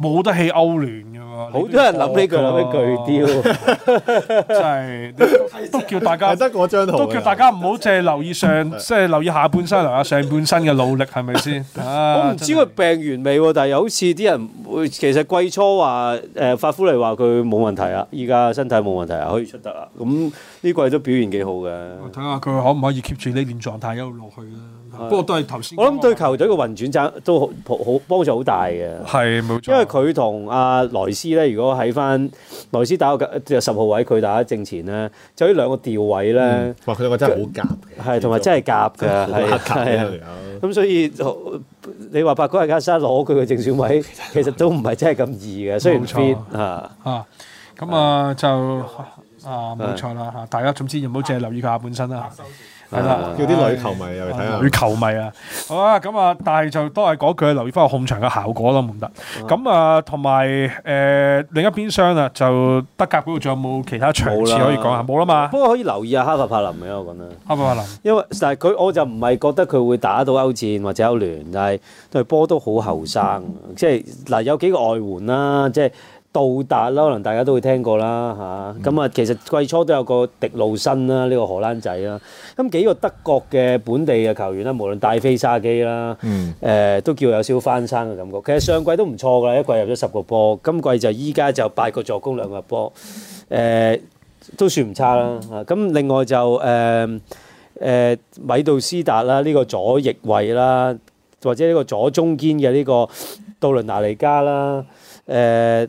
冇得起歐聯㗎喎、啊，好、啊、多人諗呢句諗呢句啲喎，真係、 嗯就是、都叫大家，得都叫大家唔好凈係留意上，即係、 就是、留意下半身，留意上半身嘅努力係咪先？我唔知佢病完未，但係又好似啲人會，其實季初話誒、呃、法夫嚟話佢冇問題啊，依家身體冇問題啊，可以出得啊。咁呢季都表現幾好嘅，睇下佢可唔可以 keep 住呢段狀態一路落去啦。不過都係頭先，我諗對球隊嘅運轉爭都好好幫助好大嘅，係冇錯。因為佢同阿萊斯咧，如果喺返萊斯打個十號位，佢打正前咧，就呢兩個調位咧，佢兩個真係好夾嘅，係同埋真係夾嘅，係。咁所以你話白哥亞加沙攞佢嘅正選位，其實都唔係真係咁易嘅，雖然 fit 啊咁啊就啊冇錯啦嚇！大家總之唔好淨係留意佢下半身啦。係啦，叫啲女球迷又嚟睇下，女球迷啊， 好啊，咁啊，但係就都係嗰句，留意翻個控場嘅效果咯，唔得。咁啊，同埋誒另一邊廂啊，就德甲嗰度仲有冇其他場次可以講下？冇啦了嘛。不過可以留意下哈弗柏林嘅，我覺得。哈弗柏林，因為但係佢我就唔係覺得佢會打到歐戰或者歐聯，但係對波都好後生， 即係嗱有幾個外援啦，啊，即係。到達啦，可能大家都會聽過啦嚇。咁啊，其實季初都有個迪魯森啦，呢個荷蘭仔啦。咁幾個德國嘅本地嘅球員啦，無論戴飛沙基啦，誒都叫有少少翻生嘅感覺。其實上季都唔錯㗎啦，一季入咗十個波，今季就依家就八個助攻兩個波，誒都算唔差啦。咁另外就誒誒米杜斯達啦，呢個左翼衛啦，或者呢個左中堅嘅呢個杜倫拿尼加啦，誒。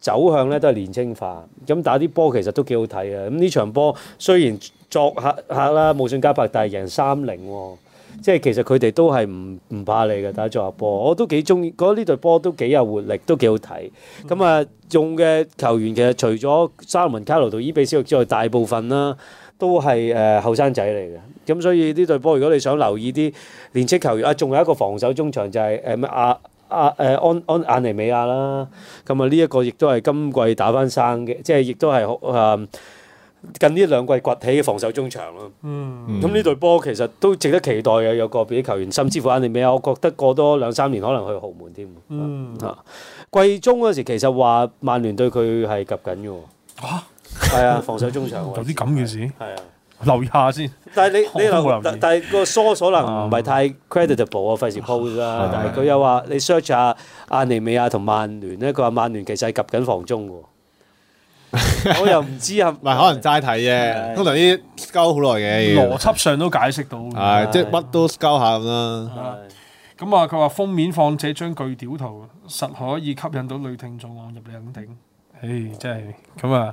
走向咧，都係年青化，咁打啲波其實都幾好睇嘅。咁呢場波雖然作客客啦，無信加柏，但係贏三零喎，即係其實佢哋都係唔唔怕你嘅打作下波，我都幾中意。覺得呢隊波都幾有活力，都幾好睇。咁、嗯、啊，用嘅球員其實除咗沙羅文、卡羅同伊比斯之外，大部分啦都係誒後生仔嚟嘅。咁、呃嗯、所以呢隊波如果你想留意啲年青球員啊，仲有一個防守中場就係誒咩阿。呃啊阿誒、啊呃、安安安尼美亞啦，咁啊呢一個亦都係今季打翻生嘅，即係亦都係好啊近呢兩季崛起嘅防守中場咯。嗯，咁呢隊波其實都值得期待嘅，有個別啲球員，甚至乎安尼美亞，我覺得過多兩三年可能去豪門添。啊、嗯、啊、季中嗰時其實話曼聯、啊、對佢係及緊嘅喎。嚇？係啊，防守中場 有啲咁嘅事。係啊。留意下先，但係你你留，但係個 source 可能唔係太 creditable 啊？費事 pose 啦。但係佢又話你 search 下阿尼美亞同曼聯咧，佢話曼聯其實係及緊防中喎。我又唔知啊，可能齋睇啫。通常啲交好耐嘅，邏輯上都解釋到。係即係乜都交下啦。咁啊，佢話封面放這張巨屌圖，實可以吸引到女聽眾入嚟肯定，唉，真係咁啊！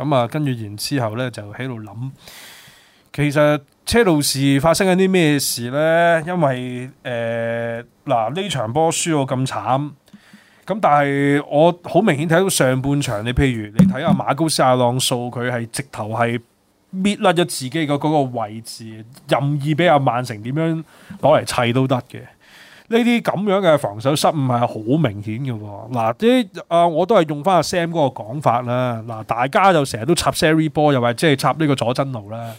咁啊、嗯，跟住然之後咧，就喺度諗，其實車路士發生緊啲咩事咧？因為誒，嗱、呃、呢、呃、場波輸到咁慘，咁但係我好明顯睇到上半場，你譬如你睇下馬高斯阿朗素，佢係直頭係搣甩咗自己個嗰個位置，任意俾阿曼城點樣攞嚟砌都得嘅。呢啲咁樣嘅防守失誤係好明顯嘅喎，嗱啲啊我都係用翻阿 Sam 嗰個講法啦，嗱大家就成日都插 Serie 波，又或者係插呢個佐真奴啦，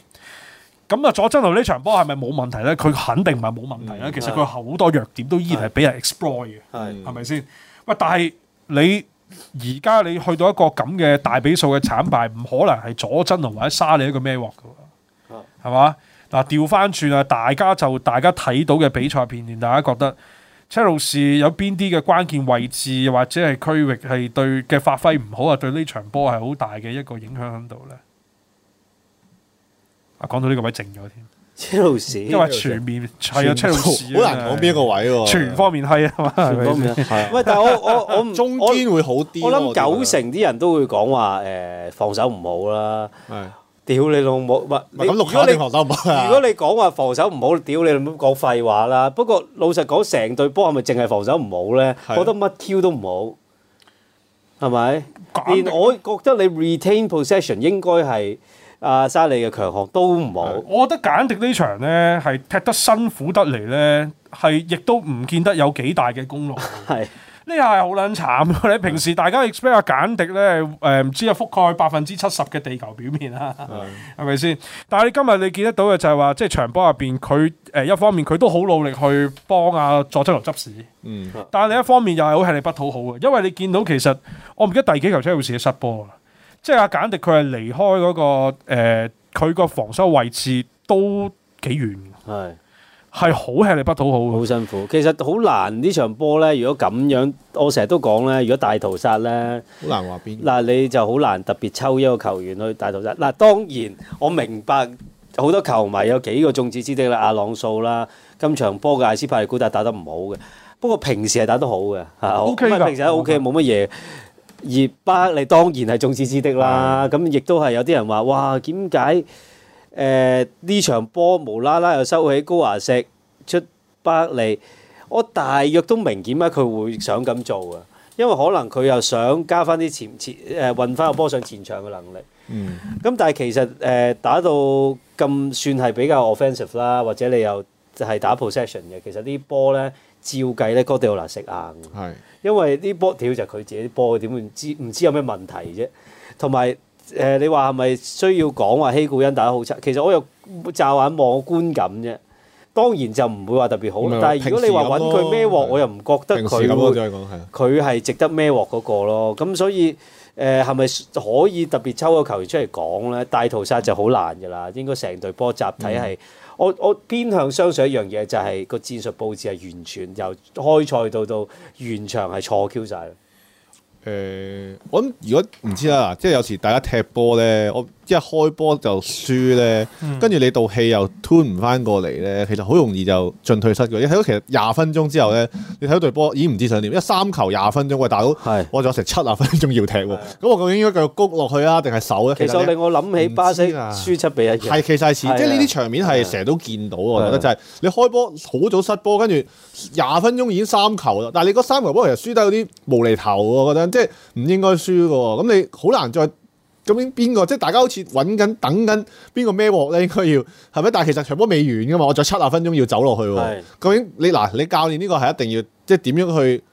咁啊佐真奴呢場波係咪冇問題呢？佢肯定唔係冇問題啦，嗯、其實佢好多弱點都依然係俾人 exploit 嘅、嗯，係咪先？喂、嗯，但係你而家你去到一個咁嘅大比數嘅慘敗，唔可能係佐真奴或者沙利一個咩鑊喎？係嘛？嗱，調翻轉啊！大家就大家睇到嘅比賽片段，大家覺得車路士有邊啲嘅關鍵位置或者係區域係對嘅發揮唔好啊？對呢場波係好大嘅一個影響喺度咧。啊，講到呢個位靜咗添，車路士因為全面係啊，車路士好難講邊一個位喎、啊，全方面係啊嘛，全方面係。喂吧，但係我 我我中堅會好啲。我諗九成啲人都會講話誒防守唔好啦。呃屌你老母，唔係咁六下都防守唔好啊！如果你講話防守唔好，屌你老母都講廢話啦。不過老實講，成隊波係咪淨係防守唔好咧？我覺得乜 Q 都唔好，係咪？連我覺得你 retain possession 應該係阿沙利嘅強項都唔好。我覺得簡迪呢場咧係踢得辛苦得嚟咧，係亦都唔見得有幾大嘅功勞。係。呢個係好撚慘咯！你平時大家 expect 阿簡迪咧，誒、呃、唔知啊，覆蓋百分之七十嘅地球表面啦，係咪先？是的 但係你今日你見得到嘅就係話，即係場波入邊，佢誒一方面佢都好努力去幫阿佐春牛執屎，但係另一方面又係好吃力不討好嘅，因為你見到其實我唔記得第幾球車路士嘅失波啦，即係阿簡迪佢係離開嗰、那個佢個、呃、防守位置都幾遠。係好吃力不討好好辛苦。其實好難呢場波呢，如果咁樣，我成日都講呢，如果大屠殺呢，好難話邊。嗱，你就好難特別抽一個球員去大屠殺。嗱，當然我明白好多球迷有幾個眾矢之的啦，阿朗素啦，今場波嘅艾斯派利古達打得唔好嘅，不過平時係打得好嘅，啊，O K 平時都 O K，冇乜嘢。而巴克利當然係眾矢之的啦，咁亦的都係有啲人話，哇，點解？誒呢、呃、場波無啦啦又收起高華石出包嚟，我大約都明顯啊佢會想咁做啊，因為可能佢又想加翻啲前前誒、呃、運翻個波上前場嘅能力。嗯，嗯。咁但係其實誒、呃、打到咁算係比較 offensive 啦，或者你又係打 possession 嘅，其實啲波咧照計咧哥迪奧拿食硬。係。是 因為啲波條就係佢自己啲波嘅，點會知唔知有咩問題啫？同埋。誒、呃，你話係咪需要講話希古恩打得好差？其實我又驟眼望觀感啫，當然就唔會話特別好。但係如果你話揾佢孭鑊，我又唔覺得佢佢係值得孭鑊嗰個咯。咁的所以誒，係、呃、咪可以特別抽個球員出嚟講咧？大屠殺就好難㗎啦。應該成隊波集體係、嗯，我我偏向相信一樣嘢就係、是、個戰術佈置係完全由開賽到到完場係錯 Q 晒。誒、呃，我諗如果唔知啦，嗱，即係有時大家踢波咧，我。一開波就輸咧，跟住你道氣又吞唔翻過嚟咧，其實好容易就進退失嘅。你睇到其實廿分鐘之後咧，你睇到對波已經唔知想點，一三球廿分鐘，喂，大佬，是我仲有成七十分鐘要踢喎。咁是我究竟應該繼續谷落去啊，定係守咧？其實令我諗起巴西輸七比一，係、啊、其實係似，的即係呢啲場面係成日都見到，的我覺得就係你開波好早失波，跟住廿分鐘已經三球啦。但係你嗰三球波其實輸得嗰啲無厘頭，我覺得即係唔應該輸嘅喎。咁你好難再。究竟邊個？即係大家好似揾緊、等緊邊個孭鑊咧？應該要係咪？但係其實場波未完噶嘛，我仲有七十分鐘要走落去。是的 究竟你嗱，你教練呢個係一定要即係點樣去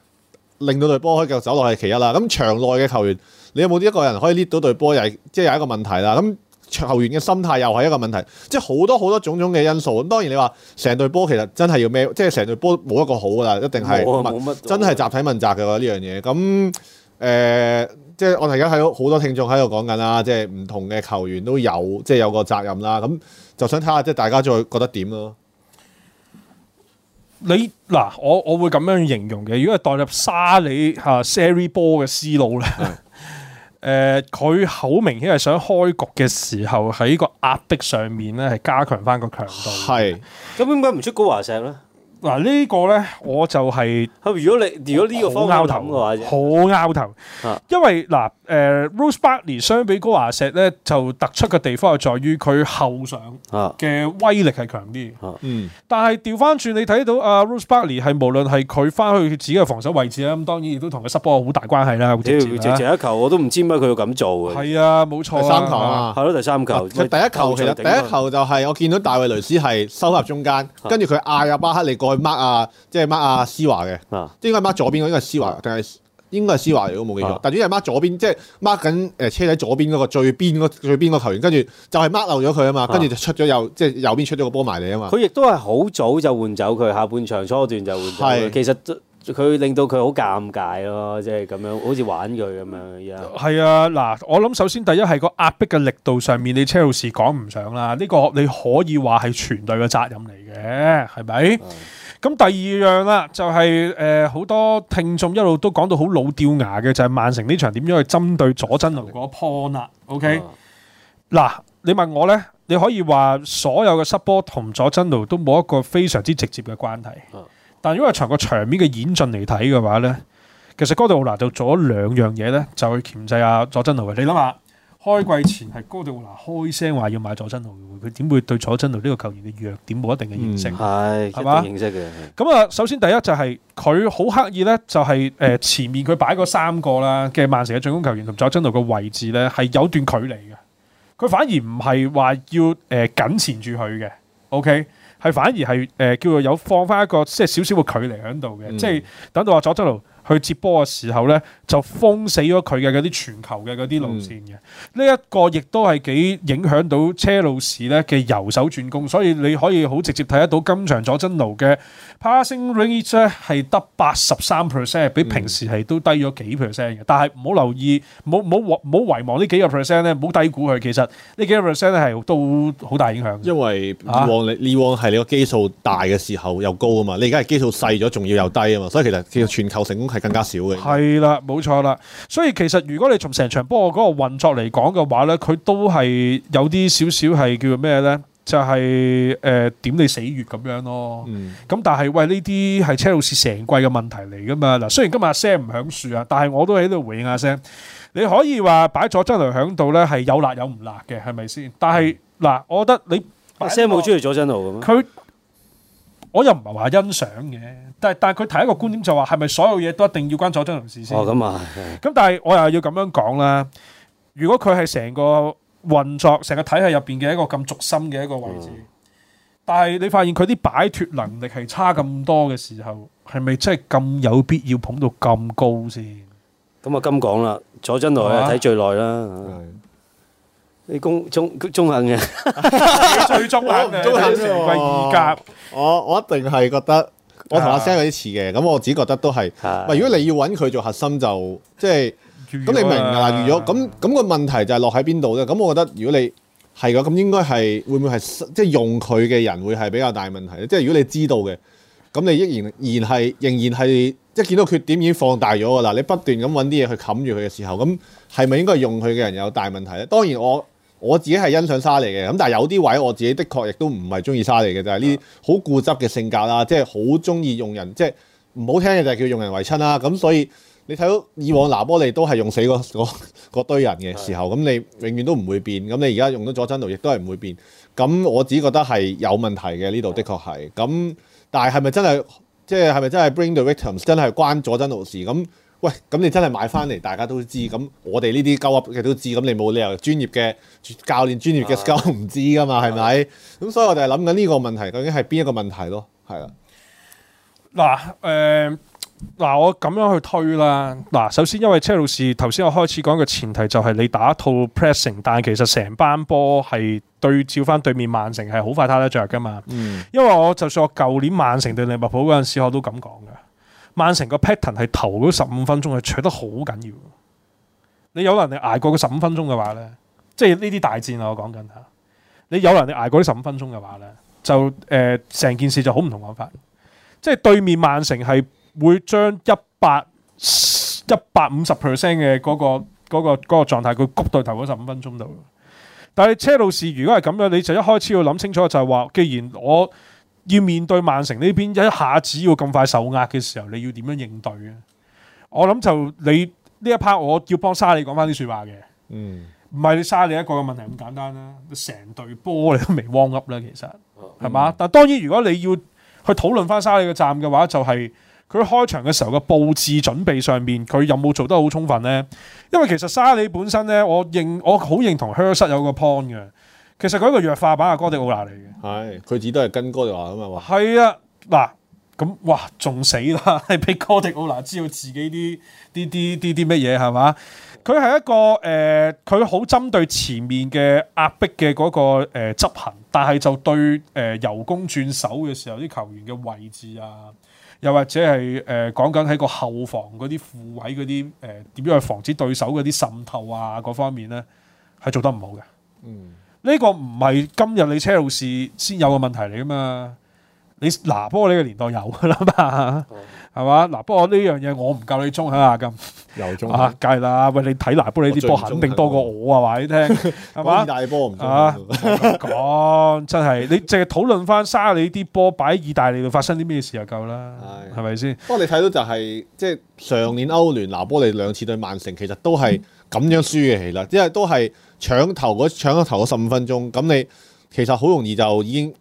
令到隊波可以繼續走落去其一啦。咁場內嘅球員，你有冇啲一個人可以 lift 到隊波？又係即係有一個問題啦。咁場球員嘅心態又係一個問題，即係好多好多種種嘅因素。咁當然你話成隊波其實真係要咩？即係成隊波冇一個好噶啦，一定係真係集體問責嘅呢樣嘢。咁誒。呃即係我哋而家睇到好多聽眾喺度講緊啦，即係唔同嘅球員都有，即係有個責任啦。咁就想睇下，即係大家再覺得點咯？你嗱，我我會咁樣形容嘅，如果係代入沙利吓、啊、Sarri 波嘅思路咧，誒是，佢好、 呃、明顯係想開局嘅時候喺個壓迫上面咧，係加強翻個強度。係咁是，點解唔出高華石咧？嗱呢個咧，我就係、是，如果你如果呢個方頭嘅話，好拗頭，拗頭啊、因為嗱。誒 Ross Barkley 相比高華石咧，就突出嘅地方係在於佢後上嘅威力係強啲、啊啊。嗯，但係調翻轉你睇到啊 Ross Barkley 係無論係佢翻去自己嘅防守位置啦，咁當然亦都同佢失波好大關係啦，好直接啦。一球我都唔知點解佢要咁做嘅。係啊，冇錯啊，第三球啊，係咯，第三球。佢就第一球其實第一球就係我見到戴維雷斯係收入中間，跟住佢嗌阿巴克利過去掹啊，即係掹啊，斯華嘅，即係應該掹咗邊嗰個係斯華定係？應該係思華，如果冇記錯，啊、但係主要係掹咗邊，即係掹緊誒車仔左邊嗰個最邊最邊個球員，跟住就係掹漏咗佢啊嘛，跟住就出咗右，即係右邊出咗個波埋嚟啊嘛。佢亦都係好早就換走佢，下半場初段就換走佢。是其實佢令到佢好尷尬咯，即係咁樣好似玩佢咁樣樣。係啊，嗱，我諗首先第一係個壓逼嘅力度上面，你車路士講唔上啦。呢、呢個你可以話係全隊嘅責任嚟嘅，係咪？咁第二樣啦，就係誒好多聽眾一路都講到好老掉牙嘅，就係、是、曼城呢場點樣去針對佐真奴？如果破 OK 嗱，你問我呢，你可以話所有嘅失波同佐真奴都冇一個非常之直接嘅關係。但如果係從個場面嘅演進嚟睇嘅話呢，其實戈度奧拿就做咗兩樣嘢呢，就去鉗制阿佐真奴。你諗下？開季前係高迪拿開聲話要買佐真奴嘅，佢點會對佐真奴呢個球員嘅弱點冇一定嘅認識？係、嗯，係嘛？認識嘅。咁啊吧、嗯，首先第一就係佢好刻意咧，就係誒前面佢擺嗰三個啦嘅曼城嘅進攻球員同佐真奴嘅位置咧，係有段距離嘅。佢反而唔係話要誒緊纏住佢嘅，OK，係反而係誒叫做有放翻一個、就是小小嗯、即係少少嘅距離喺度嘅，即係等到阿佐真奴。去接波嘅時候呢，就封死咗佢嘅嗰啲全球嘅嗰啲路線嘅，呢一、嗯、個亦都係幾影響到車路士咧嘅右手轉攻，所以你可以好直接睇得到今場佐真奴嘅。passing range 咧係得八十三 percent，比平時係都低咗幾 percent 嘅。嗯、但係唔好留意，唔好唔好唔好遺忘呢幾個 percent 咧，唔好低估佢。其實呢幾個 percent 咧係都好大影響。因為以往你往係你個基數大嘅時候又高啊嘛，你而家係基數細咗，仲要又低啊嘛，所以其實其實全球成功係更加少嘅。係啦，冇錯啦。所以其實如果你從成場波嗰個運作嚟講嘅話咧，佢都係有啲少少係叫做咩咧？就係誒點你死穴咁樣咯，咁但係喂，呢啲係車路士成季嘅問題嚟噶嘛。嗱，雖然今日阿聲唔響樹啊，但係我都喺度回應下阿聲，你可以話擺左張良響度咧係有辣有唔辣嘅係咪先？但係嗱，我覺得你阿聲冇中意左張良咁樣。佢我又唔係話欣賞嘅，但係但係佢提一個觀點就話係咪所有嘢都一定要關左張良事先？哦咁啊，咁但係我又要咁樣講啦，如果佢係成個。運作成個體系入邊嘅一個咁軸心嘅一個位置，但係你發現佢啲擺脱能力係差咁多嘅時候，係咪真係咁有必要捧到咁高先？咁啊，今講啦，坐真耐啊，睇最耐啦。係你中中中肯嘅最中肯啊，中肯成為二甲。我我一定係覺得，我同阿聲有啲似嘅。咁我自己覺得都係。唔係，如果你要揾佢做核心，就即係。咁、啊、你明㗎啦？嗱，如果咁咁個問題就落喺邊度咧？咁我覺得如果你係嘅，咁應該係會唔會係即係用佢嘅人會係比較大問題咧？即係如果你知道嘅，咁你依然然係仍然係即係見到缺點已經放大咗㗎啦，你不斷咁揾啲嘢去冚住佢嘅時候，咁係咪應該用佢嘅人有大問題咧？當然我我自己係欣賞沙利嘅，咁但係有啲位我自己的確亦都唔係中意沙利嘅，就係呢啲好固執嘅性格啦，即係好中意用人，即係唔好聽嘅就係叫用人為親啦。咁所以。你睇到以往拿破利都係用死嗰堆人嘅時候，咁的你永遠都唔會變。咁你而家用到佐真奴，亦都係唔會變。咁我自己覺得係有問題嘅呢度，的確係。咁但係係咪真係即係係咪真係 bring the victims？真係關佐真奴事？咁喂，咁你真係買翻嚟，大家都知。咁我哋呢啲鳩 up 嘅都知。咁你冇理由專業嘅教練、專業嘅師傅唔知噶嘛？係咪？咁所以我哋係諗緊呢個問題究竟係邊一個問題咯？係啦。嗱、呃，誒、呃。嗱，我咁樣去推啦。嗱，首先因為車路士頭先我開始講嘅前提就係你打一套 pressing，但係其實成班波係對照翻對面曼城係好快 t 得着噶嘛。嗯、因為我就算我舊年曼城對利物浦嗰陣時，我都咁講嘅。曼城個 pattern 係頭嗰十五分鐘係搶得好緊要。你有能力挨過個十五分鐘嘅話呢，即係呢啲大戰啊。我講緊吓，你有能力挨過呢十五分鐘嘅話呢，就誒成、呃、件事就好唔同講法。即係對面曼城係。會將一百一百五十 percent 嘅嗰個嗰個嗰個狀態，佢谷到頭嗰十五分鐘度。但係車路士如果係咁樣，你就一開始要諗清楚，就係話，既然我要面對曼城呢邊一下子要咁快受壓嘅時候，你要點樣應對啊？我諗就你呢一 part，我要幫沙利講翻啲説話嘅。嗯，唔係你沙利一個嘅問題咁簡單啦，成隊波你都未 warm up 啦，其實係嘛、嗯？但當然，如果你要去討論翻沙利嘅站嘅話，就係、是。佢開場嘅時候嘅佈置準備上面，佢有冇做得好充分咧？因為其實沙利本身咧，我認我好認同 Hersh 有個 point 嘅。其實佢一個弱化版嘅哥迪奧拿嚟嘅。係，佢只都係跟哥迪奧拿咁啊嘛。係啊，嗱咁，哇，仲、啊、死啦！係 俾哥迪奧拿知道自己啲啲啲啲啲乜嘢係嘛？佢係一個誒，佢、呃、好針對前面嘅壓迫嘅嗰、那個誒、呃、執行，但係就對誒、呃呃、由攻轉守嘅時候啲球員嘅位置啊。又或者係誒講緊喺個後防嗰啲副位嗰啲誒點樣去防止對手嗰啲滲透啊各方面咧係做得唔好嘅，嗯，呢個唔係今日你車路士先有嘅問題嚟㗎嘛，你嗱不過呢個年代有㗎啦嘛。 嗯係嘛？嗱，不過呢樣嘢我唔夠你衝嚇金，又衝啊！梗係啦，喂，你睇拿波利啲波肯定多過我啊！話你聽，係嘛？意大利波唔多講真係，你淨係討論翻沙利啲波擺喺意大利度、啊、 發生啲咩事就夠啦，係咪先？吧 不過你睇到就係、是、即係上年歐聯拿波利兩次對曼城，其實都係咁樣輸嘅啦，因為 都係搶頭嗰搶咗頭十五分鐘，咁你其實好容易就已經誒、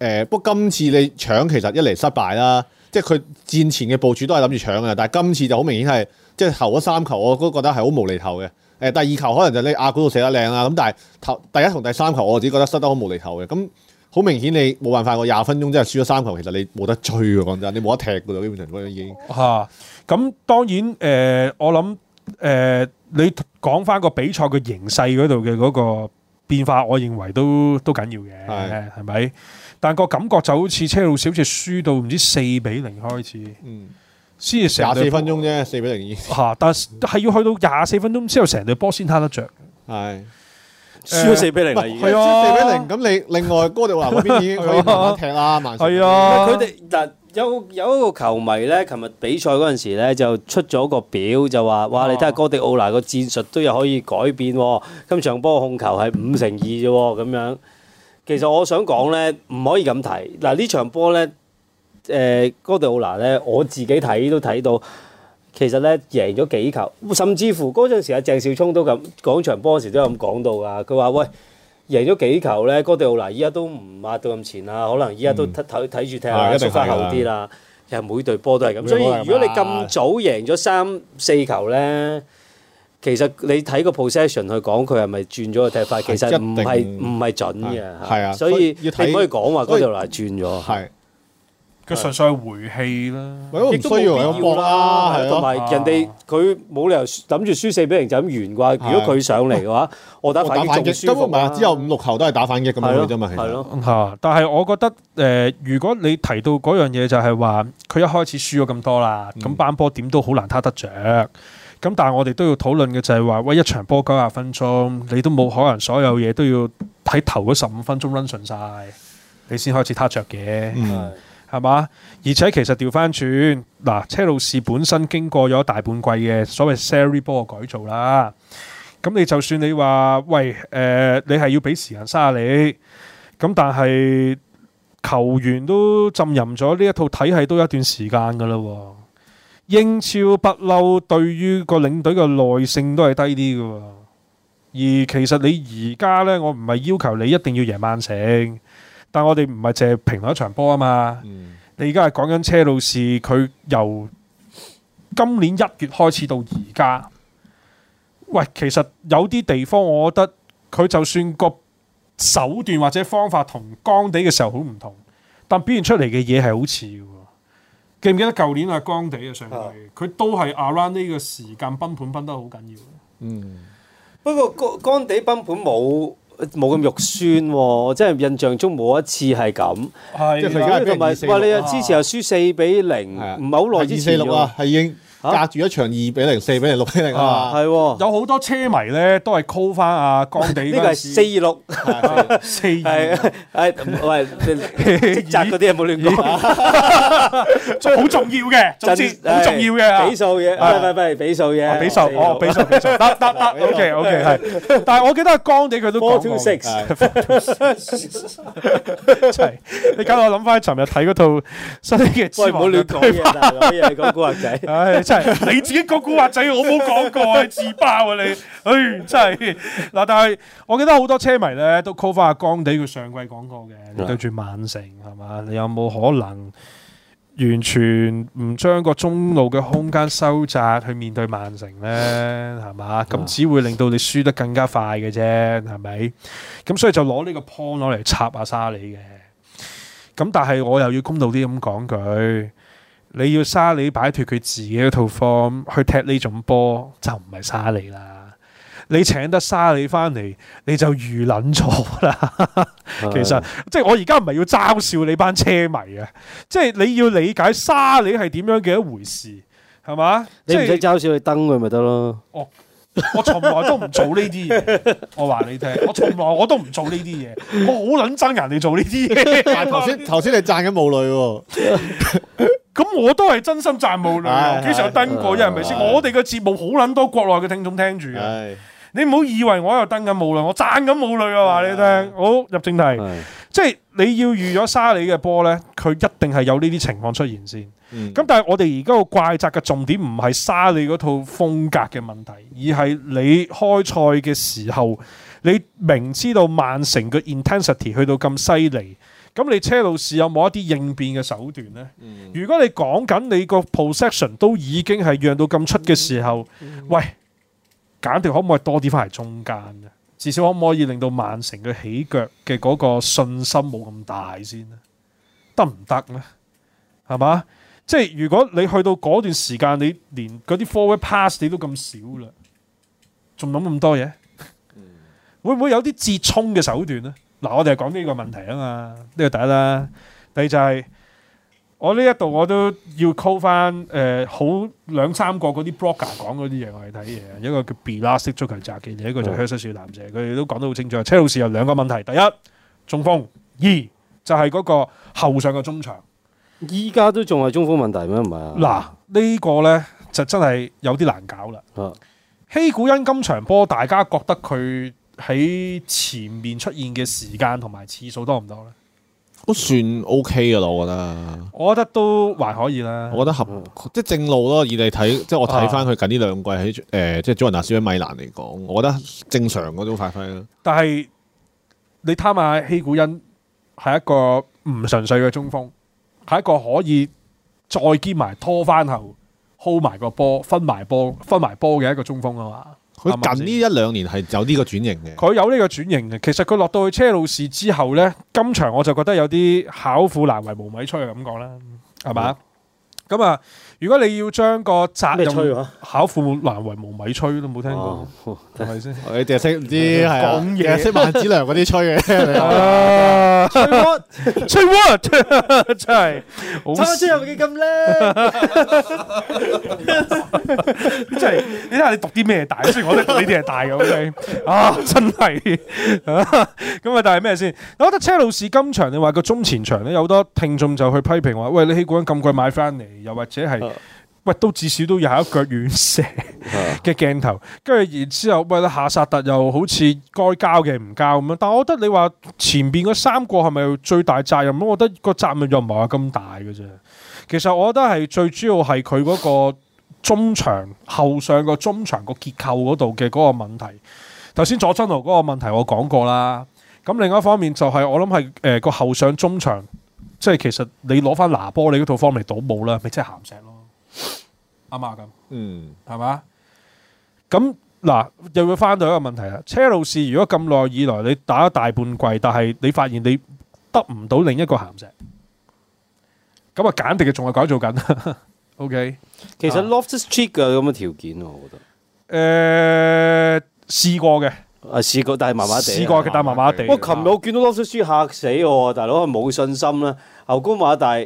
呃。不過今次你搶其實一嚟失敗啦。即係佢戰前嘅部署都係諗住搶嘅，但係今次就好明顯係，即係投咗三球，我都覺得係好無厘頭嘅。誒，第二球可能就你亞冠度射得靚啦，咁但係投第一同第三球，我自己覺得失得好無厘頭嘅。咁好明顯，你冇辦法，我廿分鐘真係輸咗三球，其實你冇得追嘅，講真，你冇得踢嘅基本上已經、啊。嚇！咁當然誒、呃，我諗誒、呃，你講翻個比賽嘅形勢嗰度嘅嗰個變化，我認為都都緊要嘅，係係咪？但個感覺就好似車路士好似輸到唔知四比零開始，先至成廿四分鐘啫，四比零二。嚇、啊！但係要去到廿四分鐘之後成隊波先慳得着。係的、欸、輸咗四比零啦啊，四、啊、比零。咁你另外哥迪奧拿嗰邊已經可以慢慢踢啦，慢速 啊，佢哋嗱有有一個球迷呢，琴日比賽嗰陣時咧就出咗個表，就話：哇！你睇下哥迪奧拿個戰術都有可以改變。今場波控球係五成二啫喎，咁樣。其實我想講咧，唔可以咁睇。嗱、啊、呢場波咧，誒、呃、哥迪奧拿咧，我自己睇都睇到，其實咧贏咗幾球，甚至乎嗰陣時阿鄭少聰都咁講場波時都有咁講到噶，佢話喂，贏咗幾球咧，哥迪奧拿依家都唔壓到咁前啦，可能依家都睇睇住踢，縮翻後啲啦，其實每隊波都係咁樣，所以吧如果你咁早贏咗三四球咧。其實你睇個 position 去講佢係咪轉咗個踢法，其實唔係唔係準嘅。係啊，所以你唔可以講話嗰條嚟轉咗。係，佢純粹係回氣啦。亦都冇必要啦。係啊，同埋人哋佢冇理由諗住輸四比零就咁完嘅話。如果佢上嚟嘅話，我打反擊仲舒服。只有五六球都係打反擊咁樣啫嘛。係咯，但係我覺得誒，如果你提到嗰樣嘢，就係話佢一開始輸咗咁多啦，咁班波點都好難攤得着。咁但係我哋都要討論嘅就係話，喂，一場波九十分鐘，你都冇可能所有嘢都要喺頭嗰十五分鐘 run 順晒，你先開始撻着嘅，係嘛、嗯？而且其實調翻轉，嗱車路士本身經過咗大半季嘅所謂 serie 波嘅改造啦，咁你就算你話喂誒、呃，你係要俾時間沙里」，咁但係球員都浸淫咗呢一套體系都有一段時間㗎啦喎。英超不嬲，對於個領隊嘅耐性都係低啲嘅喎。而其實你而家呢，我唔係要求你一定要贏曼城，但我哋唔係淨係評論一場波啊嘛。嗯、你而家係講緊車路士，佢由今年一月開始到而家，喂，其實有啲地方我覺得佢就算個手段或者方法同干地嘅時候好唔同，但表現出嚟嘅嘢係好似。記唔記得舊年阿江地嘅、啊、上季佢都係阿 r o u n d 呢個時間崩盤崩得好緊要。嗯， 不過江江地崩盤冇冇咁肉酸喎、啊，即係印象中冇一次係咁。係、 嗯，即係同埋話你之前又輸四比零、啊，唔係好耐之前四、啊、六隔住一場二比零、四比零、六比零啊！係喎，有好多車迷咧都係 call 翻阿江地。呢個係四二六，四二係啊！喂，職嗰啲啊，冇亂講，好重要嘅，總之好重要嘅。比數嘅，唔係唔係，比數嘅，比數，哦，比數，比數。得得得，OK OK，係。但係我記得阿江地佢都 four two six，你搞到我諗翻起尋日睇嗰套《新嘅戰王》嘅衰嘢啦，講嘢講古惑仔，唉。 你自己個古惑仔，我冇講過，自爆啊你！ 唉，真係嗱，但係我記得好多車迷咧都 call 翻阿江地，佢上季講過嘅，你的對住曼城係嘛？你有冇可能完全唔將個中路嘅空間收窄去面對曼城呢？係嘛？咁只會令到你輸得更加快嘅啫，係咪？咁所以就攞呢個 point 攞嚟插下沙里嘅。咁但係我又要公道啲咁講佢。你要沙里擺脫佢自己嗰套 form 去踢呢種波就唔係沙里啦，你請得沙里翻嚟你就預撚錯啦。 其實的即係我而家唔係要嘲笑你班車迷啊，即係你要理解沙里係點樣嘅一回事，係嘛？你唔使嘲笑你燈佢咪得咯。 我從來都唔做呢啲嘢，我話你聽，我從來我都唔做呢啲嘢，我好捻憎人哋做呢啲嘢。但頭先頭先你讚緊無女，咁我都係真心讚無女，哦，經常登過，依係咪先？我哋嘅節目好捻多國內嘅聽眾聽住嘅， 你唔好以為我喺度登緊無女，我讚緊無女啊！話你聽，好入正題，即係 你要預咗沙里嘅波咧，佢一定係有呢啲情況出現先。咁、嗯、但係我哋而家個怪責嘅重點唔係沙利嗰套風格嘅問題，而係你開賽嘅時候，你明知道曼城嘅 intensity 去到咁犀利，咁你車路士有冇一啲應變嘅手段呢？嗯、如果你講緊你個 possession 都已經係讓到咁出嘅時候，嗯嗯嗯、喂，減條可唔可以多啲翻嚟中間嘅？至少可唔可以令到曼城嘅起腳嘅嗰個信心冇咁大先咧？得唔得咧？係嘛？即係如果你去到嗰段時間，你連嗰啲 forward pass 你都咁少啦，仲諗咁多嘢？ 會唔會有啲折冲嘅手段咧？嗱，我哋係講呢個問題啊嘛，呢、這個第一啦，第二就係、是、我呢一度我都要 call 翻誒好兩三個嗰啲 blogger 講嗰啲嘢，我哋睇嘢，一個叫 Blast 足球雜記，一個就香水小男仔，佢哋都講得好清楚。車路士有兩個問題：第一中鋒，二就係、是、嗰個後上嘅中場。依家都仲係中鋒問題咩？唔係啊？嗱，呢、這個呢，就真係有啲難搞啦。啊、希古恩今場波，大家覺得佢喺前面出現嘅時間同埋次數多唔多咧？都算 OK 噶啦，我覺得。我覺得都還可以啦。我覺得合即係正路咯。以你睇即係我睇翻佢近呢兩季喺誒、啊呃、即係祖雲達斯喺米蘭嚟講，我覺得正常嗰種發揮啦。但係你睇下希古恩，係一個唔純粹嘅中鋒。係一個可以再兼埋拖翻後 hold 埋個波分埋波分埋波嘅一個中鋒啊嘛，佢近呢一兩年係有呢個轉型嘅，佢有呢個轉型嘅，其實佢落到去車路士之後呢，今場我就覺得有啲巧婦難為無米炊嘅感覺啦，係嘛，咁啊的。如果你要將個責任考父母難為無米炊都冇聽過，係咪先？你哋識唔知講嘢，識、嗯啊、萬子良嗰啲吹嘅、啊、吹 what？吹 what？真係，差唔多都有幾咁叻！真係，你睇下你讀啲咩大？雖然我都讀呢啲嘢大嘅，OK？啊，真係啊！咁啊，但係咩先？我覺得車路士今場你話個中前場咧，有好多聽眾就去批評話，喂，你啲股份咁貴買翻嚟，又或者係。喂，都至少都有係一腳遠射嘅鏡頭，跟住然之後，喂，夏薩特又好似該交嘅唔交咁樣。但係我覺得你話前邊嗰三個係咪最大責任？我覺得個責任又唔係咁大嘅啫。其實我覺得係最主要係佢嗰個中場後上個中場個結構嗰度嘅嗰個問題。頭先左春豪嗰個問題我講過啦，咁另一方面就係我諗係誒個後上中場，即係其實你攞翻拿波你嗰套方 o 嚟賭冇啦，咪即係鹹石咯。啱啱咁，嗯，係嘛吧？咁嗱，又要翻到一個問題啦。車路士如果咁耐以來你打咗大半季，但係你發現你得唔到另一個鹹石，咁啊，簡直嘅仲係改造緊。 OK，其實 lost streak 咁嘅條件，我覺得，誒、呃，試過嘅，啊，試過，但係麻麻地，試過，但係麻麻地。啊、我琴日我見到 lost streak 嚇死我，大佬冇信心啦。牛高馬大。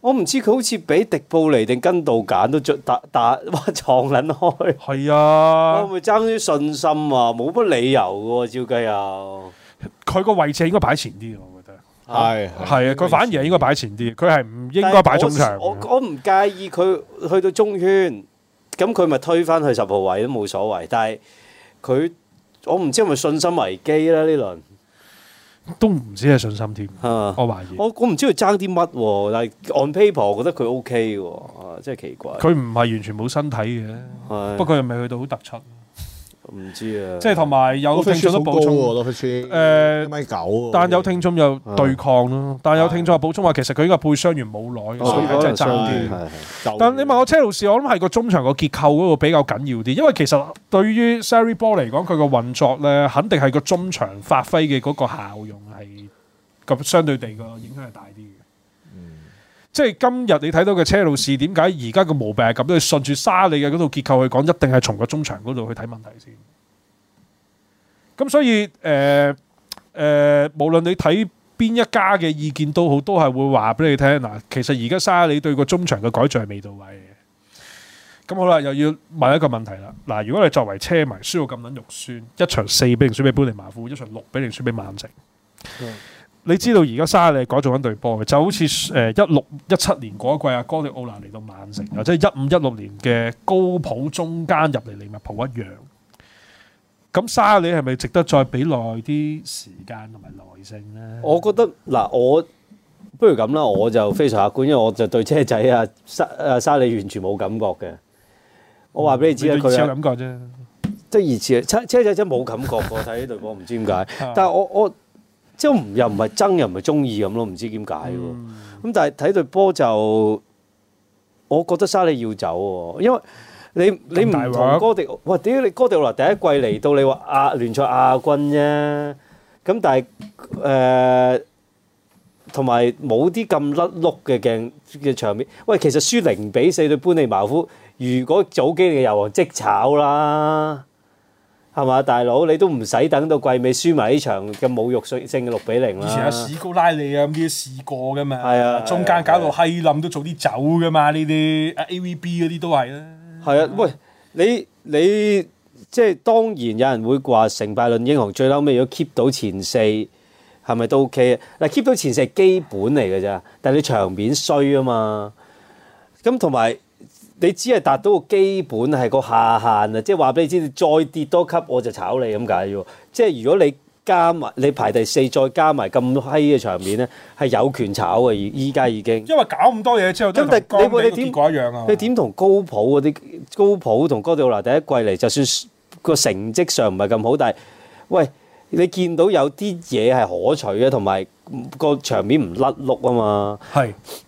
我唔知佢好似俾迪布尼定根道揀都着打打，打，打哇撞捻開，係是啊，我咪爭啲信心啊，冇乜理由嘅、啊，照計啊，佢個位置應該擺前啲，我覺得係係啊，佢反而係應該擺前啲，佢係唔應該擺中場我。我我唔介意佢去到中圈，咁佢咪推返去十號位都冇所謂，但係佢我唔知係咪信心危機咧呢輪。都唔止係信心添，啊、我懷疑。我我唔知佢爭啲乜，但係 on paper 我覺得佢 OK 喎，啊真係奇怪。佢唔係完全冇身體嘅，的不過又未去到好突出。唔知啊，即係同埋有聽眾都補充喎，誒、啊，米九、呃，但有聽眾又對抗咯、啊，嗯、但有聽眾又補充話其實佢應該配背傷冇耐，嗯、所以係真係爭啲。是是是但你問我車路士，我諗係個中場個結構嗰個比較緊要啲，是是因為其實對於 Sarri ball 嚟講，佢個運作咧，肯定係個中場發揮嘅嗰個效用係咁相對地個影響係大啲。即係今日你睇到嘅車路士點解而家個毛病係咁？你順住沙利嘅嗰套結構去講，一定係從個中場嗰度去睇問題先。咁所以誒誒、呃呃，無論你睇邊一家嘅意見都好，都係會話俾你聽嗱。其實而家沙利對個中場嘅改造係未到位嘅。咁好啦，又要問一個問題啦。嗱，如果你作為車迷，需要咁捻肉酸，一場四比零輸俾般尼茅夫，一場六比零輸俾曼城。嗯你知道而家沙裏改造緊隊波嘅，就好似誒一六一七年嗰一季阿哥迪奧拿嚟到曼城，或者一五一六年嘅高普中間入嚟利物浦一樣。咁沙裏係咪值得再俾耐啲時間同埋耐性咧？我覺得嗱，我不如咁啦，我就非常客觀，因為我就對車仔啊沙啊沙裏完全冇感覺嘅。我話俾你知啊，佢有感覺啫，即係似啊車車仔真係冇感覺過。睇呢隊波唔知點解，但係我我。即係又唔係憎又唔係中意咁咯，唔知點解喎。咁但係睇對波就，我覺得沙利要走喎，因為你你唔同哥迪，喂屌你哥迪奧拉第一季嚟到你話亞聯賽亞軍啫。咁但係誒，同埋冇啲咁甩碌嘅鏡嘅場面。喂，其實輸零比四對般尼茅夫，如果早幾年嘅油王即炒啦。係嘛，大佬你都唔使等到季尾輸埋呢場嘅侮辱性嘅六比零啦。以前阿史高拉利啊咁嘅都試過㗎嘛，啊啊啊、中間搞到閪冧都早啲走㗎嘛，呢啲 A V B 嗰啲都係啊。係啊，喂，你你即係當然有人會話成敗論英雄，最嬲尾如果 keep 到前四係咪都 OK 啊？嗱，keep 到前四係基本嚟㗎咋，但係你場面衰啊嘛，咁同埋。你只係達到個基本係個下限啊！即係話俾你知，你再跌多級我就炒你咁解喎。即係如果你加埋你排第四，再加埋咁閪嘅場面咧，係有權炒嘅。依家已經因為搞咁多嘢之後，咁但你會你點樣啊？你點同高普啲高普同哥迪奧拿第一季嚟，就算個成績上唔係咁好，但係喂，你見到有啲嘢係可取嘅，同埋。個場面唔甩碌啊嘛，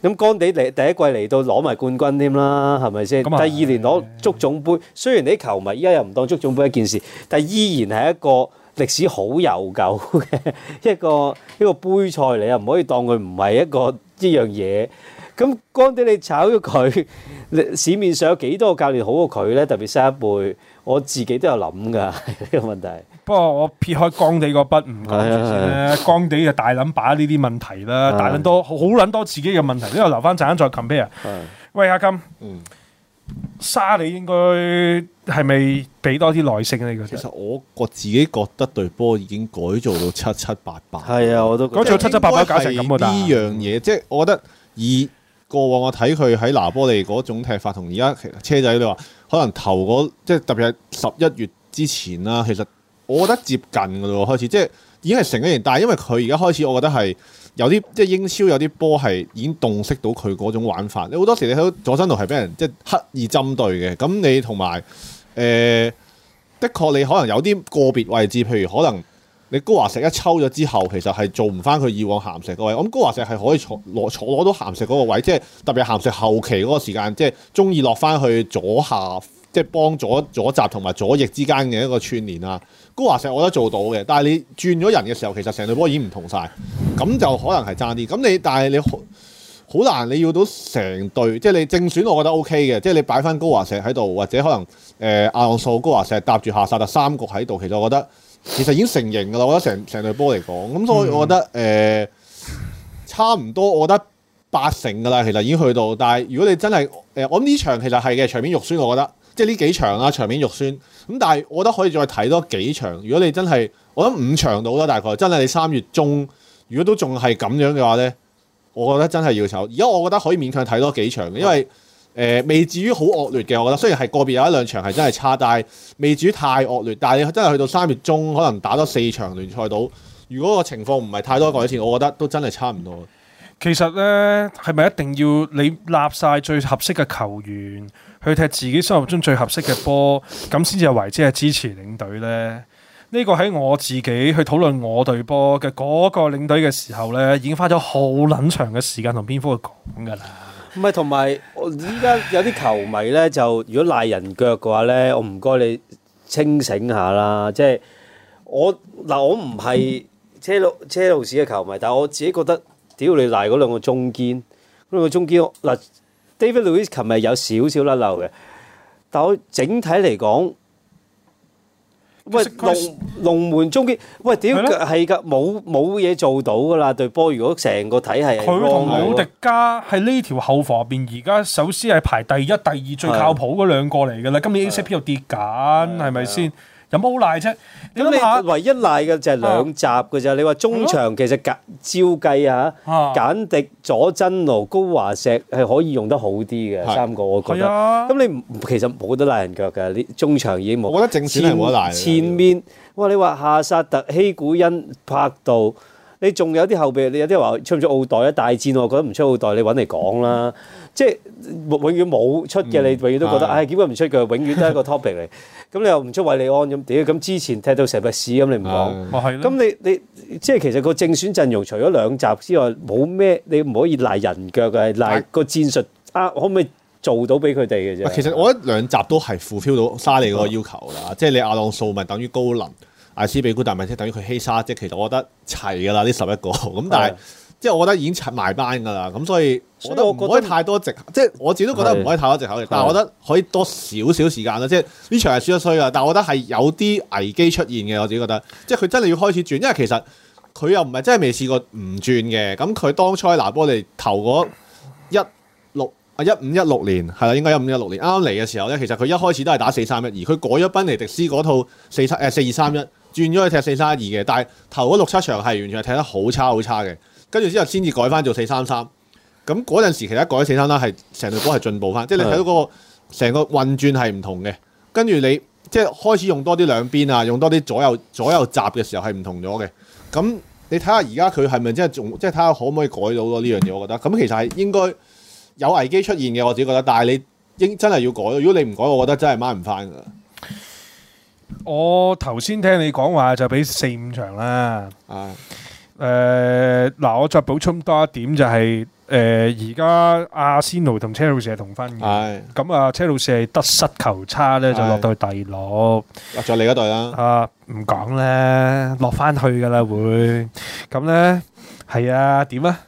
咁干是地嚟第一季嚟到攞埋冠軍添啦，係咪先？第二年攞足總杯，雖然你啲球迷而家又唔當足總杯一件事，但依然係一個歷史好悠久嘅一個一個杯賽嚟，你又唔可以當佢唔係一個一樣嘢。咁乾地你炒咗佢，市面上有幾多個教練好過佢咧？特別新一輩，我自己都有諗㗎呢個問題。不過我撇開江地個筆唔講住先咧，是啊是啊江地就大捻把呢啲問題啦，是啊、大捻多好捻是、啊、多自己嘅問題，呢度留翻陣間再 compare。是啊、喂，阿金，嗯、沙你應該係咪俾多啲耐性咧？其實我覺自己覺得隊波已經改造到七七八八，係啊，我都改造到七七八八，搞成咁啊！但呢樣嘢，即係我覺得以過往我睇佢喺拿波利嗰種踢法，同而家車仔你話可能頭嗰即係特別係十一月之前啦，其實。我覺得接近噶咯，開始即係已經係成一年，但係因為佢而家開始，我覺得係有啲即係英超有啲波係已經洞悉到佢嗰種玩法。你好多時你喺左身度係俾人即係刻意針對嘅。咁你同埋誒，的確你可能有啲個別位置，譬如可能你高華石一抽咗之後，其實係做唔翻佢以往鹹石嗰位。咁高華石係可以坐攞坐攞到鹹石嗰個位，即係特別鹹石後期嗰個時間，即係中意落翻去左下，即係幫左左閘同埋左翼之間嘅一個串連啊！高華石我覺得做到嘅，但係你轉咗人嘅時候，其實成隊波已經唔同晒，咁就可能係爭啲。咁你但係你好難你要到成隊，即係你正選，我覺得 O K 嘅，即係你擺翻高華石喺度，或者可能誒亞朗素高華石搭住夏薩特三角喺度，其實我覺得其實已經成型噶啦。我覺得成成隊波嚟講，咁所以我覺得誒、嗯呃、差唔多，我覺得八成噶啦，其實已經去到。但係如果你真係誒、呃，我諗呢場其實係嘅，場面肉酸，我覺得。即係呢幾場啊，場面肉酸咁，但係我覺得可以再睇多幾場。如果你真係，我諗五場到啦，大概真係你三月中，如果都仲係咁樣嘅話呢，我覺得真係要走。而家我覺得可以勉強睇多幾場，因為誒、呃、未至於好惡劣嘅。我覺得雖然係個別有一兩場係真係差，但係未至於太惡劣。但係你真係去到三月中，可能打多四場聯賽到，如果個情況唔係太多改善，我覺得都真係差唔多。其實呢，係咪一定要你立晒最合適嘅球員？去踢自己心目中最合適嘅波，咁先至係為之係支持領隊咧。呢、這個喺我自己去討論我隊波嘅嗰個領隊嘅時候咧，已經花咗好撚長嘅時間同蝙蝠去講㗎啦。唔係，同埋我依家有啲球迷咧，就如果賴人腳嘅話咧，我唔該你清醒下啦。即係我嗱，我唔係車路車路士嘅球迷，但係我自己覺得，屌你賴嗰兩個中堅，嗰兩個中堅嗱。啊 David Lewis 琴日有少少甩漏嘅，但我整體嚟講，喂龍龍門中堅，喂點係㗎？冇冇嘢做到㗎啦！對波，如果成個體系，佢同魯迪加喺呢條後防入邊，而家首先係排第一、第二最靠譜嗰兩個嚟㗎啦。今年 A C P 又跌緊，係咪先？有好賴啫，咁你唯一賴嘅就係兩集嘅咋。啊、你話中場其實揀招計啊，簡迪、佐真奴、高華石係可以用得好啲嘅是三個，我覺得。咁、啊、你其實冇得賴人腳嘅，你中場已經冇。我覺得整前，前面哇、啊！你話夏薩特、希古恩、柏度，你仲有啲後備？你有啲話出唔出奧代啊？大戰我覺得唔出奧代，你揾嚟講啦。即係永遠冇出嘅，你永遠都覺得，唉，點解唔出嘅？永遠都係一個 topic 嚟。咁你又唔出維利安咁？屌，咁之前踢到成白屎咁，你唔講，咁你你即係其實個正選陣容，除咗兩集之外，冇咩，你唔可以賴人腳嘅，賴個戰術。啊，可唔可以做到俾佢哋嘅啫？其實我覺得兩集都係符合到沙利嗰個要求啦。即係你亞當素咪等於高林，艾斯比古大咪即等於佢希沙，即其實我覺得齊㗎啦，呢十一個咁，但係。即係我覺得已經係埋班㗎啦，咁、嗯、所以我覺得唔可以太多藉口，即係我自己都覺得唔可以太多藉口嘅。但係我覺得可以多少少時間啦。即係呢場係輸咗衰啊，但係我覺得係有啲危機出現嘅。我自己覺得，即係佢真係要開始轉，因為其實佢又唔係真係未試過唔轉嘅。咁佢當初拿波里頭嗰一六啊一五一六年係啦，應該一五一六年啱啱嚟嘅時候咧，其實佢一開始都係打四三一，而佢改咗賓尼迪斯嗰套四七誒四二三一轉咗去踢四三一二嘅，但係頭嗰六七場係完全係踢得好差好差嘅。跟住之後先至改翻做四三三，咁嗰陣時期咧時其實改四三三係成隊波係進步翻，是的 即係你睇到嗰，那個成個運轉係唔同嘅。跟住你即係開始用多啲兩邊啊，用多啲左右左右閘嘅時候係唔同咗嘅。咁你睇下而家佢係咪真係仲即係睇下可唔可以改到咯呢樣嘢？我覺得咁其實係應該有危機出現嘅，我自己覺得。但係你應真係要改，如果你唔改，我覺得真係掹唔翻㗎。我頭先聽你講話就俾四五場啦。啊、哎。誒嗱，我再補充多一點就係誒，而家阿仙奴同車路士係同分嘅，咁啊車路士係得失球差咧就落到去第六，就你嗰隊啦。啊，唔講咧，落翻去噶啦會，咁咧係啊點啊？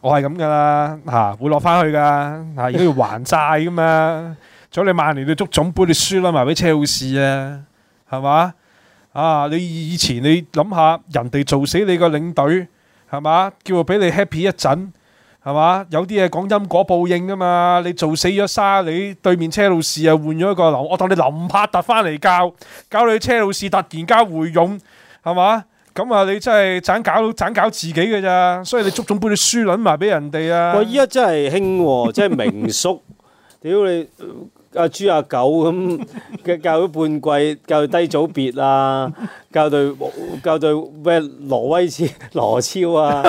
我係咁噶啦嚇，會落翻去噶嚇，如果要還債噶嘛。早你曼聯對足總杯你輸啦埋俾車路士啊，係嘛？啊！你以前你諗下，人哋做死你個領隊，係嘛？叫佢俾你 happy 一陣，係嘛？有啲嘢講因果報應噶嘛？你做死咗沙，你對面車路士又換咗一個林，我當你林柏特翻嚟教，搞到你車路士突然間回勇，係嘛？咁啊，你真係盞搞盞搞自己嘅咋？所以你足總杯都輸攆埋俾人哋啊！我依家真係興喎，即係名宿，屌你！阿豬阿狗咁教教咗半季，教對低組別啊，教對教對咩羅威超羅超啊，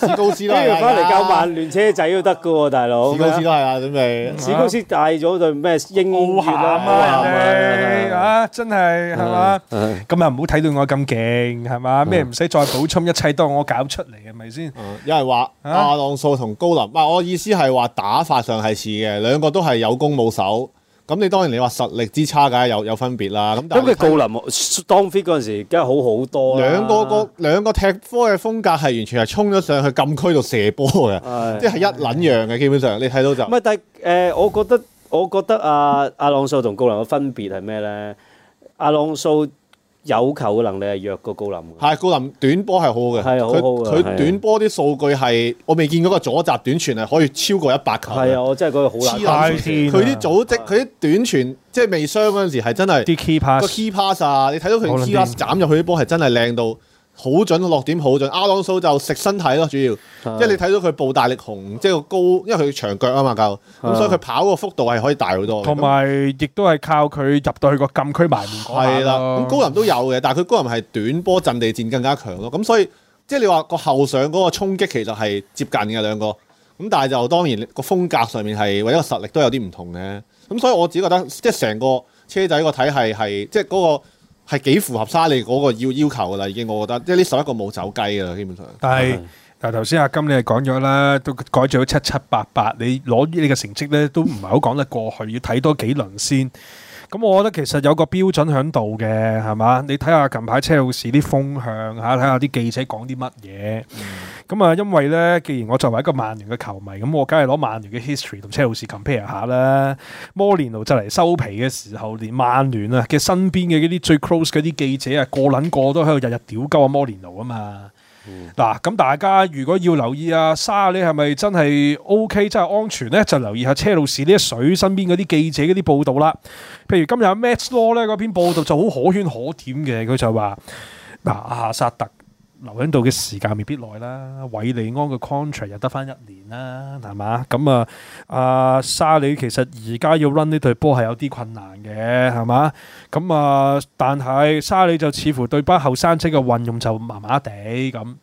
史高斯咯。跟住翻嚟教曼聯車仔都得嘅喎，大佬。史高斯都係啊，準備。史高斯帶咗對咩英傑啊嘛，你嚇真係係嘛？咁啊唔好睇到我咁勁係嘛？咩唔使再補充，一切都我搞出嚟係咪先？有人話阿朗素同高林，唔係我意思係話打法上係似嘅，兩個都係有攻冇守。咁你當然你話實力之差梗係有有分別啦。咁，但係高林當 fit 嗰時當，梗係好好多啦。兩個個兩個踢波嘅風格係完全係衝咗上去禁區度射波嘅，唉即係一撚樣嘅基本上，你睇到就唔係。但係誒、呃，我覺得我覺得阿阿朗素同高林嘅分別係咩咧？阿朗素。有球嘅能力係弱過高林嘅。係高林短波係好嘅，係好佢短波啲數據係，的我未見過嗰個左閘短傳係可以超過一百球嘅。係啊，我真係覺得好難，佢啲、啊、組織，佢啲短傳，即係未傷嗰陣時係真係啲 key pass，個 key pass 啊！你睇到佢用 key pass 斬入去啲波係真係靚到。好準落點好準，阿朗蘇就食身體咯，主要，的即係你睇到佢步大力雄，即係個高，因為佢長腳啊嘛，夠的，咁所以佢跑個幅度係可以大好多。同埋亦都係靠佢入到去個禁區埋門。係啦，咁高人都有嘅，但係佢高人係短波陣地戰更加強咯。咁所以即係你話個後上嗰個衝擊其實係接近嘅兩個，咁但係就當然個風格上面係或者個實力都有啲唔同嘅。咁所以我只覺得即係成個車仔個體系，係即係嗰、嗰個。係幾符合沙利嗰個要要求噶啦，已經我覺得，即係呢首一個冇走雞噶啦，基本上。但係是嗱，頭先、嗯、阿金你係講咗啦，都改做咗七七八八，你攞你嘅成績咧都唔係好講得過去， 要睇多幾輪先。咁、嗯、我覺得其實有個標準喺度嘅，係嘛？你睇下近排車路士啲風向嚇，睇下啲記者講啲乜嘢。咁、嗯、啊、嗯嗯，因為咧，既然我作為一個曼聯嘅球迷，咁我梗係攞曼聯嘅 history 同車路士 compare 下啦。摩連奴就嚟收皮嘅時候，連曼聯啊嘅身邊嘅嗰啲最 close 嗰啲記者啊，個撚個都喺度日日屌鳩啊，摩連奴啊嘛。嗱，咁大家如果要留意啊沙，你係咪真係 OK，真係安全咧？就留意下車路士呢一水身邊啲記者啲報道啦。譬如今日阿、啊、Matt Law 咧篇報道就好可圈可點嘅，佢就話嗱阿沙特留喺度嘅時間未必耐啦，韋利安嘅 contract 又得翻一年啦，係嘛？咁、嗯、啊，阿沙裏其實而家要 run 呢隊波係有啲困難嘅，係嘛？咁、嗯、啊，但係沙裏就似乎對班後生仔嘅運用就麻麻地咁。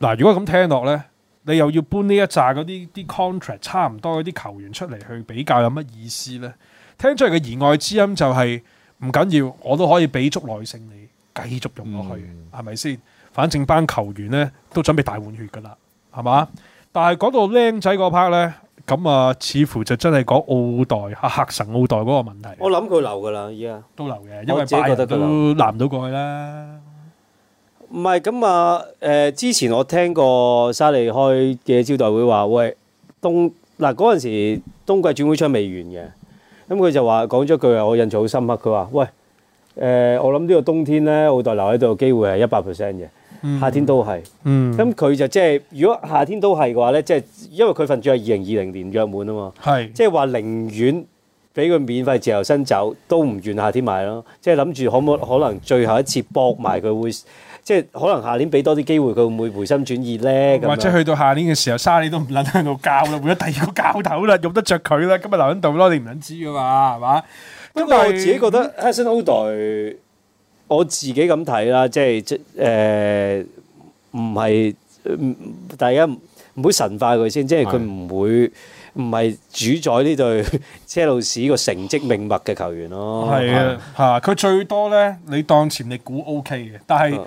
嗱、啊，如果咁聽落呢，你又要搬呢一紮嗰啲啲 contract 差唔多嗰啲球員出嚟去比較，有乜意思呢？聽出嚟嘅言外之音就是、係唔緊要，我都可以俾足耐性你繼續用落去，係咪先？反正班球員咧都準備大換血噶啦，係嘛？但係講到僆仔嗰 part 咧，咁啊，似乎就真係講奧代嚇神奧代嗰個問題。我諗佢留噶啦，依家都留嘅，因為大家都難唔到過去啦。唔係咁啊，誒、呃，之前我聽過沙利開嘅招待會話，喂，冬嗱嗰陣時冬季轉會窗未完嘅，咁、嗯、佢就話講咗一句，我印象好深刻，佢話喂，誒、呃，我諗呢個冬天咧，奧代留喺度嘅機會係一百 percent 嘅。夏天都係，咁佢、嗯嗯、就即、是、係如果夏天都係嘅話咧，即、就、係、是、因為佢份券係二零二零年約滿啊嘛，即係話寧願俾佢免費自由身走，都唔願夏天買咯。即係諗住可唔可能最後一次搏埋佢會，即、就、係、是、可能下年俾多啲機會佢會唔會回心轉意咧。或者去到下年嘅時候，沙里都唔撚喺度教啦，換咗 第二個教頭啦，用得着佢啦，今日留喺度咯，你唔撚知啊嘛，係嘛？不過是我自己覺得哈、嗯我自己咁睇啦，即係即誒，唔、呃、係大家唔好神化佢先，即係佢唔會唔係是的 主宰呢隊車路士個成績命脈嘅球員咯。係啊的，嚇佢吧最多咧，你當潛力股 OK 嘅，但係。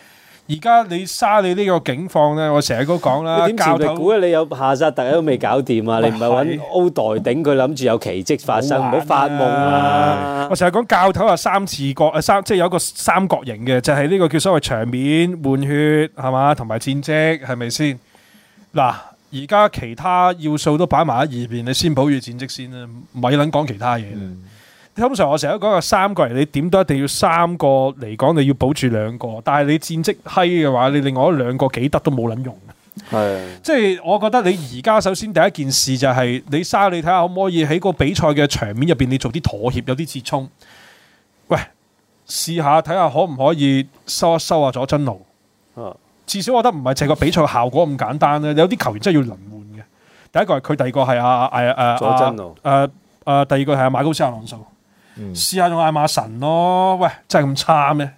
而家你沙你呢個境況咧，我成日都講啦。你點估教頭你，你有下夏薩特都未搞掂啊！是你唔係揾 O 代頂佢諗住有奇迹發生，唔好發夢啊！夢我成日講教頭啊，三次角啊，三即係有一個三角形嘅，就係、是、呢個叫所謂場面換血係嘛，同埋戰績係咪先？嗱，而家其他要素都擺埋喺二邊，你先保住戰績先啦，咪諗講其他嘢。嗯通常我成日都講個三個人，你點都一定要三個嚟講，你要保住兩個。但係你戰績閪嘅話，你另外兩個幾得都冇捻用係，即係我覺得你而家首先第一件事就係你沙，你睇下，可唔可以喺個比賽嘅場面入邊，你做啲妥協，有啲折衷。喂，試下睇下可唔可以收一收啊！佐真奴，至少我覺得唔係淨係個比賽效果咁簡單啦。有啲球員真係要輪換嘅。第一個係佢，第二個係阿阿阿佐真奴，誒誒，第二個係阿馬高斯阿朗素。試下用艾馬臣咯，喂，真係咁差咩？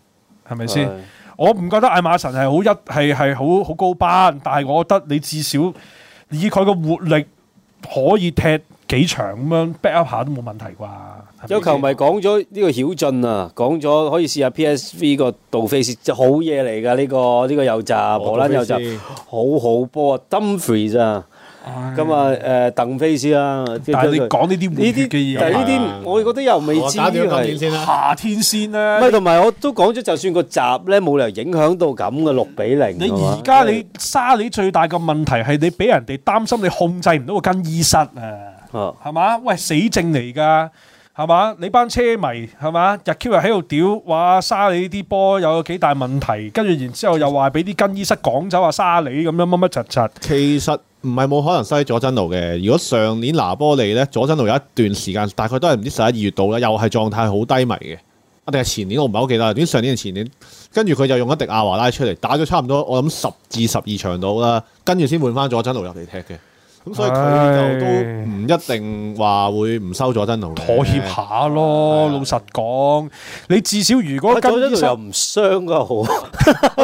係咪先？是的 我唔覺得艾馬神係好，一係係好好高班，但係我覺得你至少你以佢個活力可以踢幾場咁樣 back up 下都冇問題啩？有球迷講咗呢個曉進啊，講咗可以試下 PSV 個杜菲斯，就好嘢嚟㗎，呢個呢個右翼，荷蘭右翼，好好波啊！Dumfries 啊！咁啊，誒，鄧飛先啦，但係你講呢啲呢啲嘅嘢，但係呢啲我覺得又未知嘅係夏天先啦。唔係同埋我都講咗，就算個閘咧冇理由影響到咁嘅六比零。你而家你沙里最大嘅問題係你俾人哋擔心你控制唔到個更衣室啊，係嘛？喂，死症嚟㗎，係嘛？你班車迷係嘛？日 Q 又喺度屌話沙里啲波有幾大問題，跟住然之後又話俾啲更衣室趕走阿沙里咁樣乜乜柒柒。其實唔係冇可能收喺佐真奴嘅。如果上年拿波利咧，佐真奴有一段時間，大概都係唔知十一二月度啦，又係狀態好低迷嘅。啊，定係前年我唔係好記得。點上年定前年？跟住佢就用一滴阿華拉出嚟打咗差唔多，我諗十至十二場到啦。跟住先換翻佐真奴入嚟踢嘅。咁所以佢就都唔一定話會唔收咗真龍，妥協下咯。老實講，你至少如果今日又唔傷啊，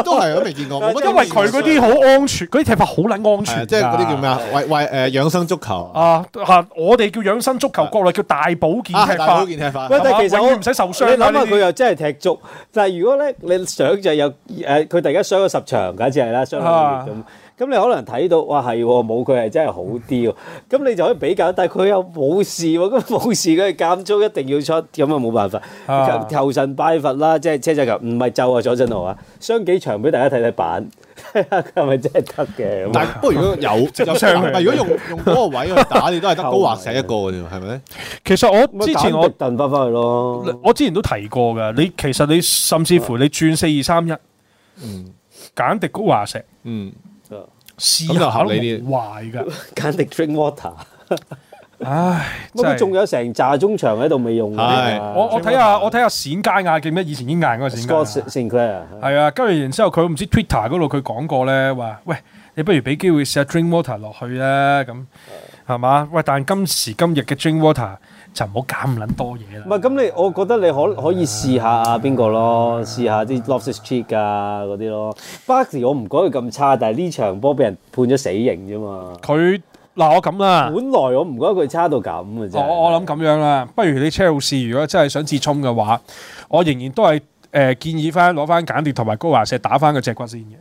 都係我都未見過。我覺得因為佢嗰啲好安全，嗰啲踢法好撚安全，即係嗰啲叫咩啊？喂喂誒養生足球啊嚇！我哋叫養生足球，國內叫大保健踢法。踢法。喂，但其實我唔使受傷，你諗下佢又真係踢足，但係如果咧你想就係有誒，佢突然間傷咗十場，簡直係啦，傷到咁。咁你可能睇到哇，係冇佢係真係好啲喎，咁 你就可以比較。但係佢又冇事喎，咁冇事佢間中一定要出，咁啊冇辦法求，求神拜佛啦，即係車仔球唔係咒啊左振豪啊，雙幾場俾大家睇睇版，係 咪真係得嘅？但不過如果有就 如果用用嗰個位去打， 你都係得高華石一個嘅啫，係咪？其實我之前我戙翻翻去咯，我之前都提過嘅。你其實你甚至乎你轉四二三一，嗯，揀迪高華石，嗯。試下你啲壞㗎，簡直 drink water。唉、啊，乜佢仲有成炸中場喺度未用對我？我看看 我睇下我睇下閃佳亞嘅咩？以前已經硬嗰陣時。Scott Sinclair 係啊，跟住然之後佢唔知 Twitter 嗰度佢講過咧，話喂，你不如俾機會試下 drink water 落去啦，咁係嘛？喂，但今時今日嘅 drink water。就唔好搞咁撚多嘢啦、啊。唔係咁你，我覺得你可以可以試下啊邊個咯？試下啲 Loves Street 啊嗰啲咯。Baxter 我唔覺得佢咁差，但係呢場波俾人判咗死刑啫嘛。佢嗱我咁啦，本來我唔覺得佢差到咁嘅啫。我我諗咁樣啦，不如你車路士如果真係想節衝嘅話，我仍然都係誒、呃、建議翻攞翻簡奪同埋高華石打翻個脊骨先嘅。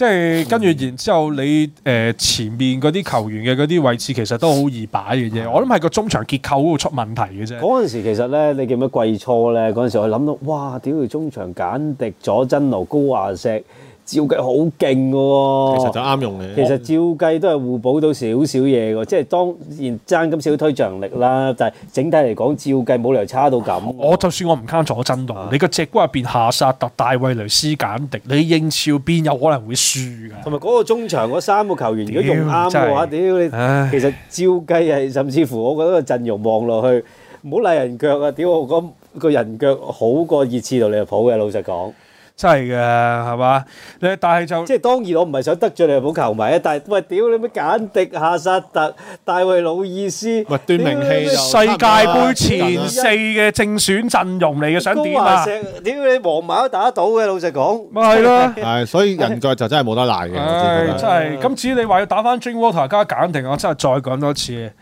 即係跟住，然之後你誒、呃、前面嗰啲球員嘅嗰啲位置其實都好易擺嘅嘢，的我諗係個中場結構會出問題嘅啫。嗰陣時其實咧，你叫咩季初咧？嗰、那、陣、個、時我諗到，哇！屌，中場簡迪、佐真奴、高華石。照計好勁嘅喎，其實就啱用嘅。其實照計都係互補到少少嘢嘅，即係當然爭咁少推強力啦。但係整體嚟講，照計冇理由差到咁啊。我就算我唔 count 咗震動，你個脊骨入邊下薩特、大衛雷斯、簡迪，你應召邊有可能會輸㗎？同埋嗰個中場嗰三個球員，如果用啱嘅話，屌你是，其實照計係甚至乎，我覺得個陣容望落去，唔好賴人腳啊！屌我個個人腳好過熱刺同利物浦嘅，老實講。真係嘅，係嘛？你但係就即係當然，我唔係想得罪利物浦球迷啊！但係喂，屌你咩簡迪、夏薩特、戴維魯伊斯，唔係斷名氣就世界盃前四嘅正選陣容嚟嘅，想點啊？屌你皇馬都打得到嘅，老實講。咪係咯，係所以人腳就真係冇得賴嘅。係真係，今次你話要打翻 Drink Water 加簡迪，我真係再講多次。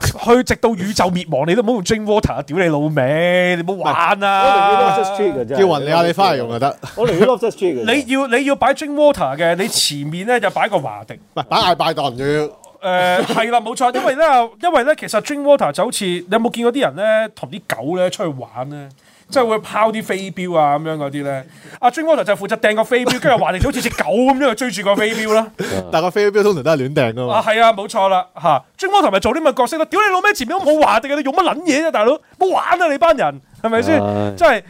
去直到宇宙滅亡，你都唔好用 Drink Water 啊！屌你老味，你唔好玩啊！我寧願要 Loftus-Cheek 嘅真叫雲你啊，你翻嚟用就得。我寧願 Loftus-Cheek，嘅你要你要擺 Drink Water 嘅，你前面咧就擺個華迪，唔係擺艾拜頓要。誒係啦，冇錯，因為咧，因為咧，其實 Drink Water 就好似你有冇見過啲人咧，同啲狗咧出去玩咧？即係會拋啲飛鏢啊咁樣嗰啲咧，阿 Drinkwater 就負責掟個飛鏢，跟住華迪好似隻狗咁樣去追住個飛鏢啦，啊。 但係個飛鏢通常都係亂掟噶嘛啊啊。啊，係啊，冇錯啦，吓 Drinkwater 咪做呢個角色咯。屌你老咩？前面都冇華迪，你用乜撚嘢啫，大佬？冇玩啊你班人，係咪先？唉即係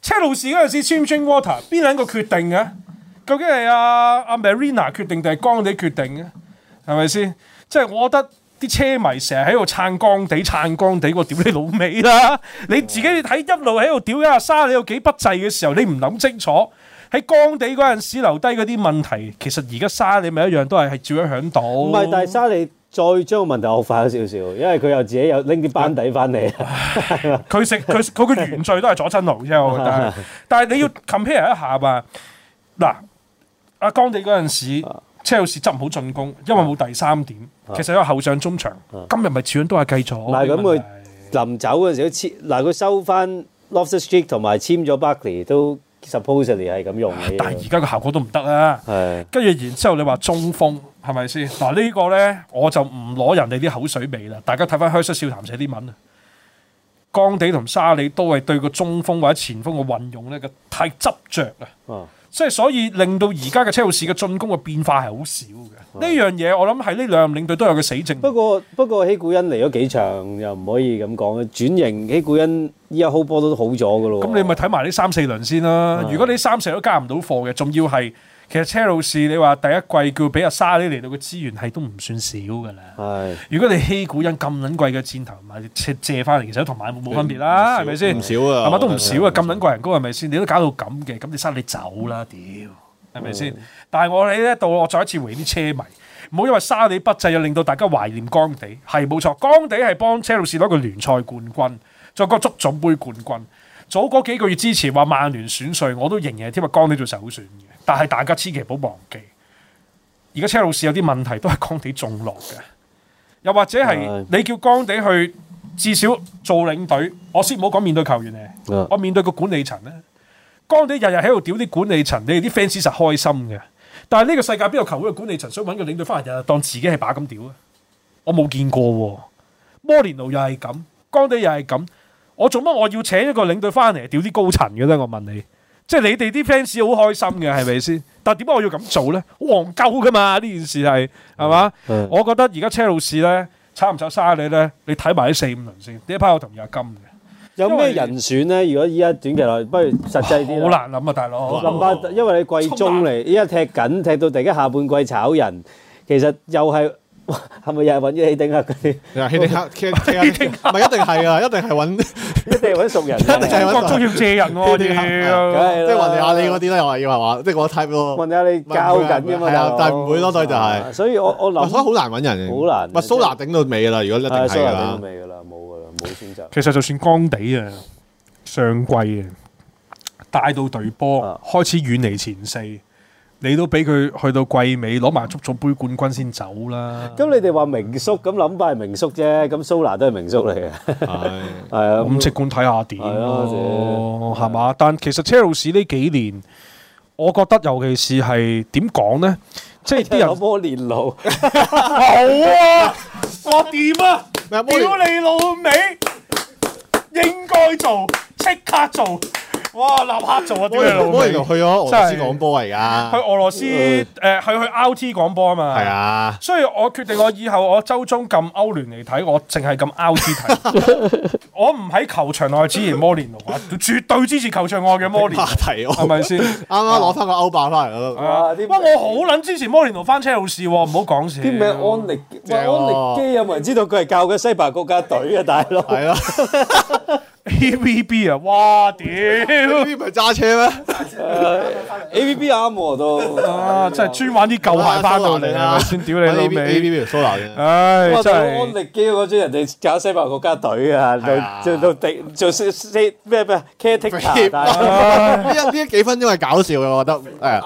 車路士嗰陣時 Drink Drinkwater 邊係一個決定嘅？究竟係阿阿 Marina 決定定係江仔決定嘅？係咪先？即係我覺得。啲車迷成日喺度撐干地撐干地，我屌你老味啦！你自己睇，一路喺度屌一啊沙，你有幾不濟嘅時候，你唔諗清楚喺干地嗰陣時留低嗰啲問題，其實而家沙你咪一樣都係係照樣響到。唔係，但係沙你再將個問題惡化咗少少，因為佢又自己又拎啲班底翻嚟。佢食佢佢個原罪都係左親奴啫，我覺得。但係你要 compare 一下嘛。嗱，阿干地嗰陣時。車路士執唔好進攻，因為冇第三點。其實因為後上中場，啊、今日咪始終都係繼續。嗱咁佢臨走嗰陣時都簽，嗱佢收翻 Loftus-Cheek 同埋簽咗 Barkley 都 supposedly 係咁用嘅。但係而家個效果都唔得啊。跟住然之後你話中鋒係咪先？嗱、啊這個、呢個咧我就唔攞人哋啲口水味啦。大家睇翻《Curse、er、笑談寫》啲文啊，干地同沙里都係對個中鋒或者前鋒嘅運用咧，個太執着。啊。即係所以令到而家嘅車路士嘅進攻嘅變化係好少嘅，呢、嗯、樣嘢我諗係呢兩任領隊都有個死症。不過不過希古恩嚟咗幾場又唔可以咁講啦，轉型希古恩依家開波都好咗㗎咯喎。咁、嗯、你咪睇埋呢三四輪先啦，嗯、如果你三四都加唔到貨嘅，仲要係。其實車路士，你話第一季叫俾阿沙利嚟到嘅資源係都唔算少噶啦。係，如果你希古恩咁捻貴嘅箭頭買借借翻嚟，其實同買冇分別啦少，係咪先？唔少啊，係咪都唔少啊，咁捻貴人工係咪先？你都搞到咁嘅，咁你沙利走啦，屌、嗯，係咪先？但係我喺呢一度，我再一次回啲車迷，唔好因為沙利不濟，又令到大家懷念干地，係冇錯，干地係幫車路士攞個聯賽冠軍，再個足總杯冠軍。早嗰幾個月之前話曼聯選帥，我都仍然係添啊，干地做首選嘅。但係大家千祈唔好忘記，而家車路士有啲問題都係干地種落嘅，又或者係你叫干地去至少做領隊，我先唔好講面對球員咧，我面對個管理層咧，干地日日喺度屌啲管理層，你哋啲 fans 實開心嘅。但係呢個世界邊個球會嘅管理層想揾個領隊翻嚟日日當自己係把咁屌啊？我冇見過，摩連奴又係咁，干地又係咁，我做乜我要請一個領隊翻嚟屌啲高層嘅咧？我問你。即係你哋啲 fans 好開心嘅係咪先？但係點解我要咁做咧？好憨鳩噶嘛，呢件事係係嘛？嗯、我覺得而家車路士咧，炒唔炒沙利咧？你睇埋啲四五輪先。呢一班我同意阿金嘅。有咩人選咧？如果依家短期內，不如實際啲。好難諗啊，大佬。唉因為你季中嚟，依家難踢緊，踢到而家下半季炒人，其實又係。哇！係咪又係搵希丁克嗰啲？啊，希丁克，希希丁克，咪一定係啊！一定係搵，一定搵熟人，一定係國足要借人喎、啊，啲咁樣，即係、啊、問下你嗰啲咧，又話要話，即係我 t y 下你教緊噶嘛？但係唔會咯，所以就係。所以我我諗，所以好難搵人，好難。咪蘇拿頂到尾噶啦，如果一定係啦。蘇噶啦，冇噶啦，冇選擇。 其實就算干地啊，上季啊，帶到隊波，開始遠離前四。你都俾佢去到季尾攞埋足總杯冠軍先走啦！咁你哋話明叔咁諗返係明叔啫，咁蘇拿都係明叔嚟嘅。係係啊，咁即管睇下點咯，係嘛？但其實車路士呢幾年，我覺得尤其是係點講咧，即係啲人磨練路，好啊！我點啊？屌你老味！應該做，即刻做。哇！立刻做啊！摩連奴去咗俄羅斯廣播啊，而家去俄羅斯誒，去去 RT 廣播啊嘛。係啊，所以我決定我以後我周中撳歐聯嚟睇，我淨係撳 RT 睇。我唔喺球場內支持摩連奴啊，絕對支持球場外嘅摩連奴。題喎，係咪先？啱啱攞翻個歐霸翻嚟咯。啊！哇！我好撚支持摩連奴翻車路士喎，唔好講笑。啲咩安力，咩安力基有冇人知道佢係教嘅西班牙國家隊啊？大佬？係咯。A V B 啊，哇屌！A V B 唔係揸車咩？A V B 阿摩都啊，真係專玩啲舊鞋翻到嚟，先屌你老味！A V B 蘇南，唉，真係安力基嗰張人哋搞西班牙國家隊啊，就就就咩咩 caretaker？呢呢幾分鐘係搞笑嘅，我覺得係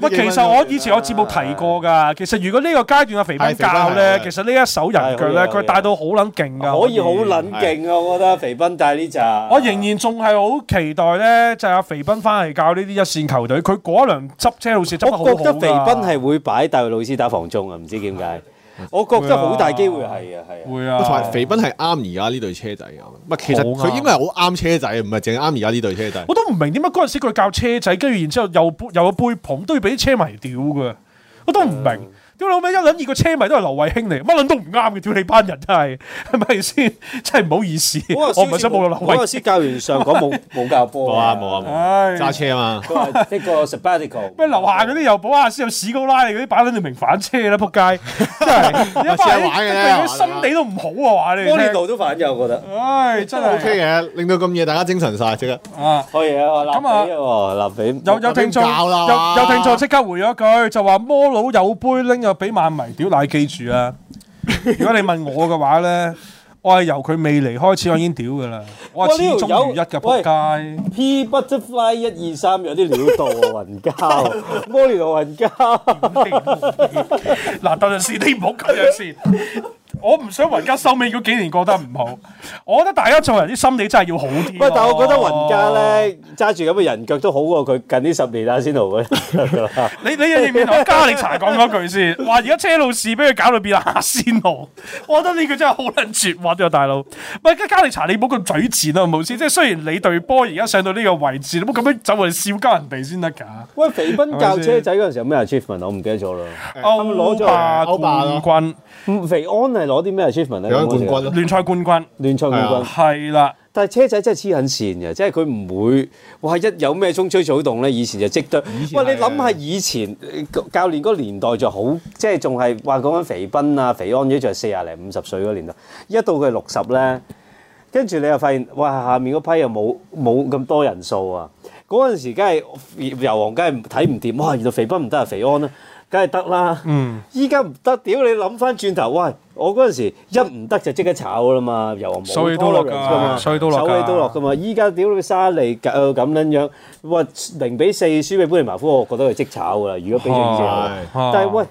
唔 其實我以前我節目提過噶。其實如果呢個階段阿、啊、肥斌教咧，其實一呢一手人腳咧，佢帶到好捻勁噶，可以好捻勁啊，的我覺得肥斌帶呢隻，我仍然仲係好期待咧，就阿、是啊、肥斌翻嚟教呢啲一線球隊，佢嗰輪執車路士好似執得我覺得肥斌係會擺大衛老師打防中啊，唔知點解。我覺得好大機會係啊，係啊，會啊。同埋肥斌係啱而家呢對車仔啊！唔係其實佢應該係好啱車仔，唔係淨係啱而家呢對車仔。我都唔明點解嗰陣時佢教車仔，跟住然之後又又杯捧，都要俾車迷屌噶！我都唔明。嗯屌老尾，一捻二個車迷都係劉慧卿嚟，乜捻都唔啱嘅，屌你班人真係，係咪先？真係唔好意思，我唔係想侮辱劉慧卿。嗰陣教員上講冇冇教波，冇啊冇啊揸車啊嘛。呢個 s a b b a t 咩樓下嗰啲又補啊？先有屎高拉你嗰啲擺捻住名反車啦，扑街！一班玩嘅，心地都唔好啊，玩你，摩連奴都反啫，我覺得。唉，真係。O K 嘅，令到咁嘢大家精神晒，即刻。啊，可以啊。咁啊，立比，有有聽有有聽眾即刻回咗句，就話摩佬有杯拎。有俾萬迷屌奶記住啊！如果你問我嘅話咧，我係由佢未嚟開始，我已經屌噶啦，我係始終有一嘅仆街。P butterfly 一二三有啲料到啊，雲膠， 摩連嗱， 等陣先，你唔好講，等先。我唔想雲加收尾嗰幾年過得唔好，我覺得大家做人啲心理真係要好啲，啊。喂，但我，我，我覺得雲加咧揸住咁嘅人腳都好過佢近呢十年阿仙奴嗰啲。你你認唔認同加力查講嗰句先？哇！而家車路士俾佢搞到變阿仙奴，我覺得呢句真係、啊、好撚絕核啊，大佬！喂，加力查，你唔好咁嘴賤啊，唔好先。即係雖然你隊波而家上到呢個位置，你唔好咁樣走去笑鳩人哋先得㗎。喂，肥斌教車仔嗰陣時候有咩 achievement 我唔記得咗啦。歐霸冠，嗯，肥安攞啲咩啊 c h i，攞冠軍，聯賽冠軍，聯賽冠軍係啦。但係車仔真係黐很線嘅，即係佢唔會哇！一有咩風吹草動咧，以前就即對。喂，你諗下以前、呃、教練嗰年代就好，即係仲係話講緊肥斌啊、肥安，一就係四廿零、五十歲嗰年代。一到佢六十咧，跟住你又發現哇，下面嗰批又冇冇咁多人數啊！嗰陣時梗係油王梗係睇唔掂哇，原來肥斌唔得啊，肥安啊！梗係得啦，依家唔得，屌你諗翻轉頭，喂！我嗰陣時一唔得就即刻炒噶啦嘛，又話冇，手起刀落嘅嘛，碎都落嘅，所以都手起刀落嘅嘛。依家屌你個沙利搞到咁樣樣，喂，零比四輸俾般尼茅夫，我覺得佢即炒噶啦。如果比咗以前，是但係喂的，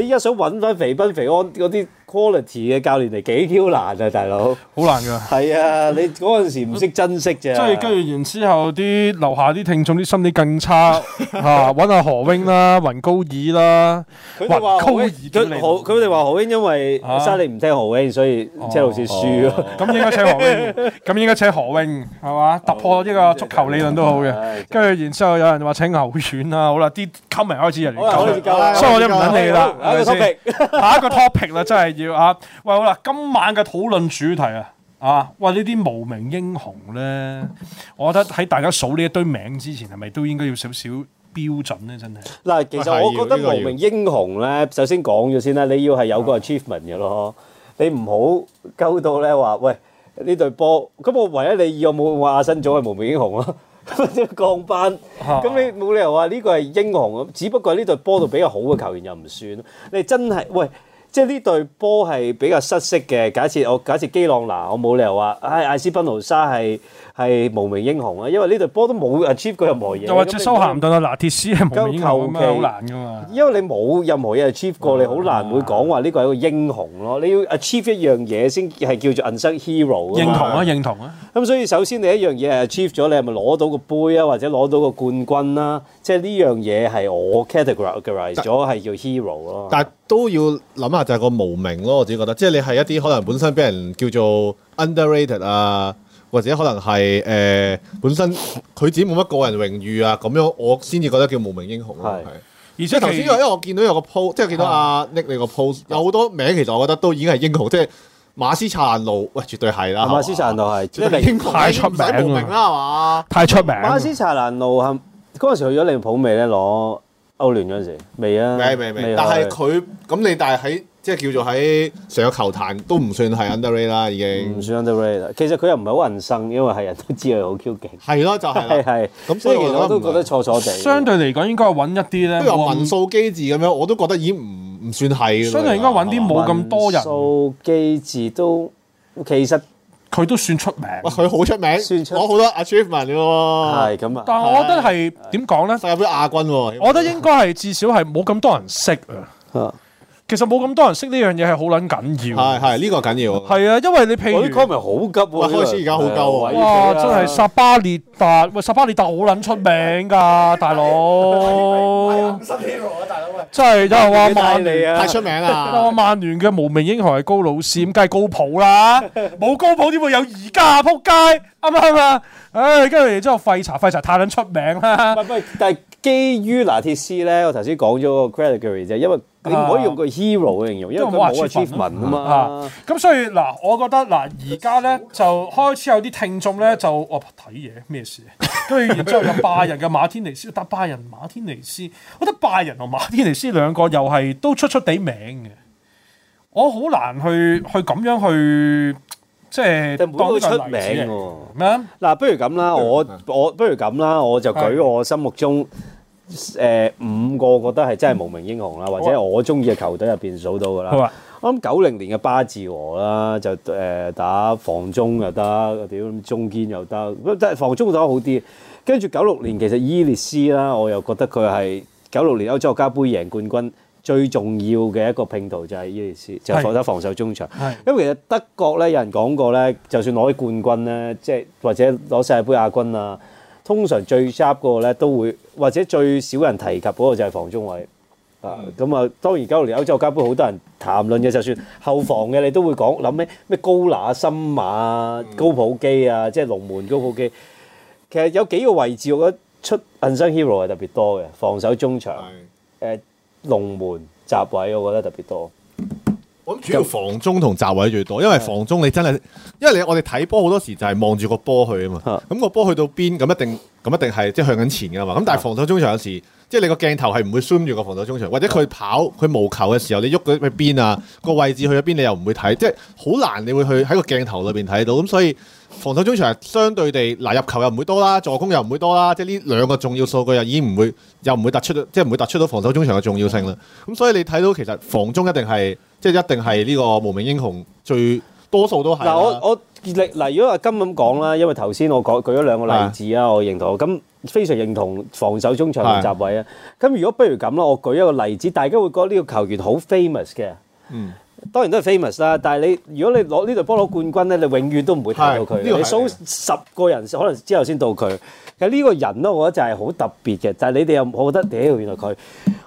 你依家想揾翻肥斌、肥安嗰啲？quality 嘅教練嚟幾挑難啊，大佬，好難㗎。係啊，你嗰陣時唔識珍惜啫。即係跟住完之後，啲樓下啲聽眾啲心理更差嚇，揾阿何鵬啦，雲高爾啦。佢哋話好，佢哋話何鵬因為沙利唔聽何鵬，所以即係車路士輸咯。咁應該請何鵬，咁應該請何鵬係嘛？突破呢個足球理論都好嘅。跟住然之後有人話請牛選啊。好啦，啲 comment 開始人嚟搞啦，所以我都唔等你啦。下一個 topic 啦，真係。要啊！喂，嗱，今晚嘅討論主題啊，啊，喂，呢啲無名英雄咧， 我覺得喺大家數呢一堆名之前，係咪都應該要少少標準咧？真係嗱，其實我覺得無名英雄咧，哎這個、首先講咗先啦，你要係有個 achievement 嘅咯，啊、你唔好鳩到咧話，喂，呢隊波，咁我唯一第二有冇話阿新祖係無名英雄咯？ 降班，咁、啊、你冇理由話呢個係英雄，只不過呢隊波度比較好嘅球員又唔算。你真係喂。喂即係呢隊波係比較失色嘅，假設我假設基朗拿，我冇理由話，唉、哎，艾斯賓奴沙係。係無名英雄啊！因為呢隊波都冇 achieve 過任何嘢。又或者修咸頓啊，拿鐵絲係無名英雄，咁樣好難噶嘛。因為你冇任何嘢 achieve 過，哇你好難會講話呢個係個英雄咯。你要 achieve 一樣嘢先係叫做 unsung hero。認同啊，嘛認同啊。咁所以首先你一樣嘢係 achieve 咗，你係咪攞到個杯啊，或者攞到個冠軍啦？即係呢樣嘢係我 categorize 咗係但叫 hero 咯。但係都要諗下就係個無名咯，我自己覺得。即係你係一啲可能本身俾人叫做 underrated 啊。或者可能係誒、呃、本身佢自己冇乜個人榮譽啊，咁樣我先至覺得叫無名英雄咯。係是，是而且頭先因為我見到有個 post，即係見到阿、啊、Nick 你個 post 的有好多名，其實我覺得都已經係英雄，即係馬斯查蘭路。喂，絕對係啦。馬斯查蘭路係即係英雄太出名啦，係嘛？太出名。馬斯查蘭路，係嗰陣時去咗利物浦未咧攞？歐聯嗰陣時未啊，未未未。未未但係佢咁你但，但係喺即係叫做喺上個球壇都唔算係 underrate 啦，已經唔算 underrate 啦。其實佢又唔係好人憎，因為係人都知佢好 Q 勁。係咯、啊，就係係係。咁是、嗯、所以，所以其實我，我都覺得錯錯地。相對嚟講，應該揾一啲咧，都有民數機制咁樣，我都覺得已經唔唔算係。相對應該揾啲冇咁多人。數機制都其實。佢都算出名，佢好出名，攞好出多 achievement 嘅喎。係咁啊，但係我覺得係點講咧？是呢世界杯亞軍喎、啊，我覺得應該係 至少係冇咁多人識啊。 其實冇咁多人識呢樣嘢係好撚緊要，係係呢個緊要。係啊，因為你譬如我啲歌咪好急，開始而家好鳩位。哇！真係沙巴列達，喂，沙巴列達好撚出名噶，大佬。新英雄啊，大佬真係有人話曼聯太出名啊！曼聯嘅無名英雄係高老師，咁梗係高普啦。冇高普點會有而家？撲街啱唔啱啊？唉，跟住然之後廢柴，廢柴太撚出名啦。喂喂，但係。基於拿鐵絲咧，我頭先講咗個 criteria 啫，因為你唔可以用個 hero 嘅形容，啊、因為佢冇 achievement 啊嘛。咁、啊嗯、所以嗱、啊，我覺得嗱，而家咧就開始有啲聽眾咧就我睇嘢咩事、啊？跟住 然之後，後有拜仁嘅馬天尼斯，但拜仁馬天尼斯，我覺得拜仁同馬天尼斯兩個又係都出出地名嘅，我好難去去咁樣去。即係每個都出名喎。咩？嗱、啊，不如咁啦，我我不如咁啦，我就舉我心目中誒、呃、五個覺得係真係無名英雄啦，或者我中意嘅球隊入邊數到噶啦。啊、我諗九零年嘅巴治和啦，就誒、呃、打防中又得，屌中堅又得，都係防中打好啲。跟住九六年其實伊列斯啦，我又覺得佢係九六年歐洲國家杯贏冠軍。最重要嘅一個拼圖就係伊力斯，就係防守中場。因為其實德國咧，有人講過咧，就算攞啲冠軍咧，即係或者攞世界盃亞軍啊，通常最 sharp 嗰個咧都會，或者最少人提及嗰個就係防中位啊。咁啊，當然而家歐洲國家盃好多人談論嘅，就算後防嘅，你都會講諗咩咩高拿、森馬、高普基啊，即係龍門高普基。其實有幾個位置，我覺得出銀生 hero 係特別多嘅，防守中場。係誒。龍門閘位，我覺得特別多。我諗主要防中同閘位最多，因為防中你真係，因為你我哋睇波好多時就係望住個波去啊嘛。咁個波去到邊，咁一定咁一定係即係向緊前㗎嘛。咁但係防守中場有時，即係你個鏡頭係唔會 zoom 住個防守中場，或者佢跑佢無球嘅時候，你喐佢去邊啊？個位置去咗邊，你又唔會睇，即係好難，你會去喺個鏡頭裏邊睇到。咁所以。防守中場係相對地，嗱入球又唔會多啦，助攻又唔會多啦，即係呢兩個重要數據又已經唔會又唔會突出到，即係唔會突出到防守中場嘅重要性啦。咁所以你睇到其實防中一定係，即係一定係呢個無名英雄最多數都係啦。嗱我我，嗱如果話今咁講啦，因為頭先我舉舉咗兩個例子啊，是的 我認同，咁非常認同防守中場嘅集位啊。咁是的 如果不如咁啦，我舉一個例子，大家會覺得呢個球員好 famous 嘅。嗯。當然都係 famous 啦，但係你如果你攞呢隊波攞冠軍咧，你永遠都唔會睇到佢。的你數十個人，的可能之後先到佢。其實呢個人咧，我覺得就係好特別嘅。但係你哋又我覺得，屌原來佢。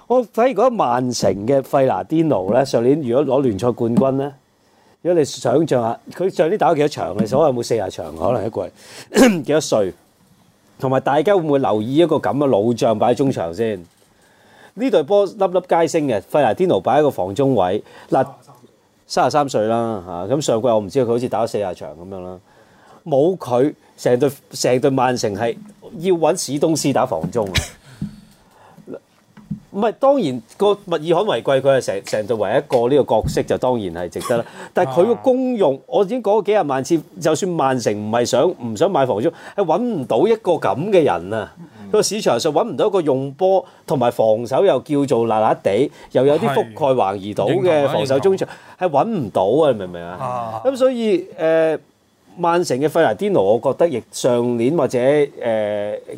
我反而覺得曼城嘅費拿甸奴咧，上年如果攞聯賽冠軍咧，如果你想像下，佢上年打咗幾多場嘅？數有冇四廿場？可能一季幾 多歲？同埋大家會唔會留意一個咁嘅老將擺喺中場先？呢隊波粒粒皆星嘅費拿甸奴擺喺個防中位嗱。啊三十三歲啦，嚇！咁上季我唔知佢好似打咗四十場咁樣啦，冇佢成隊成隊曼城係要揾史東斯打防中啊！唔係，當然個物以罕為貴，佢係成成隊唯一一個呢個角色就當然係值得啦。但係佢個功用，我已經講咗幾廿萬次，就算曼城唔係想唔想買防中，係揾唔到一個咁嘅人啊！個市場上揾唔到一個用波同埋防守又叫做嗱嗱地，又有啲覆蓋橫移到嘅防守中場，係揾唔到啊！你明唔明啊？咁所以誒，曼城嘅費蘭甸奴，我覺得亦上年或者誒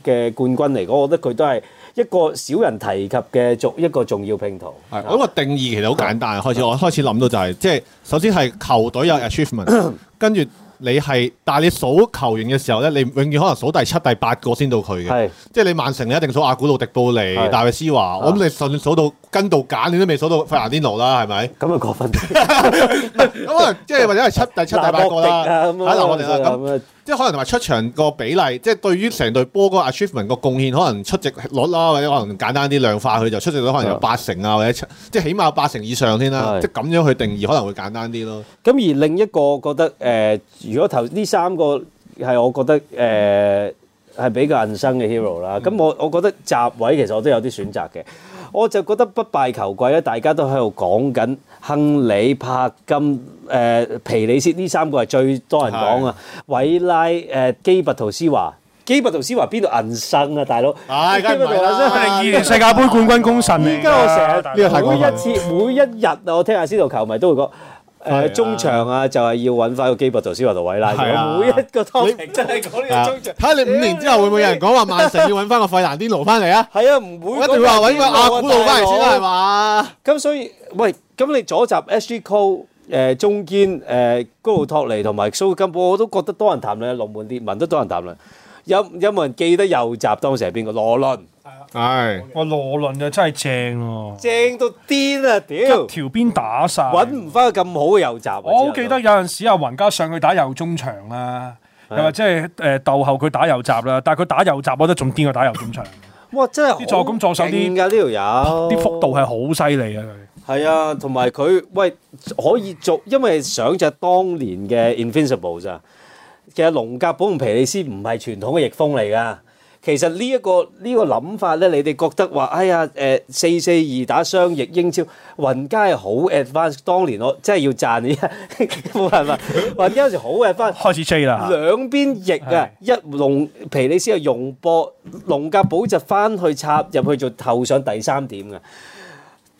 嘅冠軍嚟講，我覺得佢都係一個少人提及嘅重一個重要拼圖。係嗰個定義其實好簡單，開始我開始諗到就係，即係首先係球隊有 achievement，跟住。你係，但係你數球員嘅時候咧，你永遠可能數第七、第八個先到佢嘅，即係你曼城你一定數阿古魯、迪布尼、大衛斯華，我諗咁你順數到根度簡，你都未數到費蘭甸奴啦，係咪？咁啊過分，咁啊即係或者係七第七第八個啦，嚇嗱我哋啦咁。即係可能同埋出場個比例，即係對於成隊波個 achievement 個貢獻，可能出席率啦，或者可能簡單啲量化佢就出席率可能有八成啊，或者即係起碼有八成以上先啦，是即係咁樣去定義可能會簡單啲咯。咁而另一個覺得誒、呃，如果頭呢三個係我覺得誒係、呃、比較人生嘅 hero 啦、嗯，咁我我覺得閘位其實我都有啲選擇嘅。我就覺得不敗球季咧，大家都喺度講緊亨利、柏金、誒、呃、皮里斯呢三個係最多人講啊。韋是的 拉誒、呃、基拔圖斯華，基拔圖斯華邊度銀生啊，大佬！依、啊啊、基拔圖斯華係、啊、在二年世界杯冠軍功臣嚟。依家我成日每一次、 每一日啊，我聽下斯圖球迷都會講。誒，中場啊，就係要揾翻個基博做斯華杜韋拉。係啊，每一個湯平真係講呢個中場。睇下你五年之後會唔會有人講話曼城要揾翻個費蘭甸奴翻嚟啊？係啊，唔會。一定要話揾個阿古路翻嚟先係嘛？咁所以，喂，咁你左閘 S G Cole，誒，中堅誒，高路托尼同埋蘇金寶，我都覺得多人談論，龍門列文都多人談論。有有冇人記得右閘當時係邊個？羅倫。係，哇羅倫就真係正喎，啊，正到癲啊！屌，一條邊打晒，搵唔返個咁好嘅右閘。我好記得有陣時阿雲加上去打右中場啦，又或者係誒逗後佢打右閘啦，但係佢打右閘我都仲掂過打右中場。哇，真係啲助咁助攻啲噶呢條友，啲幅度係好犀利啊！佢係啊，同埋佢喂可以做，因為想住當年嘅 Invincible 咋。其實龍格堡同皮利斯唔係傳統嘅逆鋒嚟噶。其實、這個這個、呢一個呢個諗法咧，你哋覺得話哎呀誒、呃、四四二打雙翼英超雲加係好 advance，當年我真係要讚你，係咪？雲加嗰時好 advance，開始追 啦，兩邊翼啊， 一龍皮里斯啊，容博、龍格保就翻去插入去做後上第三點嘅。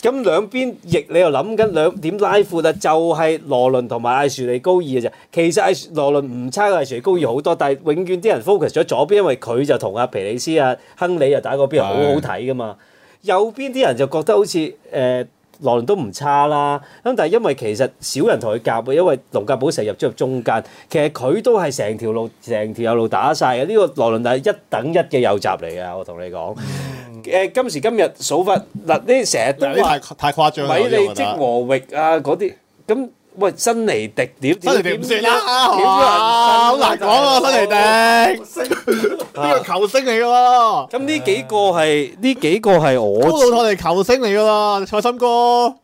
咁兩邊翼你又諗緊兩點拉闊啊？就係、是、羅倫同埋艾樹利高爾嘅啫。其實艾羅倫唔差過艾樹利高爾好多，但係永遠啲人 focus 咗左邊，因為佢就同阿皮里斯啊、亨利又打嗰邊是的 好好睇㗎嘛。右邊啲人就覺得好似誒。呃羅倫都唔差啦，咁但係因為其實少人同佢夾啊，因為龍格堡成日入咗入中間，其實佢都係成條路、成條路打晒。啊！呢個羅倫係一等一嘅右閘嚟㗎，我同你講。誒、嗯，今時今日數法嗱，呢成日都話太，太誇張啦，米利即和域啊嗰啲咁。喂，新尼迪點點點算啊？哇，好難講喎，新尼迪，呢個球星嚟嘅喎。咁呢幾個係呢幾個係我高魯托尼球星嚟㗎嘛？蔡心哥，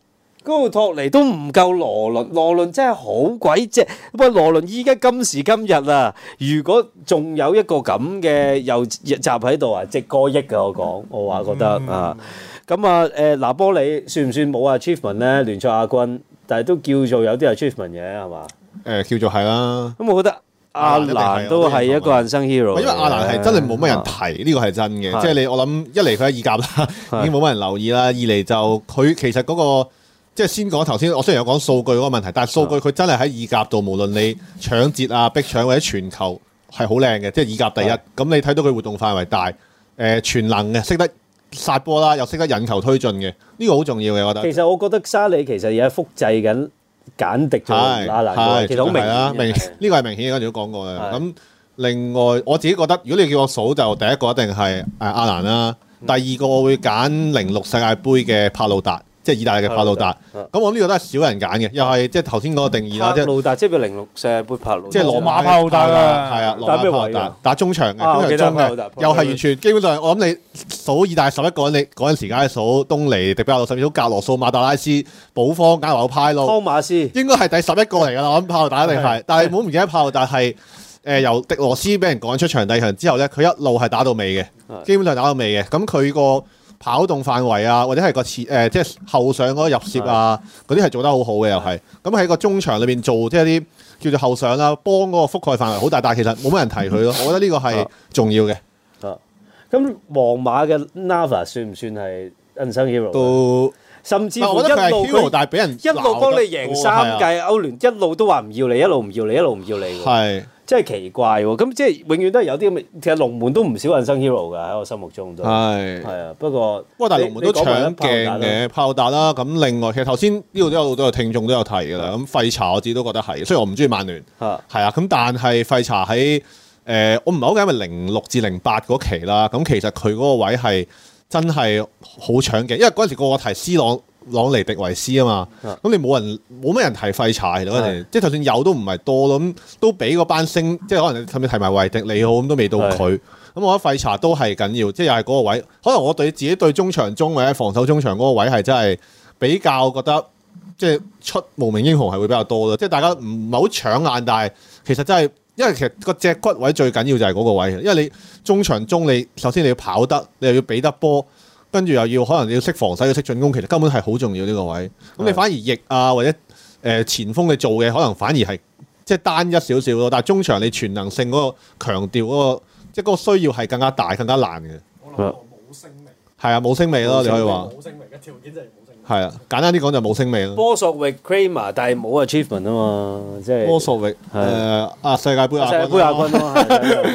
高魯托尼都唔夠羅倫，羅倫真係好鬼即。喂，羅倫依家今時今日啊，如果仲有一個咁嘅又集喺度啊，即過億㗎我講，我話覺得啊。咁啊，誒，嗱，波利算唔算冇啊？achievement 咧，聯賽亞軍。但係都、嗯、叫做有啲係 achievement 嘅係嘛？誒叫做係啦。咁、嗯、我覺得阿蘭、啊、都係一個人生 hero。因為阿蘭係真係冇乜人提，呢個係真嘅。即係、嗯、你我諗一嚟佢喺意甲啦， 已經冇乜人留意啦。嗯、二嚟就佢其實嗰、那個即係、就是、先講頭先，我雖然有講數據嗰個問題，但係數據佢真係喺意甲度，無論你搶截啊、逼搶或者傳球係好靚嘅，即係意甲第一。咁你睇到佢活動範圍大，誒全能嘅，識得，殺波啦，又識得引球推進嘅，呢個好重要嘅，我覺得。其實我覺得沙利其實而家複製緊簡迪就係阿蘭，其實明明我明啦，明呢個係明顯，跟住都講過嘅。咁另外我自己覺得，如果你叫我數就第一個一定係阿蘭啦，第二個我會揀零六世界杯嘅帕魯達。即係意大利嘅帕魯達，咁我呢個都係少人揀嘅，又係即係頭先嗰個定義啦。帕魯達即係個零六世盃帕魯，即係羅馬帕魯達啦，係啊，羅達打中場嘅，中嘅，又係完全基本上，我諗你數意大利十一個，你嗰陣時梗係數東尼、迪比亞路、甚至格羅數、馬達拉斯、保科，加馬爾、派魯、康馬斯，應該係第十一個嚟㗎啦。我諗帕魯達一定係，但係唔好唔記得帕魯達係誒由迪羅斯俾人趕出場第二場之後咧，佢一路係打到尾嘅，基本上打到尾嘅，咁佢個。跑動範圍啊，或者係個前誒，即係後上嗰個入楔啊，嗰啲係做得好好嘅又係。咁喺個中場裏邊做，即係啲叫做後上啦，幫嗰個覆蓋範圍好大，但係其實冇乜人提佢咯。我覺得呢個係重要嘅。咁皇馬嘅 Nava 算唔算係人生 hero 都甚至我一路，但係俾人一路幫你贏三屆歐聯，一路都話唔要你，一路唔要你，一路唔要你。係。真係奇怪喎！咁即係永遠都係有啲咁嘅，其實龍門都唔少人生 hero 㗎，喺我心目中都係係啊，不過哇！但係龍門都搶鏡嘅炮打啦。咁另外其實頭先呢度都有好多聽眾都有提㗎啦。咁費查我自己都覺得係，雖然我唔中意曼聯係啊。咁但係費查喺誒、呃，我唔係好記得，因為零六至零八嗰期啦。咁其實佢嗰個位係真係好搶鏡，因為嗰陣時個個提 C 朗。朗尼迪維斯啊嘛，咁你冇人冇乜人提廢柴咯，即係就算有都唔係多咯，咁都俾嗰班星，即係可能甚至提埋維迪你好，咁都未到佢。咁是的 我覺得廢柴都係緊要，即係又係嗰個位。可能我對自己對中場中或者防守中場嗰個位係真係比較覺得，即係出無名英雄係會比較多咯。即係大家唔係好搶眼，但係其實真係，因為其實個脊骨位最緊要就係嗰個位，因為你中場中你首先你要跑得，你又要俾得波。跟住又要可能要識防守，要識進攻，其實根本係好重要呢個位。咁你是的 反而翼啊或者誒前鋒，你做嘅可能反而係即係單一少少咯。但係中場你全能性嗰個強調嗰個即係嗰個需要係更加大更加難嘅。冇聲味。係啊，冇聲味咯，你可以話。冇聲味，個條件真係冇聲味。係啊，簡單啲講就冇聲味咯。波索域但係冇 Achievement 啊嘛，即、呃、係。波索域係啊，世界盃亞軍。啊、 世界盃亞軍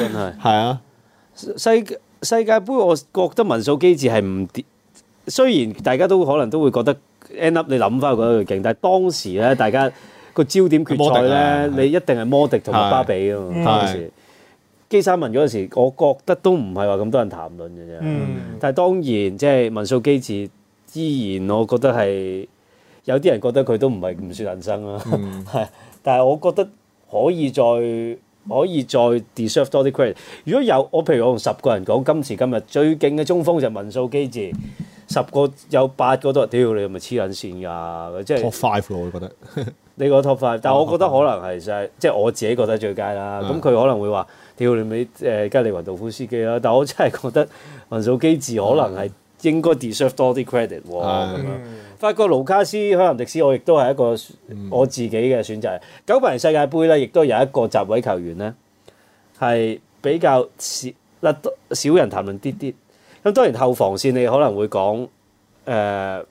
咯，係啊，世的。世界盃，我覺得文素姬治係唔跌。雖然大家都可能都會覺得 end up，你諗翻覺得佢勁，但係當時咧，大家個焦點決賽咧，你一定係摩迪同埋巴比啊嘛。當時基三文嗰時，我覺得都唔係話咁多人談論嘅啫。但係當然，即係文素姬治依然，我覺得係有啲人覺得佢都唔係唔算人生啦。係，但係我覺得可以再。可以再 deserve 多啲 credit。如果有我，譬如我同十個人講，今時今日最勁嘅中鋒就文素基治，十個有八個都屌 你咪黐緊線㗎，啊。即係 top five 咯，我會覺得。 你個 top five，但係我覺得可能係即係即係我自己覺得最佳啦。咁佢 可能會話：屌你咪誒加利雲道夫斯基啦。但係我真係覺得文素基治可能係。 應該 deserve 多啲 credit 咁樣。發覺盧卡斯可能迪斯，我亦都係一個我自己嘅選擇。九八年世界盃咧，亦都有一個集位球員咧，係比較少嗱少人談論啲啲。咁當然後防線你可能會講誒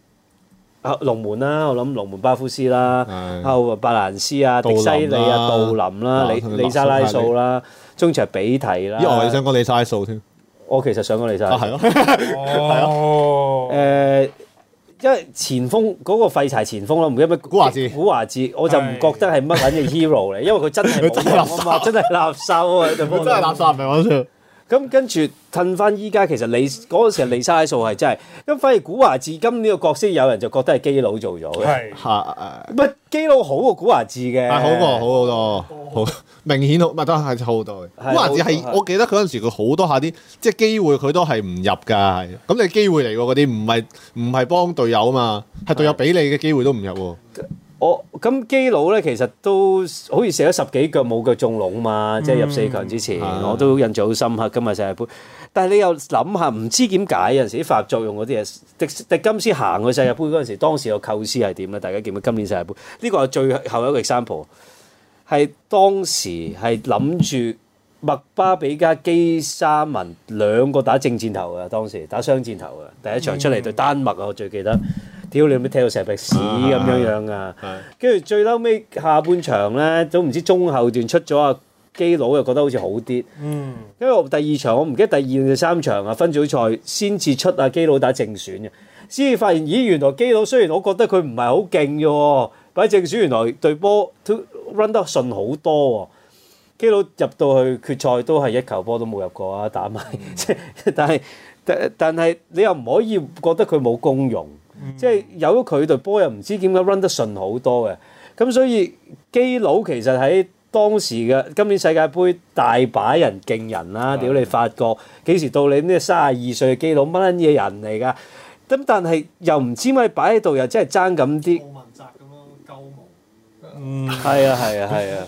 啊龍門啦，我諗龍門巴夫斯啦，後白蘭斯啊、迪西利啊、杜林啦、李沙拉素啦、中場比提啦。因為我想講李沙拉素添。我其實上過嚟曬、就是，係咯、啊，係咯，誒，因為前鋒嗰、那個廢柴前鋒咯，唔記得咩古華志，古華志，華我就唔覺得係乜撚嘅 hero 咧， 因為佢真係冇，真係垃真係垃圾啊！真係垃圾，唔係講笑。啊咁跟住褪翻依家，其實你嗰個時候離曬數係真係，咁反而古華智今呢個角色有人就覺得係基佬做咗嘅。係啊啊！唔基佬好過古華智嘅，係好過好好多，好，好明顯好，唔都係好好多。古華智係我記得嗰陣時佢好多下啲即係機會，佢都係唔入㗎。咁你機會嚟過嗰啲，唔係唔係幫隊友啊嘛，係隊友俾你嘅機會都唔入喎。是是我咁、哦、基佬咧，其實都好似射咗十幾腳冇腳中籠嘛，嗯、即係入四強之前，的我都印象好深刻今日世界盃。但係你又諗下，唔知點解有陣時啲發作用嗰啲嘢，迪迪金斯行去世界盃嗰陣時，當時個構思係點咧？大家見到今年世界盃呢個係最後一個 example，係當時係諗住。麥巴比加基沙文兩個打正箭頭嘅，當時打雙箭頭嘅，第一場出嚟對丹麥啊，嗯、我最記得，屌你咪踢到成鼻屎咁樣樣啊！跟住、嗯、最嬲尾下半場咧，都唔知中後段出咗阿、啊、基佬，又覺得好似好啲，嗯，因為我第二場我唔記得第二第三場啊，分組賽先至出阿、啊、基佬打正選嘅，先至發現咦原來基佬雖然我覺得佢唔係好勁嘅喎，擺正選原來對波都 run 得順好多喎。基佬入到去決賽都係一球波都冇入過啊！打埋，但係但係你又唔可以覺得佢冇功用，即係有咗佢隊波又唔知點解 run 得順好多嘅。咁所以基佬其實喺當時嘅今年世界盃大把人勁人啦，屌你發覺幾時到你呢？三廿二歲嘅基佬乜撚嘢人嚟㗎？咁但係又唔知點解擺喺度又真係爭噉啲。冇問責咁咯，鳩毛。係啊，係啊，係啊。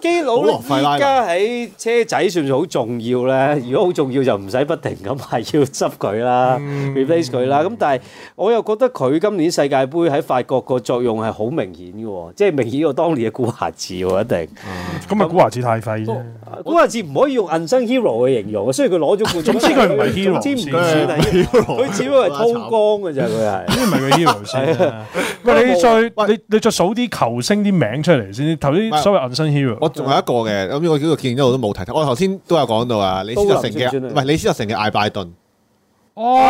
基佬而家喺車仔算數好重要咧，如果好重要就唔使不停咁係要執佢啦，replace 佢啦。咁但係我又覺得佢今年世界盃喺法國個作用係好明顯嘅，即係明顯過當年嘅古華智喎一定。咁咪古華智太廢啫？古華智唔可以用銀生 hero 嘅形容啊，雖然佢攞咗冠軍。總之佢唔係 h e 佢只不過係通光嘅啫，佢係。唔係個 hero 先喂，你再你你再數啲球星啲名出嚟先，頭先所謂銀生 hero。我仲有一個嘅咁呢個，叫做見咗我都冇提。我頭先都有講到啊，李斯特城嘅唔係李斯特城嘅艾拜頓。哦，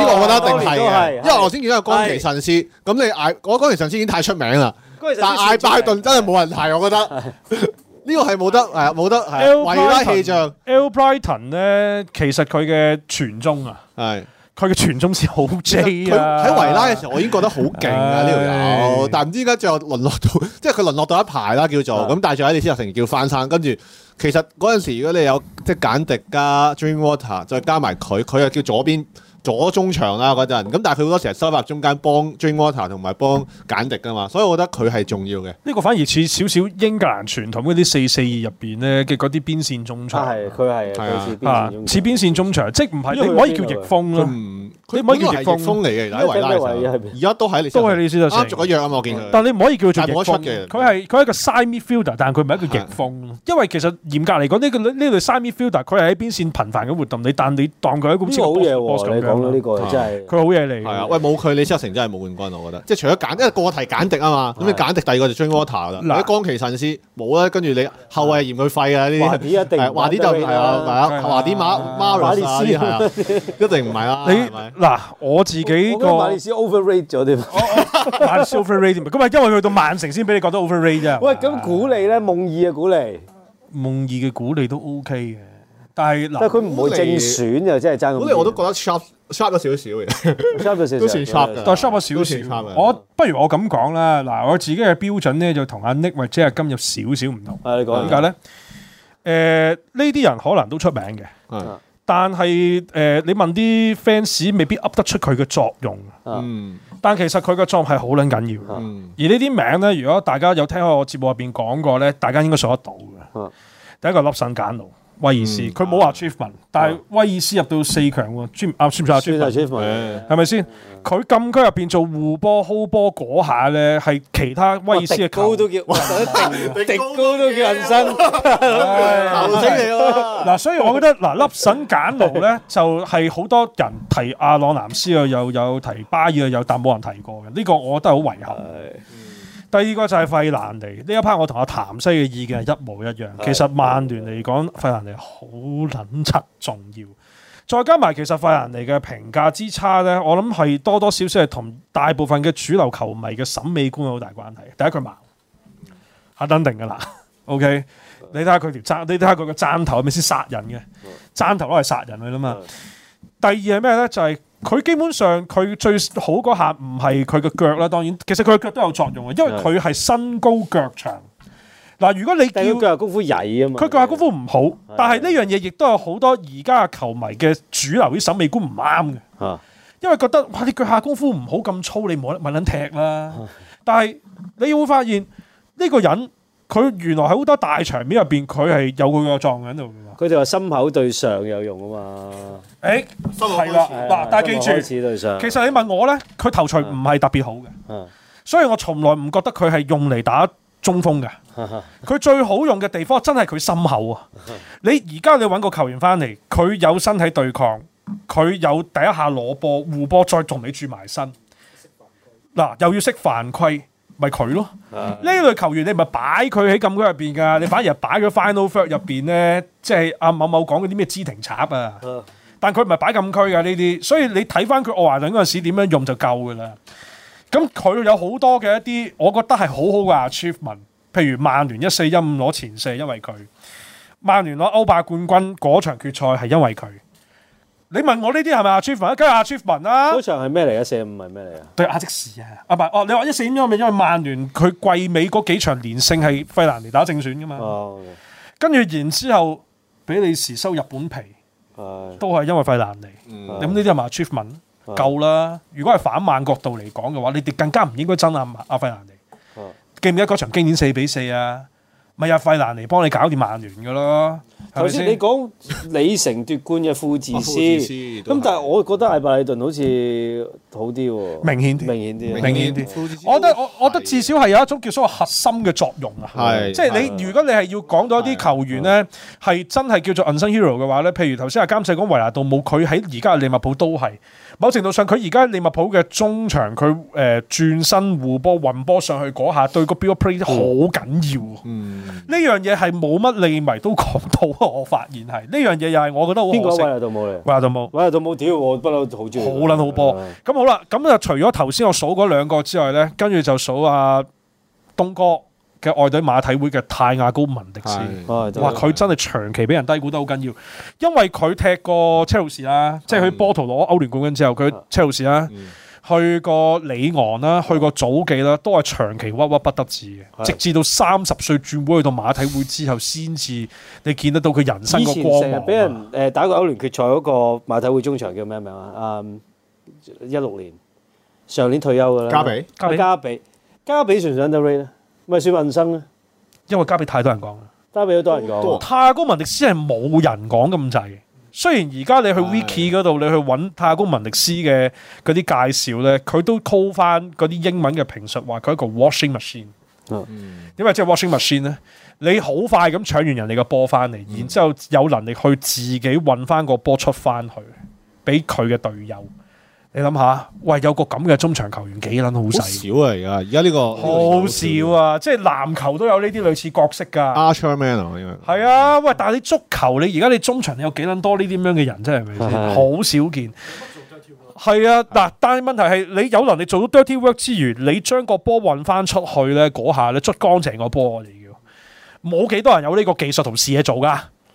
呢個我覺得一定係，因為我頭先見到宮崎神師。咁你艾，我宮崎神師已經太出名啦。但係艾拜頓真係冇人提，我覺得呢個係冇得誒，冇得。維拉氣象 L Brighton 咧，其實佢嘅傳宗啊，係。佢嘅傳中是好 J 啊！喺維拉嘅時候，我已經覺得好勁啊！呢條友，但唔知點解最後淪落到，即係佢淪落到一排啦，叫做咁。但係最後啲先入城叫翻山。跟住其實嗰陣時，如果你有即係簡迪加、啊、Drinkwater，再加埋佢，佢又叫左邊。左中場啦嗰陣，咁但係佢好多時候收入中間幫 Drinkwater 同埋幫簡迪㗎嘛，所以我覺得佢係重要嘅。呢個反而似少少英格蘭傳統嗰啲四四二入邊咧嘅嗰啲邊線中場。係，佢係係似邊線中場，即唔係你唔可以叫逆風咯，你唔可以叫逆風嚟嘅。而家都係都係你先啊，做咗約啊，我見佢。但你唔可以叫佢做逆風嘅，佢係佢係一個 side midfielder，但係佢唔係一個逆風。因為其實嚴格嚟講，呢個呢隊 side midfielder 佢係喺邊線頻繁嘅活動，你但你當佢係一個好嘢呢個真係佢好嘢嚟，係啊！喂，冇佢李斯特城真係冇冠軍，我覺得。即係除咗簡，因為個題簡迪啊嘛，咁你簡迪第二個就 Drinkwater 啦。岡崎慎司冇啊，跟住你後衞嫌佢廢啊，呢啲華迪一定華迪就係啊，華迪馬馬列斯啊，一定唔係啦。你嗱，我自己個馬列斯 overrate 咗啲，馬列斯 overrate 咁係因為去到曼城先俾你覺得 overrate 咋？喂，咁鼓勵咧，夢二嘅鼓勵，夢二嘅鼓勵都 OK 嘅。但係，即係佢唔會正選嘅，真係爭。咁我都覺得 shut shut 咗少少，其實。都算 shut 嘅。但係 shut 咗少少。我不如我咁講啦，嗱，我自己嘅標準咧就同阿 Nick 或者阿金有少少唔同。啊，你講。點解咧？誒，呢啲人可能都出名嘅，但係誒，你問啲 fans 未必噏得出佢嘅作用。但其實佢嘅作用係好撚緊要嘅。而呢啲名咧，如果大家有聽我節目入邊講過咧，大家應該數得到嘅。第一個粒神簡奴。威爾斯佢冇話 achievement，但係威爾斯入到四強喎，算唔算阿 achievement？算係 achievement，係咪先？佢禁區入邊做護波、hold 波嗰下咧，係其他威爾斯嘅球都叫哇！迪高都叫人生嗱，所以我覺得嗱，粒神簡奴咧，就係好多人提阿朗南斯啊，又有提巴爾啊，有，但冇人提過嘅。呢個我覺得係好遺憾。第二個就係費蘭尼，呢一 part 我同阿譚西嘅意見係一模一樣。其實曼聯嚟講，費蘭尼好撚柒重要，再加埋其實費蘭尼嘅評價之差呢，我諗係多多少少係同大部分嘅主流球迷嘅審美觀有好大關係。第一句矛，阿登定噶啦 ，OK？、嗯、你睇下佢條踭，你睇下佢個踭頭係咪先殺人嘅？踭頭攞嚟殺人去。」啦嘛。第二係咩呢？就係、是。佢基本上佢最好嗰下唔係佢嘅腳啦，當然其實佢嘅腳都有作用啊，因為佢係身高腳長。嗱，如果你要腳，腳下功夫曳啊嘛，佢腳下功夫唔好，是的 但係呢樣嘢亦都有好多而家球迷嘅主流啲審美觀唔啱嘅，啊、因為覺得哇你腳下功夫唔好咁粗，你冇得咪撚踢啦。啊、但係你要會發現呢、呢個人。佢原來喺好多大場面入邊，佢係有佢個狀喺度。佢哋話心口對上有用啊嘛。誒、欸，係啦，嗱了，但係記住，對上其實你問我咧，佢頭槌唔係特別好嘅，嗯、所以我從來唔覺得佢係用嚟打中鋒嘅。佢、嗯、最好用嘅地方真係佢心口啊！ 你而家你搵個球員翻嚟，佢有身體對抗，佢有第一下攞波、護波，再同你住埋身。嗱、嗯，嗯、又要識犯規。咪佢咯，呢類球員你咪擺佢喺禁區入邊噶，你反而係擺咗 final third 入邊咧，即係阿某某講嗰啲咩支停插啊，但佢唔係擺禁區噶呢啲，所以你睇翻佢奧華頓嗰陣時點樣用就夠噶啦。咁佢有好多嘅一啲，我覺得係好好噶 achievement，譬如曼聯一四一五攞前四，因為佢曼聯攞歐霸冠軍嗰場決賽係因為佢。你問我呢啲係咪 achievement？梗係 achievement 啦。嗰場係咩嚟啊？四五係咩嚟啊？對阿即時啊！啊唔係，哦你話一四五咁，咪因為曼聯佢季尾嗰幾場連勝係費蘭尼打正選嘅嘛？哦。跟、okay、住然之後，比利時收日本皮，哎、都係因為費蘭尼。咁呢啲係咪 achievement？嗯、是是夠啦！如果係反曼角度嚟講嘅話，你哋更加唔應該憎阿阿費蘭尼。哦、記唔記得嗰場經典四比四啊？咪、啊、阿費蘭尼幫你搞掂曼聯嘅咯。嗯頭先你講李成奪冠嘅副治師，咁、 啊、但係我覺得艾伯利頓好似好啲喎，明顯明顯啲，明顯啲。我覺得我，我覺得至少係有一種叫所謂核心嘅作用啊，的即係你的如果你係要講到一啲球員咧，係的真係叫做 unsung hero 嘅話咧，譬如頭先阿監製講維納道姆，佢喺而家嘅利物浦都係。某程度上，佢而家利物浦嘅中場，佢誒、呃、轉身護波、運波上去嗰下， 對個 ball play 得好緊要。嗯，呢樣嘢係冇乜利迷都講到，我發現係呢樣嘢又係我覺得好可惜。邊個威亞杜姆嚟？威亞杜姆，屌！我不嬲好中意。好撚好波。咁好啦，咁就除咗頭先我數嗰兩個之外咧，跟住就數阿、啊、東哥。嘅外隊馬體會嘅泰亞高文迪斯，哇！佢真係長期俾人低估得好緊要，因為佢踢過車路士啦，即係佢波圖攞歐聯冠軍之後，佢車路士啦，去過里昂啦，去過祖記啦，都係長期屈屈不得志嘅，直至到三十歲轉會去到馬體會之後，先至你見得到佢人生嘅光。以前成日俾人誒打過歐聯決賽嗰個馬體會中場叫咩名啊？嗯，一六年上年退休噶啦，加比加比加比，加比船上德瑞咪笑民生咯，因為交比太多人講，交比好多人講，太高文迪斯係冇人講咁滯。雖然而家你去 Wiki 嗰度，你去揾太高文迪斯嘅嗰啲介紹咧，佢都 call 翻嗰啲英文嘅評述，話佢一個 washing machine。嗯，點解即係 washing machine 咧？你好快咁搶完人哋嘅波翻嚟，然之後有能力去自己運翻個波出翻去，俾佢嘅隊友。你諗下，喂，有個咁嘅中場球員幾捻好細？少啊而家，呢個好少啊！這個，啊即係籃球都有呢啲類似角色噶。Archer Man 啊，係啊，喂！但係你足球，你而家你中場你有幾捻多呢啲咁樣嘅人？真係咪？係的，好少見。係啊，嗱，啊，的但係問題係你有能力做到 dirty work 之餘，你將個波運翻出去咧，嗰下你捽乾淨個波，我哋叫冇幾多人有呢個技術同視野做噶。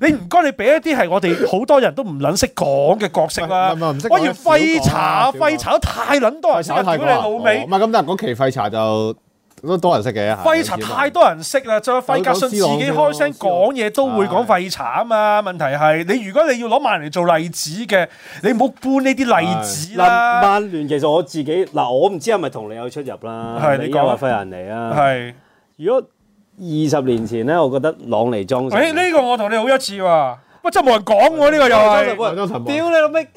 你唔該，你俾一啲係我哋好多人都唔撚識講嘅角色啦。唔係唔識。關於廢茶廢茶太撚多人識，小李老尾唔係咁多。人嗰期廢茶就都多人識嘅。廢茶太多人識啦，就費格遜自己開聲講嘢都會講廢茶啊嘛。問題係你如果你要攞曼聯嚟做例子嘅，你唔好搬呢啲例子啦。曼聯其實我自己嗱，我唔知係咪同你有出入啦。係你講話廢人嚟啊？係如果。二十年前咧，我覺得朗尼裝死。哎，呢個我同你好一次喎，真係冇人講喎呢個又係。屌你老味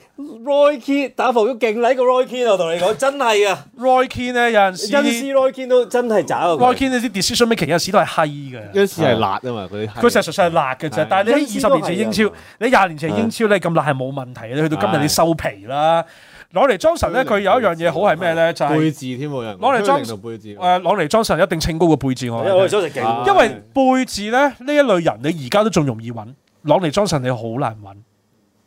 ，Roy Keane 打防都勁抵過 Roy Keane 我同你講真係啊。Roy Keane 咧有陣時，因斯 Roy Keane 都真係渣 Roy Keane 啲 decision making 有時都係閪嘅，有時係辣啊嘛佢。佢實實在係辣嘅啫，但係你二十年前英超，你廿年前英超咧咁辣係冇問題，你去到今日你收皮啦。朗尼莊臣咧，佢有一樣嘢好係咩咧？就係、是、背字添，我哋朗尼莊，背誒持人，朗尼莊臣一定稱高過背字我。因為我想食背字咧呢一類人，你而家都仲容易揾，朗尼莊臣你好難揾。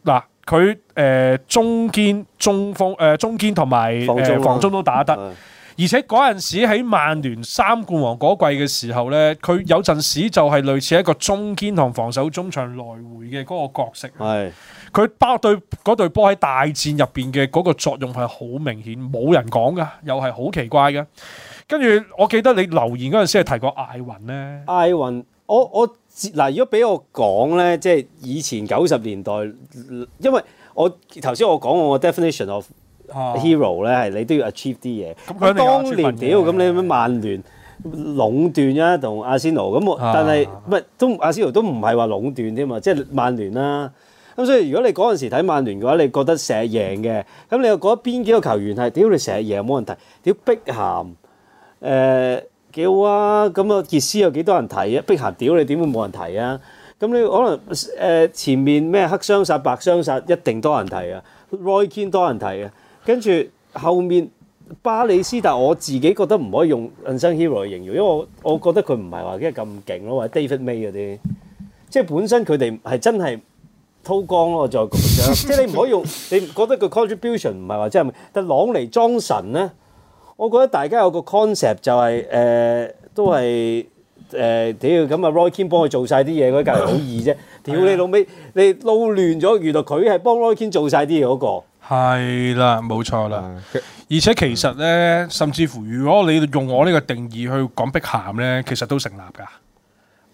嗱，佢誒、呃、中堅中鋒誒、呃、中堅同埋防中都打得，啊、而且嗰陣時喺曼聯三冠王嗰季嘅時候咧，佢有陣時就係類似一個中堅同防守中場來回嘅嗰個角色。係。佢包對嗰對波喺大戰入邊嘅嗰個作用係好明顯，冇人講噶，又係好奇怪噶。跟住我記得你留言嗰陣時係提過艾雲咧，艾雲，我我嗱，如果俾我講咧，即係以前九十年代，因為我頭先我講我 definition of hero 咧、啊，係你都要 achieve 啲嘢。咁樣、啊嗯、你當年屌咁、啊、你乜曼聯壟斷啊，同阿仙奴咁但係唔、啊啊、都阿仙奴都唔係話壟斷添嘛，即係曼聯啦、啊。啊啊咁、嗯、所以如果你嗰陣時睇曼聯嘅話，你覺得成日贏嘅，咁你又覺得邊幾個球員係屌你成日贏冇人提？屌碧咸？誒幾好啊！咁啊傑斯有幾多人提啊？碧咸屌你點會冇人提啊？咁你可能誒、呃、前面咩黑雙殺白雙殺一定多人提啊，Roy Keane 多人提嘅，跟住後面巴里斯，但我自己覺得唔可以用 unsung hero 嚟形容，因為我我覺得佢唔係話梗係咁勁咯，或者 David May 嗰啲，即係本身佢哋係真係。偷光咯，我就就即係你唔可以用，你覺得個 contribution 唔係話真係，但朗尼嚟裝神咧，我覺得大家有個 concept 就係、是、誒、呃、都係誒屌咁啊！Roy Keane 幫佢做晒啲嘢嗰啲，梗係好易啫！屌你老尾，你路亂咗，原來佢係幫 Roy Keane 做晒啲嘢嗰個。係啦，冇錯啦。而且其實咧，甚至乎如果你用我呢個定義去講碧咸咧，其實都成立㗎。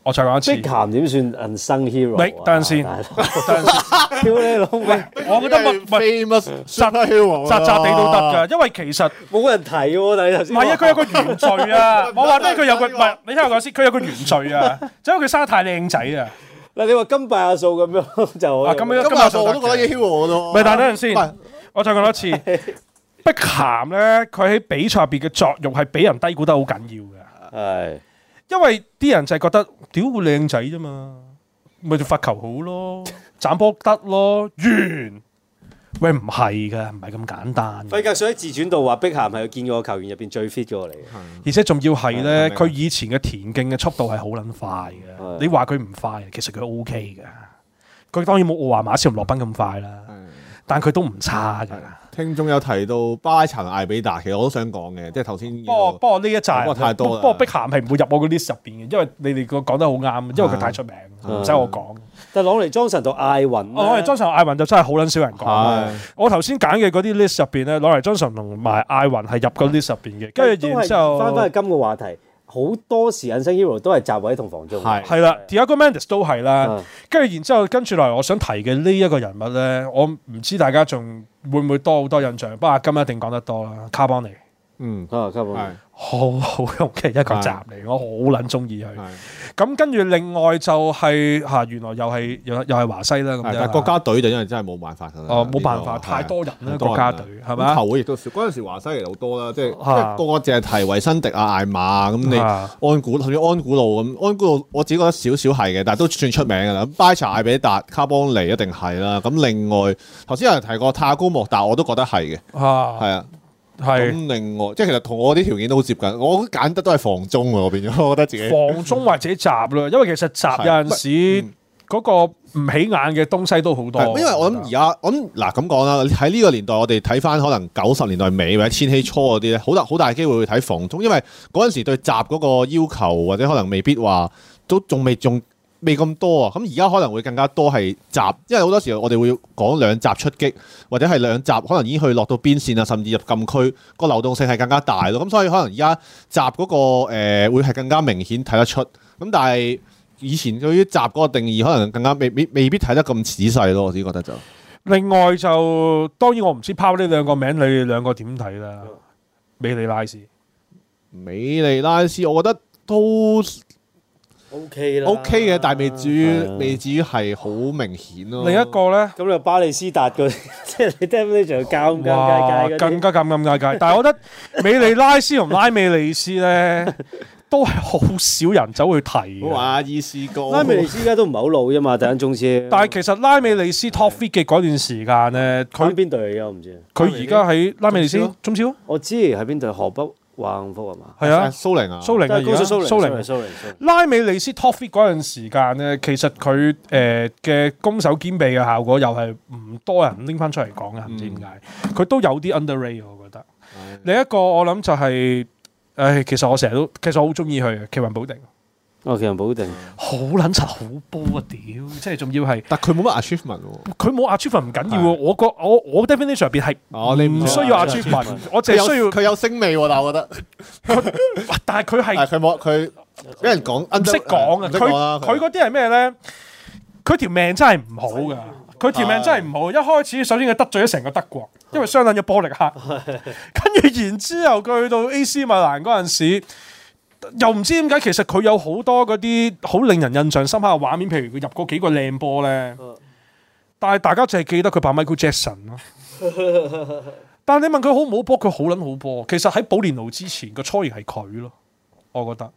我再講一次，碧咸點算人生 hero？你等陣先，屌你老味！我覺得咪咪殺得 hero，渣渣地都得噶。因為其實冇人睇喎，等陣先。唔係啊，佢有個原罪啊！我話咩？佢有個唔係，你聽我講先，佢有個原罪啊，就係佢生得太靚仔啊！嗱，你話金伯阿素咁樣就，金伯阿素我都覺得 hero 咯。咪等陣先，我再講多次，碧咸咧，佢喺比賽入邊嘅作用係俾人低估得好緊要噶。係。因為啲人就係覺得屌個靚仔啫嘛，咪就發球好咯，斬波得咯，完！喂，唔係㗎，唔係咁簡單。費格遜喺自傳度話碧咸係佢見過球員入邊最 fit 嘅嚟，而且仲要係呢，佢以前嘅田徑嘅速度係好撚快嘅。你話佢唔快，其實佢 OK 嘅，佢當然冇奧華馬斯林洛賓咁快啦。但佢都唔差嘅。聽眾有提到巴層艾比達，其實我都想講嘅，即係頭先。我不過不過呢一紮，不過太多啦。不過碧咸係唔會入我個 list 入邊嘅，因為你哋個講得好啱，因為佢太出名，唔使是、啊、我講。是啊、但係攞嚟莊臣就艾雲，攞嚟莊臣艾雲就真係好撚少人講。是啊、我頭先揀嘅嗰啲 list 入邊咧，攞嚟莊臣同埋艾雲係入個 list 入邊嘅，跟住之後翻翻去今個話題。好多時 unsung hero 都係雜位同防中，係係啦 Tiago Mendes 都係啦，跟住然之後跟住落嚟，我想提嘅呢一個人物咧，我唔知大家仲會唔會多好多印象，不過今日一定講得多啦，卡邦尼。嗯，啊，好，好用嘅一個集嚟，我好撚中意佢。咁跟住另外就係嚇，原來又係又又係華西啦。咁但係國家隊就因為真係冇辦法，哦，冇辦法，太多人啦，國家隊係咪球會亦都少，嗰陣時華西其實好多啦，即係即係淨係提維森迪啊、艾馬，咁你安古，好似安古路。咁，安古路我自己覺得少少係嘅，但係都算出名噶啦。咁巴爾查、艾比達、卡邦尼一定係啦。咁另外頭先有人提過泰高莫達，但我都覺得係嘅，係啊。係咁，另外即係其實同我啲條件都好接近，我揀得都係防中喎，變咗我覺得自己防中或者閘，咯，因為其實閘有陣時嗰個唔起眼嘅東西都好多。因為我諗而家，我諗嗱咁講啦，喺呢個年代，我哋睇翻可能九十年代尾或者千禧初嗰啲咧，好大好大機會去睇防中，因為嗰陣時對閘嗰個要求或者可能未必話都仲未仲。未咁多啊，咁而家可能會更加多係集，因為好多時候我哋會講兩集出擊，或者係兩集可能已經去落到邊線啊，甚至入禁區，個流動性係更加大咯。咁所以可能而家集嗰個誒、呃、會係更加明顯睇得出。咁但係以前對於集嗰個定義，可能更加未未未必睇得咁仔細咯。我自己覺得就，另外就當然我唔知拋呢兩個名你哋兩個點睇啦。美利拉斯，美利拉斯，我覺得都。O K 啦，O K 嘅，但係未至於未至於係好明顯咯。另一個咧，咁又巴利斯達嗰啲，即係你聽唔聽住？更加尷尬嘅，更加尷尬。尬。但係我覺得美利拉斯同拉美利斯咧，都係好少人走去提。我話阿伊斯哥，拉美利斯而家都唔係好老啫嘛，突然中超。但係其實拉美利斯 top f e e 嘅嗰段時間咧，佢邊隊嚟嘅我唔知。佢而家喺拉美利斯中超。我知喺邊隊，河北。華福係嘛？係 啊，蘇寧啊，蘇寧啊，而家蘇寧蘇寧蘇寧。拉美利斯 Topfit 嗰陣時間咧，其實佢誒嘅攻守兼備嘅效果又係唔多人拎翻出嚟講嘅，唔知點解。佢、嗯、都有啲 underrate，我覺得。的另一個我諗就係、是，誒，其實我成日都，其實我好中意去奇雲保定。我其實保證，好捻柒，好波啊！屌，即係仲要係，但佢冇乜 achievement 喎。佢冇 achievement 唔緊要，我覺我我 definition 入邊係，我哋唔需要 achievement，我淨係需要佢有星味，但我覺得，但係佢係，佢冇佢，俾人講，識講啊，佢佢嗰啲係咩咧？佢條命真係唔好噶，佢條命真係唔好。一開始首先佢得罪咗成個德國，因為傷捻咗波力克，跟住然之後佢去到 AC 米蘭嗰陣時。又唔知點解，其實佢有好多嗰啲好令人印象深刻嘅畫面，譬如佢入過幾個靚波咧。但係大家淨係記得佢扮 Michael Jackson 咯。 但係你問佢好唔好波，佢好捻好波。其實喺保連奴之前個雛型係佢咯，我覺得。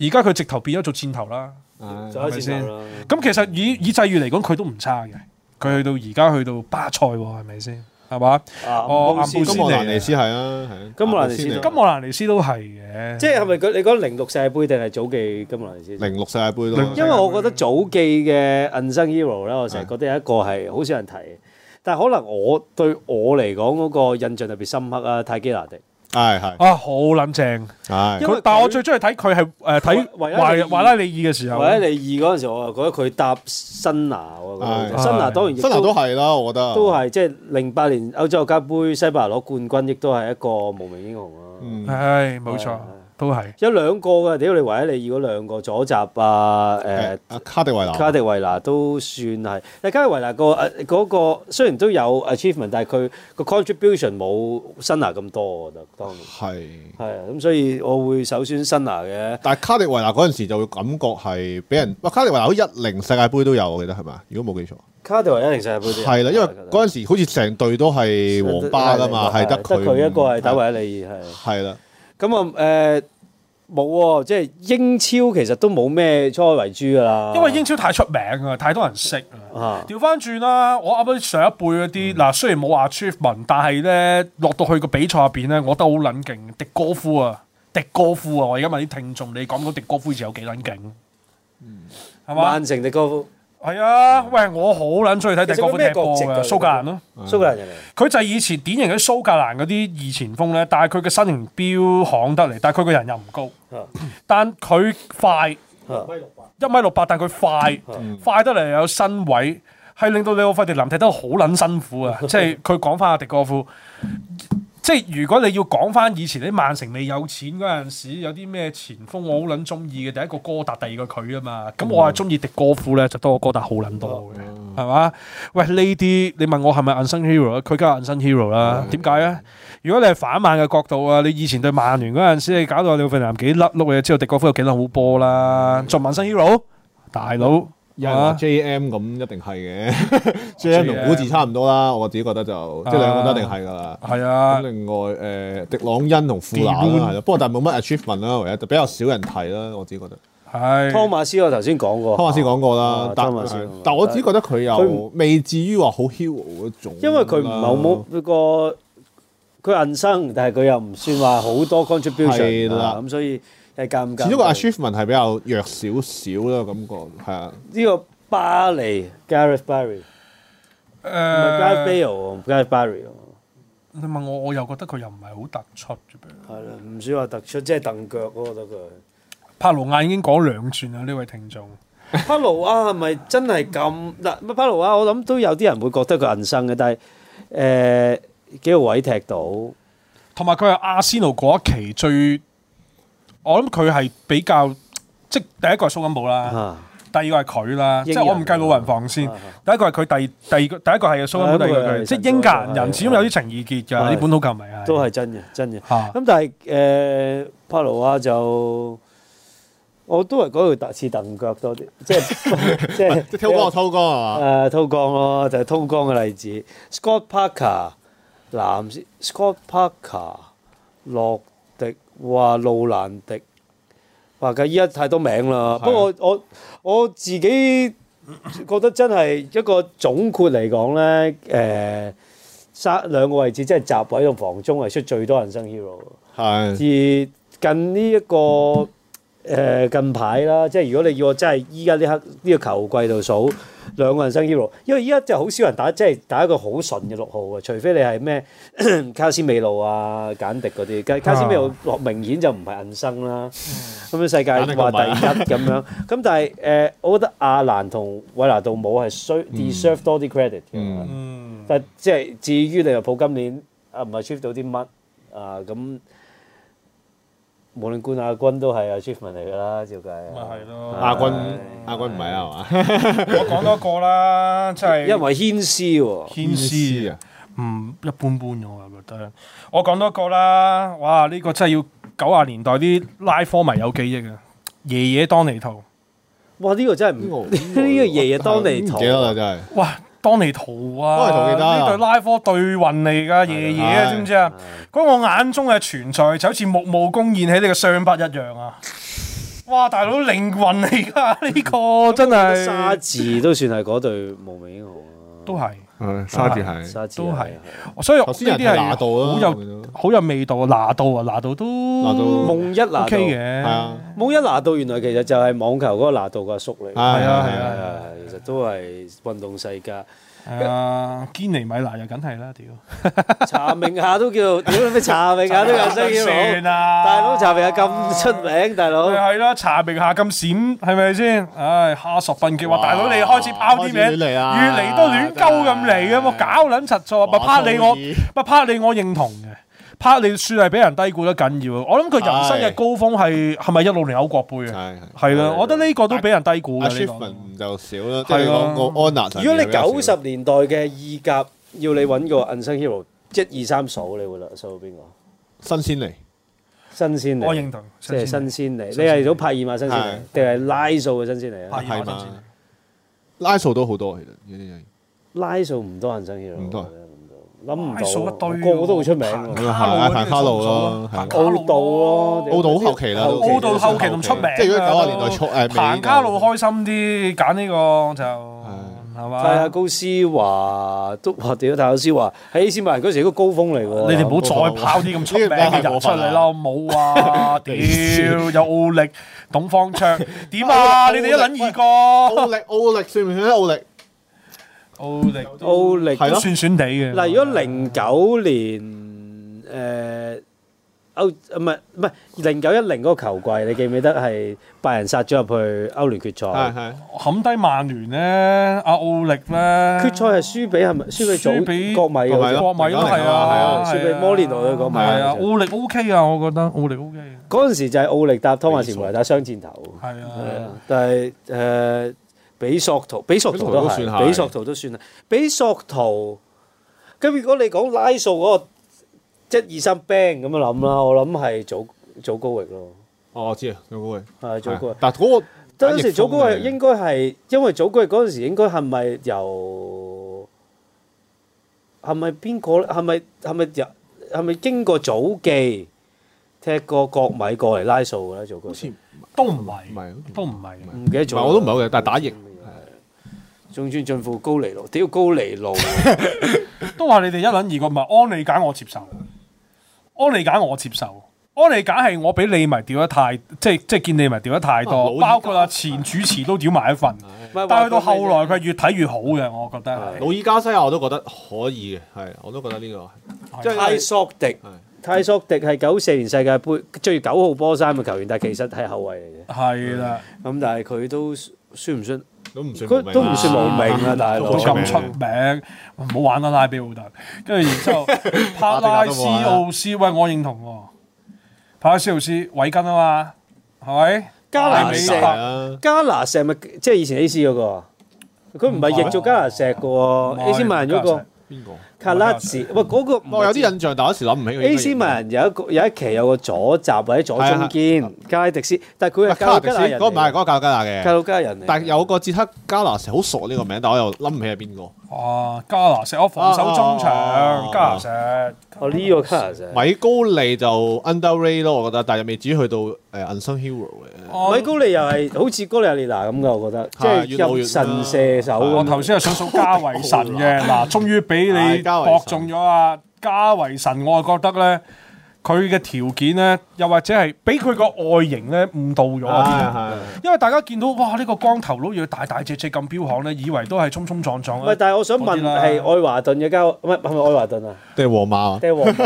而家佢直頭變咗做箭頭啦，係咪先？咁其實以以際遇嚟講，佢都唔差嘅。佢去到而家去到巴塞，係咪先？係嘛？啊，布斯尼金莫蘭尼斯係啊，金莫蘭金莫蘭尼斯都係嘅。即係係咪佢？你講零六世盃定係早記金莫蘭尼斯，啊？零六世盃囉。杯因為我覺得早記嘅 Unsung Hero 咧，我成日覺得有一個係好少人提。但係可能我對我嚟講嗰個印象特別深刻啊，泰基拿迪。係係啊，好撚正！係但係我最中意睇佢係誒睇華華拉利爾嘅時候。他呃、華拉利爾嗰陣時,候時,候時候，我就覺得佢搭辛拿喎，辛拿的當然辛拿都係啦，我覺得都係即係零八年歐洲國家盃西班牙攞冠軍，亦都係一個無名英雄啊！嗯，係冇、嗯哎、錯。都係有兩個嘅，屌你維拉利爾嗰兩個左閘啊！誒，卡迪維拿，卡迪維拿都算係，但卡迪維拿個誒嗰個雖然都有 achievement，但係佢個 contribution 冇辛拿咁多啊！就當年係係咁，所以我會首選辛拿嘅。但係卡迪維拿嗰陣時就會感覺係俾人，卡迪維拿好一零世界盃都有，我記得係咪？如果冇記錯，卡迪維拿一零世界盃都有。係啦，因為嗰陣時好似成隊都係皇巴啊嘛，係得佢一個係打維拉利爾係。係啦。咁啊，誒冇喎，即係英超其實都冇咩初為主噶啦。因為英超太出名啊，太多人識啊。調翻轉啦，我啱啱上一輩嗰啲，嗱雖然冇話 Achievement 但係咧落到去個比賽入邊咧，我都好撚勁。迪哥夫啊，迪哥夫啊，我而家問啲聽眾，你講到迪哥夫時有幾撚勁？嗯，係嘛吧？曼城迪哥夫。係啊，喂、哎！我好撚中意睇迪哥夫踢波嘅蘇格蘭咯、啊，蘇格蘭佢就係以前典型嘅蘇格蘭嗰啲二前鋒咧，但係佢嘅身形彪悍得嚟，但係佢個人又唔高。嗯、但佢快，一、嗯、米六八，一米六八，但佢快，嗯、快得嚟有身位，係令到里奧費迪南踢得好撚辛苦啊！嗯、即係佢講翻阿迪哥夫。 即係如果你要講翻以前啲曼城未有錢嗰陣時，有啲咩前鋒我好撚中意嘅，第一個哥達，第二個佢啊嘛，咁、嗯、我係中意迪哥夫咧，就我多過哥達好撚多嘅，係嘛、嗯？喂呢啲你問我係咪 unsung hero？佢梗係 unsung hero 啦，點解咧？如果你係反曼嘅角度啊，你以前對曼聯嗰陣時，你搞到你費南幾甩碌，你知道迪哥夫有幾撚好波啦，作 unsung hero，大佬。J.M. 咁一定係嘅，J.M. 同古字差唔多啦，我自己覺得就即係兩個都一定係㗎啦。係啊。咁另外誒，迪朗恩同庫南啦，係啦。不過但係冇乜 achievement 啦，唯一就比較少人睇啦，我自己覺得。係。湯馬斯我頭先講過，湯馬斯講過啦。湯馬斯。但我自己覺得佢又未至於話好 hero 嗰種。因為佢唔係好冇個，佢人生，但係佢又唔算話好多 contribution 啊，咁所以。只不過始終阿 Shriven 係比較弱少少啦，感覺係啊。呢個巴黎 Gareth Barry，唔係 Gareth Bale，係 Gareth Barry 啊。你問我，我又覺得佢又唔係好突出啫。係啦，唔算話突出，即係蹬腳。我覺得佢。Paulo 已經講兩轉啦，呢位聽眾。Paulo 啊係咪真係咁嗱 Paulo 啊，我諗都有啲人會覺得佢人生嘅，但係誒、呃、幾個位踢到。同埋佢係阿仙奴嗰一期最。我諗佢係比較即係第一個蘇金寶啦，第二個係佢啦，即係我唔計老人房先。第一個係佢，第第二個第一個係蘇金寶，即係英格蘭人始終有啲情意結㗎，啲本土球迷係都係真嘅，真嘅。咁但係誒 Paul 啊就我都係講佢特似蹬腳多啲，即係即係。即係偷光啊，偷光係嘛？誒，偷光咯，就係偷光嘅例子。Scott Parker，藍，Scott Parker，落。哇，路蘭迪，話嘅依家太多名啦。是的 不過我我，我自己覺得真係一個總括嚟講咧，誒、呃，三兩個位置即係閘位同防中係出最多人生 hero。係是的 而近呢、這、一個誒、呃、近排啦，即係如果你要我真係依家呢刻呢個球季度數。兩個人生 Euro，因為依家即係好少人打，即係打一個好純嘅六號啊！除非你係咩 卡斯美路啊、簡迪嗰啲，卡斯美路明顯就唔係硬生啦。咁樣 世界話第一咁樣，咁 但係誒、呃，我覺得阿蘭同維納杜姆係 deserve 多啲 credit 嘅。但係即係至於利物浦今年啊，唔係 Achieve 到啲乜啊咁。無論冠亞軍都係阿 Trevor 嚟㗎啦，照計。咪係咯，亞軍亞軍唔係啊嘛。我講多個啦，真係。因為牽絲喎，牽絲啊，唔一般般㗎，我覺得。我講多個啦，哇！呢個真係要九十年代啲拉科迷有記憶啊。爺爺當尼圖，哇！呢個真係唔，呢個爺爺當尼圖，幾多啊？真係。當尼圖啊，呢對、啊、拉科對運嚟㗎，的爺爺啊，的知唔知啊？喺我眼中嘅存在就好似木務工現起呢個雙筆一樣啊！ 哇，大佬靈魂嚟㗎、啊，呢、呢個 真係沙字，都算係嗰對無名英雄啊，都係。誒，沙治係，都係，所以我啲人啲係拿度啊，好有好有味道啊，拿度啊，拿度都，拿夢一拿度嘅，係啊，夢一拿度原來其實就係網球嗰個拿度阿叔嚟，係啊係啊，其實都係運動世家。啊，堅尼米娜又梗係啦，屌！查明夏都叫屌，咩查明夏都有聲叫，大佬查明夏咁出名，大佬係咯，查明夏咁閃，係咪先？唉，哈十分嘅話，大佬你開始拋啲名，越嚟都亂鳩咁嚟啊！我搞撚實錯，咪拍你我，咪拍你我認同嘅。拍你算係俾人低估得緊要，我諗佢人生嘅高峰係係咪一六年歐國杯啊？係啦，我覺得呢個都俾人低估嘅。就少啦。係安如果你九十年代嘅意甲，要你揾個 unsung hero，一二三數你會啦，數到邊個？新鮮嚟，新鮮，我認同，即係新鮮嚟。你係早拍二嘛？新鮮嚟定係拉數嘅新鮮嚟啊？拉數都好多，其實拉數唔多 unsung hero。諗唔到，個個都好出名，行卡路咯，奧杜咯，奧杜好後期啦，奧杜後期咁出名。即係如果九十年代初，行卡路開心啲，揀呢個就係嘛？係啊，高斯華都哇屌！但係高斯華喺 A 線埋嗰陣時個高峯嚟喎。你哋唔好再跑啲咁出名嘅人出嚟啦！好冇啊，屌有奧力，董方卓點啊？你哋一輪二個，奧力奧力算唔算得奧力？奧力，奧力都算算哋嘅。嗱，如果零九年，誒，歐唔係唔係零九一零嗰個球季，你記唔記得係拜仁殺咗入去歐聯決賽？係係。冚低曼聯咧，阿奧力咧。決賽係輸俾係咪？輸俾祖，輸俾國米係咪？國米都係啊。輸俾摩連奴嗰個咪。係啊，奧力 OK 啊，我覺得奧力 OK。嗰陣時就係奧力搭湯馬士梅拿嚟打雙箭頭。係啊，但係誒。俾比索圖，比索圖都係，比索圖都算啦。比索圖，咁如果你講拉數嗰個一二三 bang 咁樣諗啦，我諗係祖祖高域咯。哦，我知啊，祖高域係祖高域，但係嗰個嗰陣時祖高域應該係因為祖高域嗰陣時應該係咪由係咪邊個？係咪係咪由係咪經過祖記踢過國米過嚟拉數㗎咧？祖高域都唔係，唔係都唔係，唔記得咗。我都唔係，但係打翼。中村俊富高尼路，屌高尼路，都話你哋一撚二個唔係，安理解我接受，安理解我接受，安理解係我比李迷掉得太，即係即係見你咪掉得太多，包括阿前主持都屌埋一份，但去到後來佢越睇越好嘅，我覺得係。魯伊加西亞我都覺得可以嘅，係我都覺得呢個即係泰索迪，泰索迪係九四年世界盃追九號波衫嘅球員，但係其實係後衞嚟嘅。係啦，咁但係佢都算唔算？都唔算都唔算冇名啊，但係佢咁出名，唔好玩啦！拉比奧特，跟住 然之後帕拉斯奧斯， 喂，我認同喎，帕拉斯奧斯韋根啊嘛，係咪？加拿大、啊，加拿石咪即係以前 A.C. 嗰、嗰個，佢唔係譯做加拿石嘅喎，A.C. 曼咗個。是邊個卡拉斯？喂，嗰個我有啲印象，但嗰時諗唔起佢。A.C. 文有一個有一期有個左閘或者左中堅卡拉迪斯，但係佢係卡拉迪斯嗰唔係嗰個加魯加亞嘅。加魯加人，但係有個捷克加拉斯，好熟呢個名，但我又諗唔起係邊個。哇、啊！加拿石，我防守中場，啊、加拿石，哦呢個加拿石，啊啊、米高利就 underrated 咯、uh, Un 啊，我覺得，但係未至於去到誒 unsung hero 嘅。哦，米高利又係好似高利阿列娜咁噶，我覺得即係入神射手。啊啊、我頭先係想數加維神嘅，嗱拿拿、啊，終於俾你博中咗啊、哎！加維神，神，我啊覺得咧。佢嘅條件咧，又或者係俾佢個外形咧誤導咗啲，啊、因為大家見到哇呢、呢個光頭佬要大大隻隻咁彪悍咧，以為都係衝衝撞撞。唔係，但係我想問係愛華頓嘅交唔係咪愛華頓啊？即定皇馬啊？定皇馬、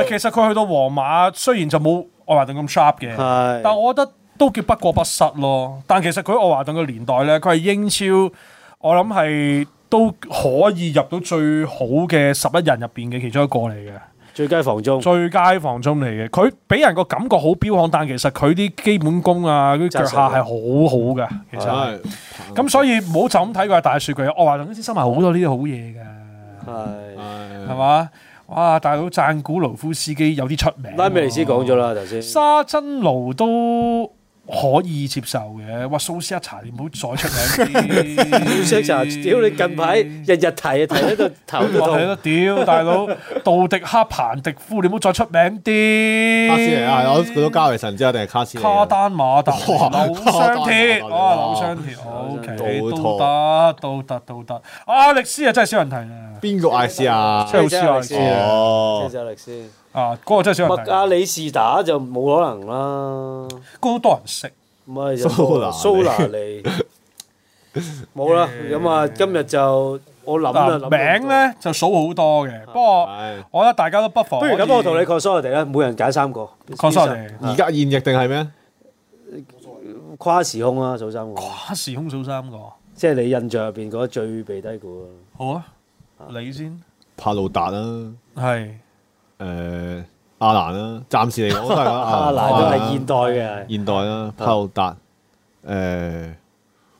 啊？ 其實佢去到皇馬，雖然就冇愛華頓咁 sharp 嘅，是但我覺得都叫不過不失咯。但其實佢愛華頓嘅年代咧，佢係英超，我諗係都可以入到最好嘅十一人入邊嘅其中一個嚟嘅。最佳防中，最佳防中嚟嘅，佢俾人個感覺好彪悍，但其實佢啲基本功啊，啲腳下係好好噶。其實，係，咁所以冇就咁睇個大雪櫃，我話林先生埋好多呢啲好嘢噶。係的，係嘛的？哇！大佬讚古勞夫斯基有啲出名、啊，拉美利斯講咗啦頭先，沙珍奴都。可以接受嘅，哇！蘇斯一茶你唔好再出名啲。蘇茶，查，屌你近排日日提啊，提喺度頭都痛。係咯，屌大佬杜迪克、彭迪夫，你唔好再出名啲。卡斯尼啊，我佢都加維神之一，定係卡斯。卡丹馬達。哇！扭雙條，哇！扭雙條 O K。道德，道德，道德。啊！歷斯啊，真係少人提啦。邊個艾斯啊？真係好似艾斯啊！即係歷斯。啊！嗰個真係少人。麥加里斯達就冇可能啦。嗰個好多人識。咪蘇蘇拿你冇啦，咁啊，今日就我諗名咧就數好多嘅，不過我覺得大家都不妨。不如咁，我同你講蘇拿哋啦，每人解三個。講蘇拿迪，而家現役定係咩？跨時空啊，數三個。跨時空數三個。即係你印象入邊嗰個最被低估啊！好啊，你先。帕魯達啦。係。誒，阿蘭啦，暫時嚟講都係阿蘭都係現代嘅，現代啦，炮達，誒，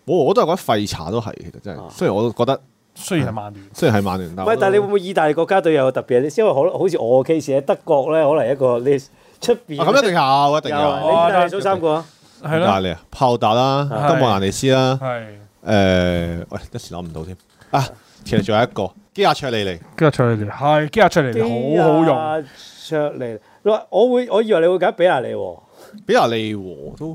我我都係覺得廢柴都係，其實真係，雖然我都覺得雖然係曼聯，雖然係曼聯，但係但係你會唔會意大利國家隊有特別啲？因為可能好似我嘅 case 喺德國咧，可能係一個 list 出邊，咁一定有，一定有，你睇數三個，係啦，意大利、炮達啦、德莫蘭尼斯啦，係，誒，喂，一時諗唔到添，啊，其實仲有一個。基亞卓尼嚟，基亞卓尼尼係基亞卓尼尼，好好用。卓尼，我會我以為你會揀比亞利喎，比亞利喎都，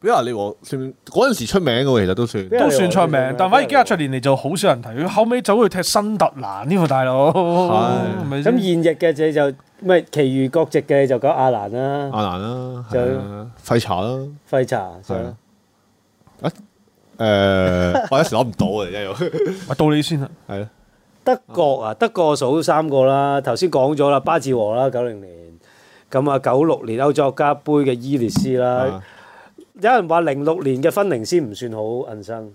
比亞利喎算嗰陣時出名嘅，其實都算都算出名，但反而基亞卓尼嚟就好少人提。後尾走去踢新特蘭呢個大佬，係咁現役嘅就唔係，其餘各籍嘅就講亞蘭啦，亞蘭啦，就廢柴啦，廢柴就誒，我一時攞唔到，一樣，咪到你先啦，係。德國啊，德國我數咗三個啦。頭先講咗啦，巴治和啦九零年，咁啊九六年歐洲國家杯嘅伊列斯啦。有人話零六年嘅芬寧斯唔算好硬生，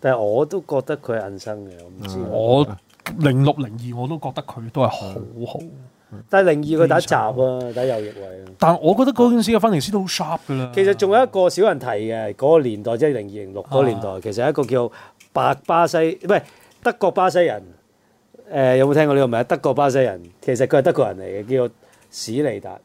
但係我都覺得佢係硬生嘅，我唔知。我零六零二我都覺得佢都係好好，但係零二佢打雜啊，打右翼位。但係我覺得嗰陣時嘅芬寧斯都好 sharp 㗎啦。其實仲有一個少人提嘅嗰個年代，即係零二零六嗰個嗰年代，其實一個叫白巴西，唔係。德國巴西人，誒、呃、有冇聽過呢個名？德國巴西人其實佢係德國人嚟嘅，叫做史尼達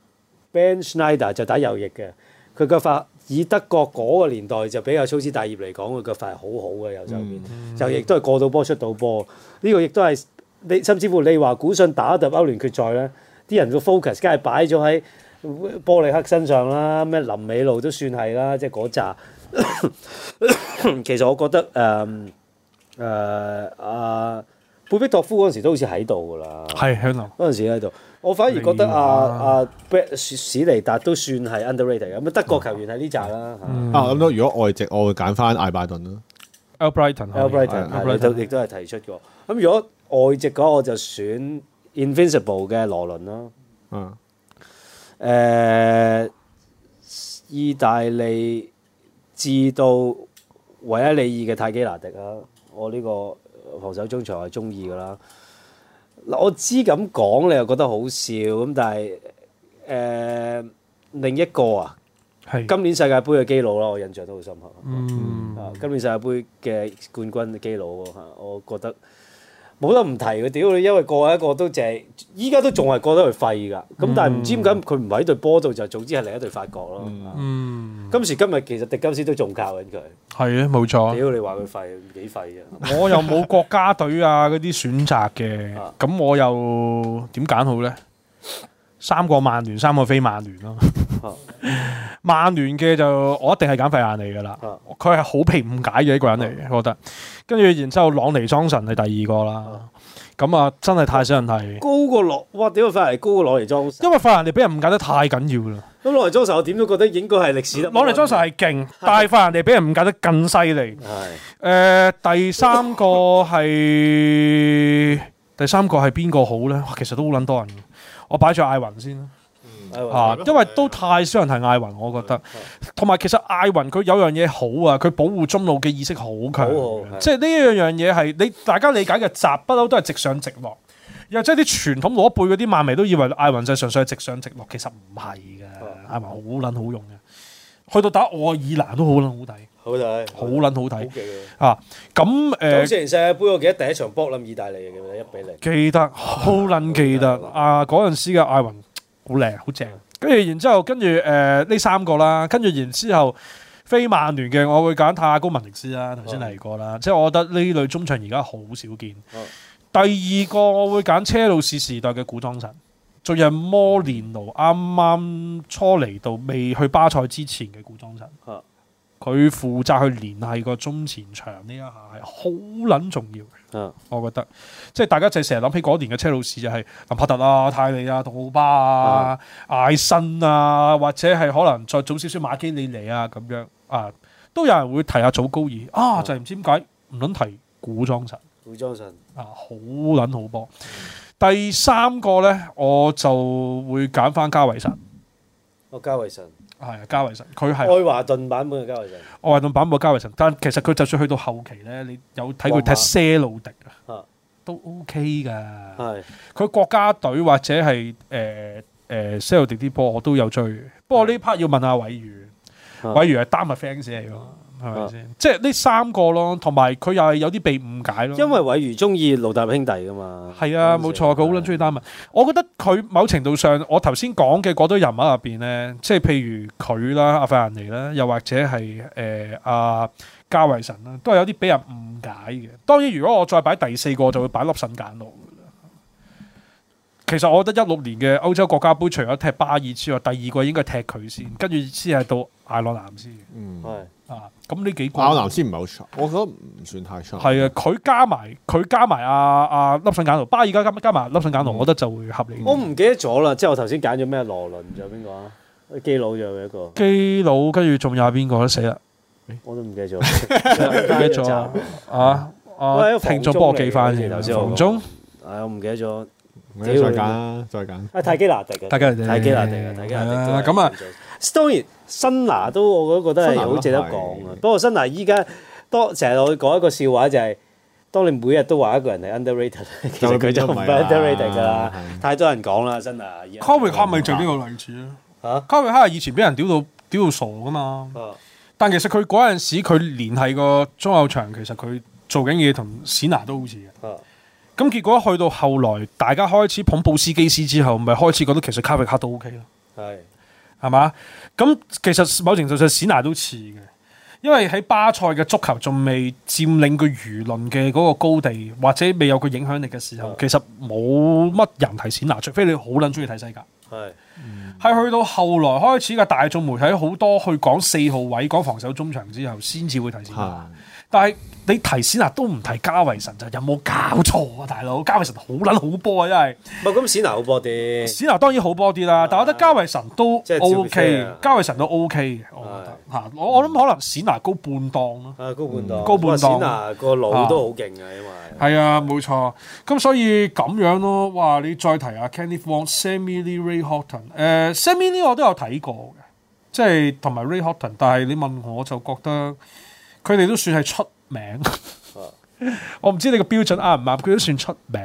Ben Schneider，就打右翼嘅。佢腳法以德國嗰個年代就比較粗枝大葉嚟講，佢腳法係好好嘅右手邊，嗯嗯、就亦都係過到波出到波。呢、呢個亦都係你，甚至乎你話古信打一入歐聯決賽咧，啲人嘅 focus 梗係擺咗喺波利克身上啦，咩林美露都算係啦，即係嗰扎。 其實我覺得誒。呃誒啊！貝碧、呃、托夫嗰陣時都好似喺度噶啦，係喺度嗰陣時喺度。我反而覺得阿、啊、阿、啊啊啊、史，史尼達都算係 underrated r 咁啊。德國球員喺呢扎啦嚇。啊，咁、嗯啊、如果外籍，我會揀翻艾拜頓啦。Elbrighton Elbrighton 亦都係提出過。咁如果外籍嘅話，我就選 Invincible 嘅羅倫啦。嗯。誒，意大利至到維埃利爾嘅泰基拿迪啊！我呢個防守中場係中意㗎啦，嗱，我知咁講你又覺得好笑咁，但係誒、呃、另一個啊，係今年世界盃嘅基佬啦，我印象都好深刻。嗯，嗯，今年世界盃嘅冠軍基佬嚇，我覺得。冇得唔提佢，屌你！因為過一個都正，依家都仲係過得佢廢㗎。咁、嗯、但係唔知點解佢唔喺隊波度，就總之係另一隊法國咯。嗯嗯、今時今日其實迪金斯都仲教緊佢。係啊，冇錯。屌你話佢廢，幾廢啫？我又冇國家隊啊嗰啲 選擇嘅，咁 我又點揀好咧？三個曼聯，三個非曼聯咯。 嗯、曼聯嘅就我一定係揀費蘭尼嚟噶啦，佢係好被誤解嘅一個人嚟，嘅、啊。我覺得。跟住，然之後朗尼莊臣係第二個啦，咁啊真係太傷人睇。高過諾，哇！屌，費蘭尼係高過朗尼莊臣，因為費蘭尼俾人誤解得太緊要啦。咁朗尼莊臣我點都覺得應該係歷史，朗尼莊臣係勁，嗯、尼但係費蘭尼俾人誤解得更犀利。係誒，第三個係第三個係邊個好咧？其實都好捻多人，我擺住艾雲先。啊，因為都太少人睇艾雲，我覺得。同埋其實艾雲佢有樣嘢好啊，佢保護中路嘅意識好強，即係呢一樣樣嘢係你大家理解嘅集，不嬲都係直上直落。又即係啲傳統老輩嗰啲曼迷都以為艾雲就純粹係直上直落，其實唔係嘅。艾雲好撚好用嘅，去到打愛爾蘭都好撚好睇，好睇，好撚好睇。啊，咁誒。之前世界杯，我記得第一場波冧意大利嘅，一比零。記得，好撚記得啊！嗰陣時嘅艾雲。好靚，好正。跟住然之後，跟住誒呢三個啦。跟住然之後，非曼聯嘅，我會揀泰亞高文迪斯啦，頭先提過啦。啊、即係我覺得呢類中場而家好少見。啊、第二個我會揀車路士時代嘅古裝神，昨日摩連奴啱啱初嚟到，未去巴塞之前嘅古裝神。佢負、啊、責去聯繫個中前場呢一下，係好撚重要。嗯，我覺得即係大家就成日諗起嗰年嘅車路士就係林柏特啊、泰利啊、杜巴啊、嗯、艾森啊，或者係可能再早少少馬基里尼啊咁樣啊，都有人會提下祖高爾啊，就係、係、唔知點解唔撚提古裝神？嗯、古裝神啊，好撚好波。第三個咧，我就會揀翻加維神。哦，加維神係啊，加維神，佢係愛華頓版本嘅加維神。我話到版部加維臣，但其實佢就算去到後期咧，你有睇佢踢 s 些路迪啊，都 OK 㗎。係佢國家隊或者係誒誒些路迪啲波，我都有追。不過呢 part 要問下偉如，偉如係丹麥 fans 嚟㗎係咪先？啊、即係呢三個咯，同埋佢又係有啲被誤解咯。因為韋馳中意羅大兄弟噶嘛。係啊，冇次錯，佢好撚中意丹麥。對 我覺得佢某程度上，我頭先講嘅嗰堆人物入邊咧，即係譬如佢啦、阿費蘭尼啦，又或者係誒阿加維神啦，都係有啲俾人誤解嘅。當然，如果我再擺第四個，嗯、就會擺粒神簡咯。其實我覺得一六年嘅歐洲國家杯，除咗踢巴爾之外，第二季應該踢佢先，跟住先係到艾諾南先。嗯，係啊，咁呢幾個艾諾南先唔係好錯，我覺得唔算太錯。係啊，佢加埋佢加埋阿阿粒信簡奴巴爾，加加埋粒信簡奴，我覺得就會合理。我唔記得咗啦，即係我頭先揀咗咩羅倫，仲有邊個啊？基佬仲有一個。基佬跟住仲有邊個？死啦！我都唔記得咗，記得咗啊！我停咗幫我記翻先。馮我唔記得咗。再揀啦，再揀。啊，泰基拿迪嘅，泰基拿迪，泰基拿迪嘅，咁啊，當然，辛拿都我覺得係好值得講嘅。不過辛拿依家多成日我講一個笑話，就係當你每日都話一個人係 underrated，其實佢就唔 underrated 㗎啦。太多人講啦，辛拿。Kobe 哈咪最呢個例子咯。嚇，Kobe 哈係以前俾人屌到屌到傻㗎嘛。但其實佢嗰陣時，佢聯繫個中後場，其實佢做緊嘢同史拿都好似嘅。咁結果去到後來，大家開始捧布斯基斯之後，咪開始覺得其實卡皮卡都 OK 咯。係是，係嘛？咁其實某程度上史拿都似嘅，因為喺巴塞嘅足球仲未佔領個輿論嘅嗰個高地，或者未有個影響力嘅時候，是其實冇乜人提史拿，除非你好撚中意睇西甲。係是，係去到後來開始嘅大眾媒體好多去講四號位、講防守中場之後，先至會提史拿。但係你提史娜都唔提加維神就有冇搞錯啊，大佬？加維神好撚好波啊，真係但。唔係咁史娜好波啲，史娜當然好波啲啦。啊、但係我覺得加維神都 O、okay, K，、啊、加維神都 O K 嘅，嚇我我諗可能史娜、嗯、高半檔咯。啊、嗯，高半檔，高半檔。個腦都好勁啊，啊因為係。啊，冇錯。咁所以咁樣咯，哇！你再提下 Kenneth Wong Sammy Lee, Ray Horton,、呃、Sammy Lee Ray Horton，誒 Sammy Lee 我都有睇過嘅，即係同埋 Ray Horton。但係你問我就覺得。佢哋都算係出名，我唔知你個標準啱唔啱，佢都算出名。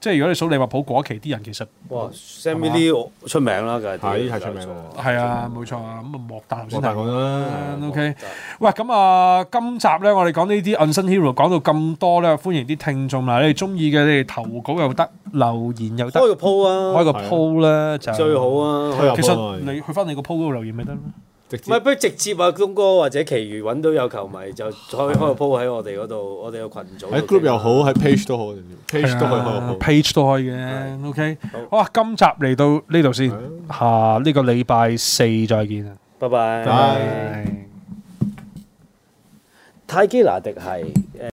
即係如果你數你物普利物浦嗰期啲人，其實哇，呢啲出名啦，梗係係太出名。係啊，冇錯。咁啊，莫大頭先提過啦。OK，喂，咁啊，今集咧，我哋講呢啲 unsung hero，講到咁多咧，歡迎啲聽眾啦。你哋中意嘅，你哋投稿又得，留言又得。開個 po 啊，開個 po 咧就最好啊。其實你去翻你個 po 嗰度留言咪得囉。唔係，不如直接啊，東哥或者其餘揾到有球迷就再開個鋪喺我哋嗰度，我哋個羣組喺 group 又好，喺 page 都好，page 都可以，page 都可以嘅。OK，好啊，今集嚟到呢度先，下呢個禮拜四再見啊，拜拜，拜。泰基拿迪係誒。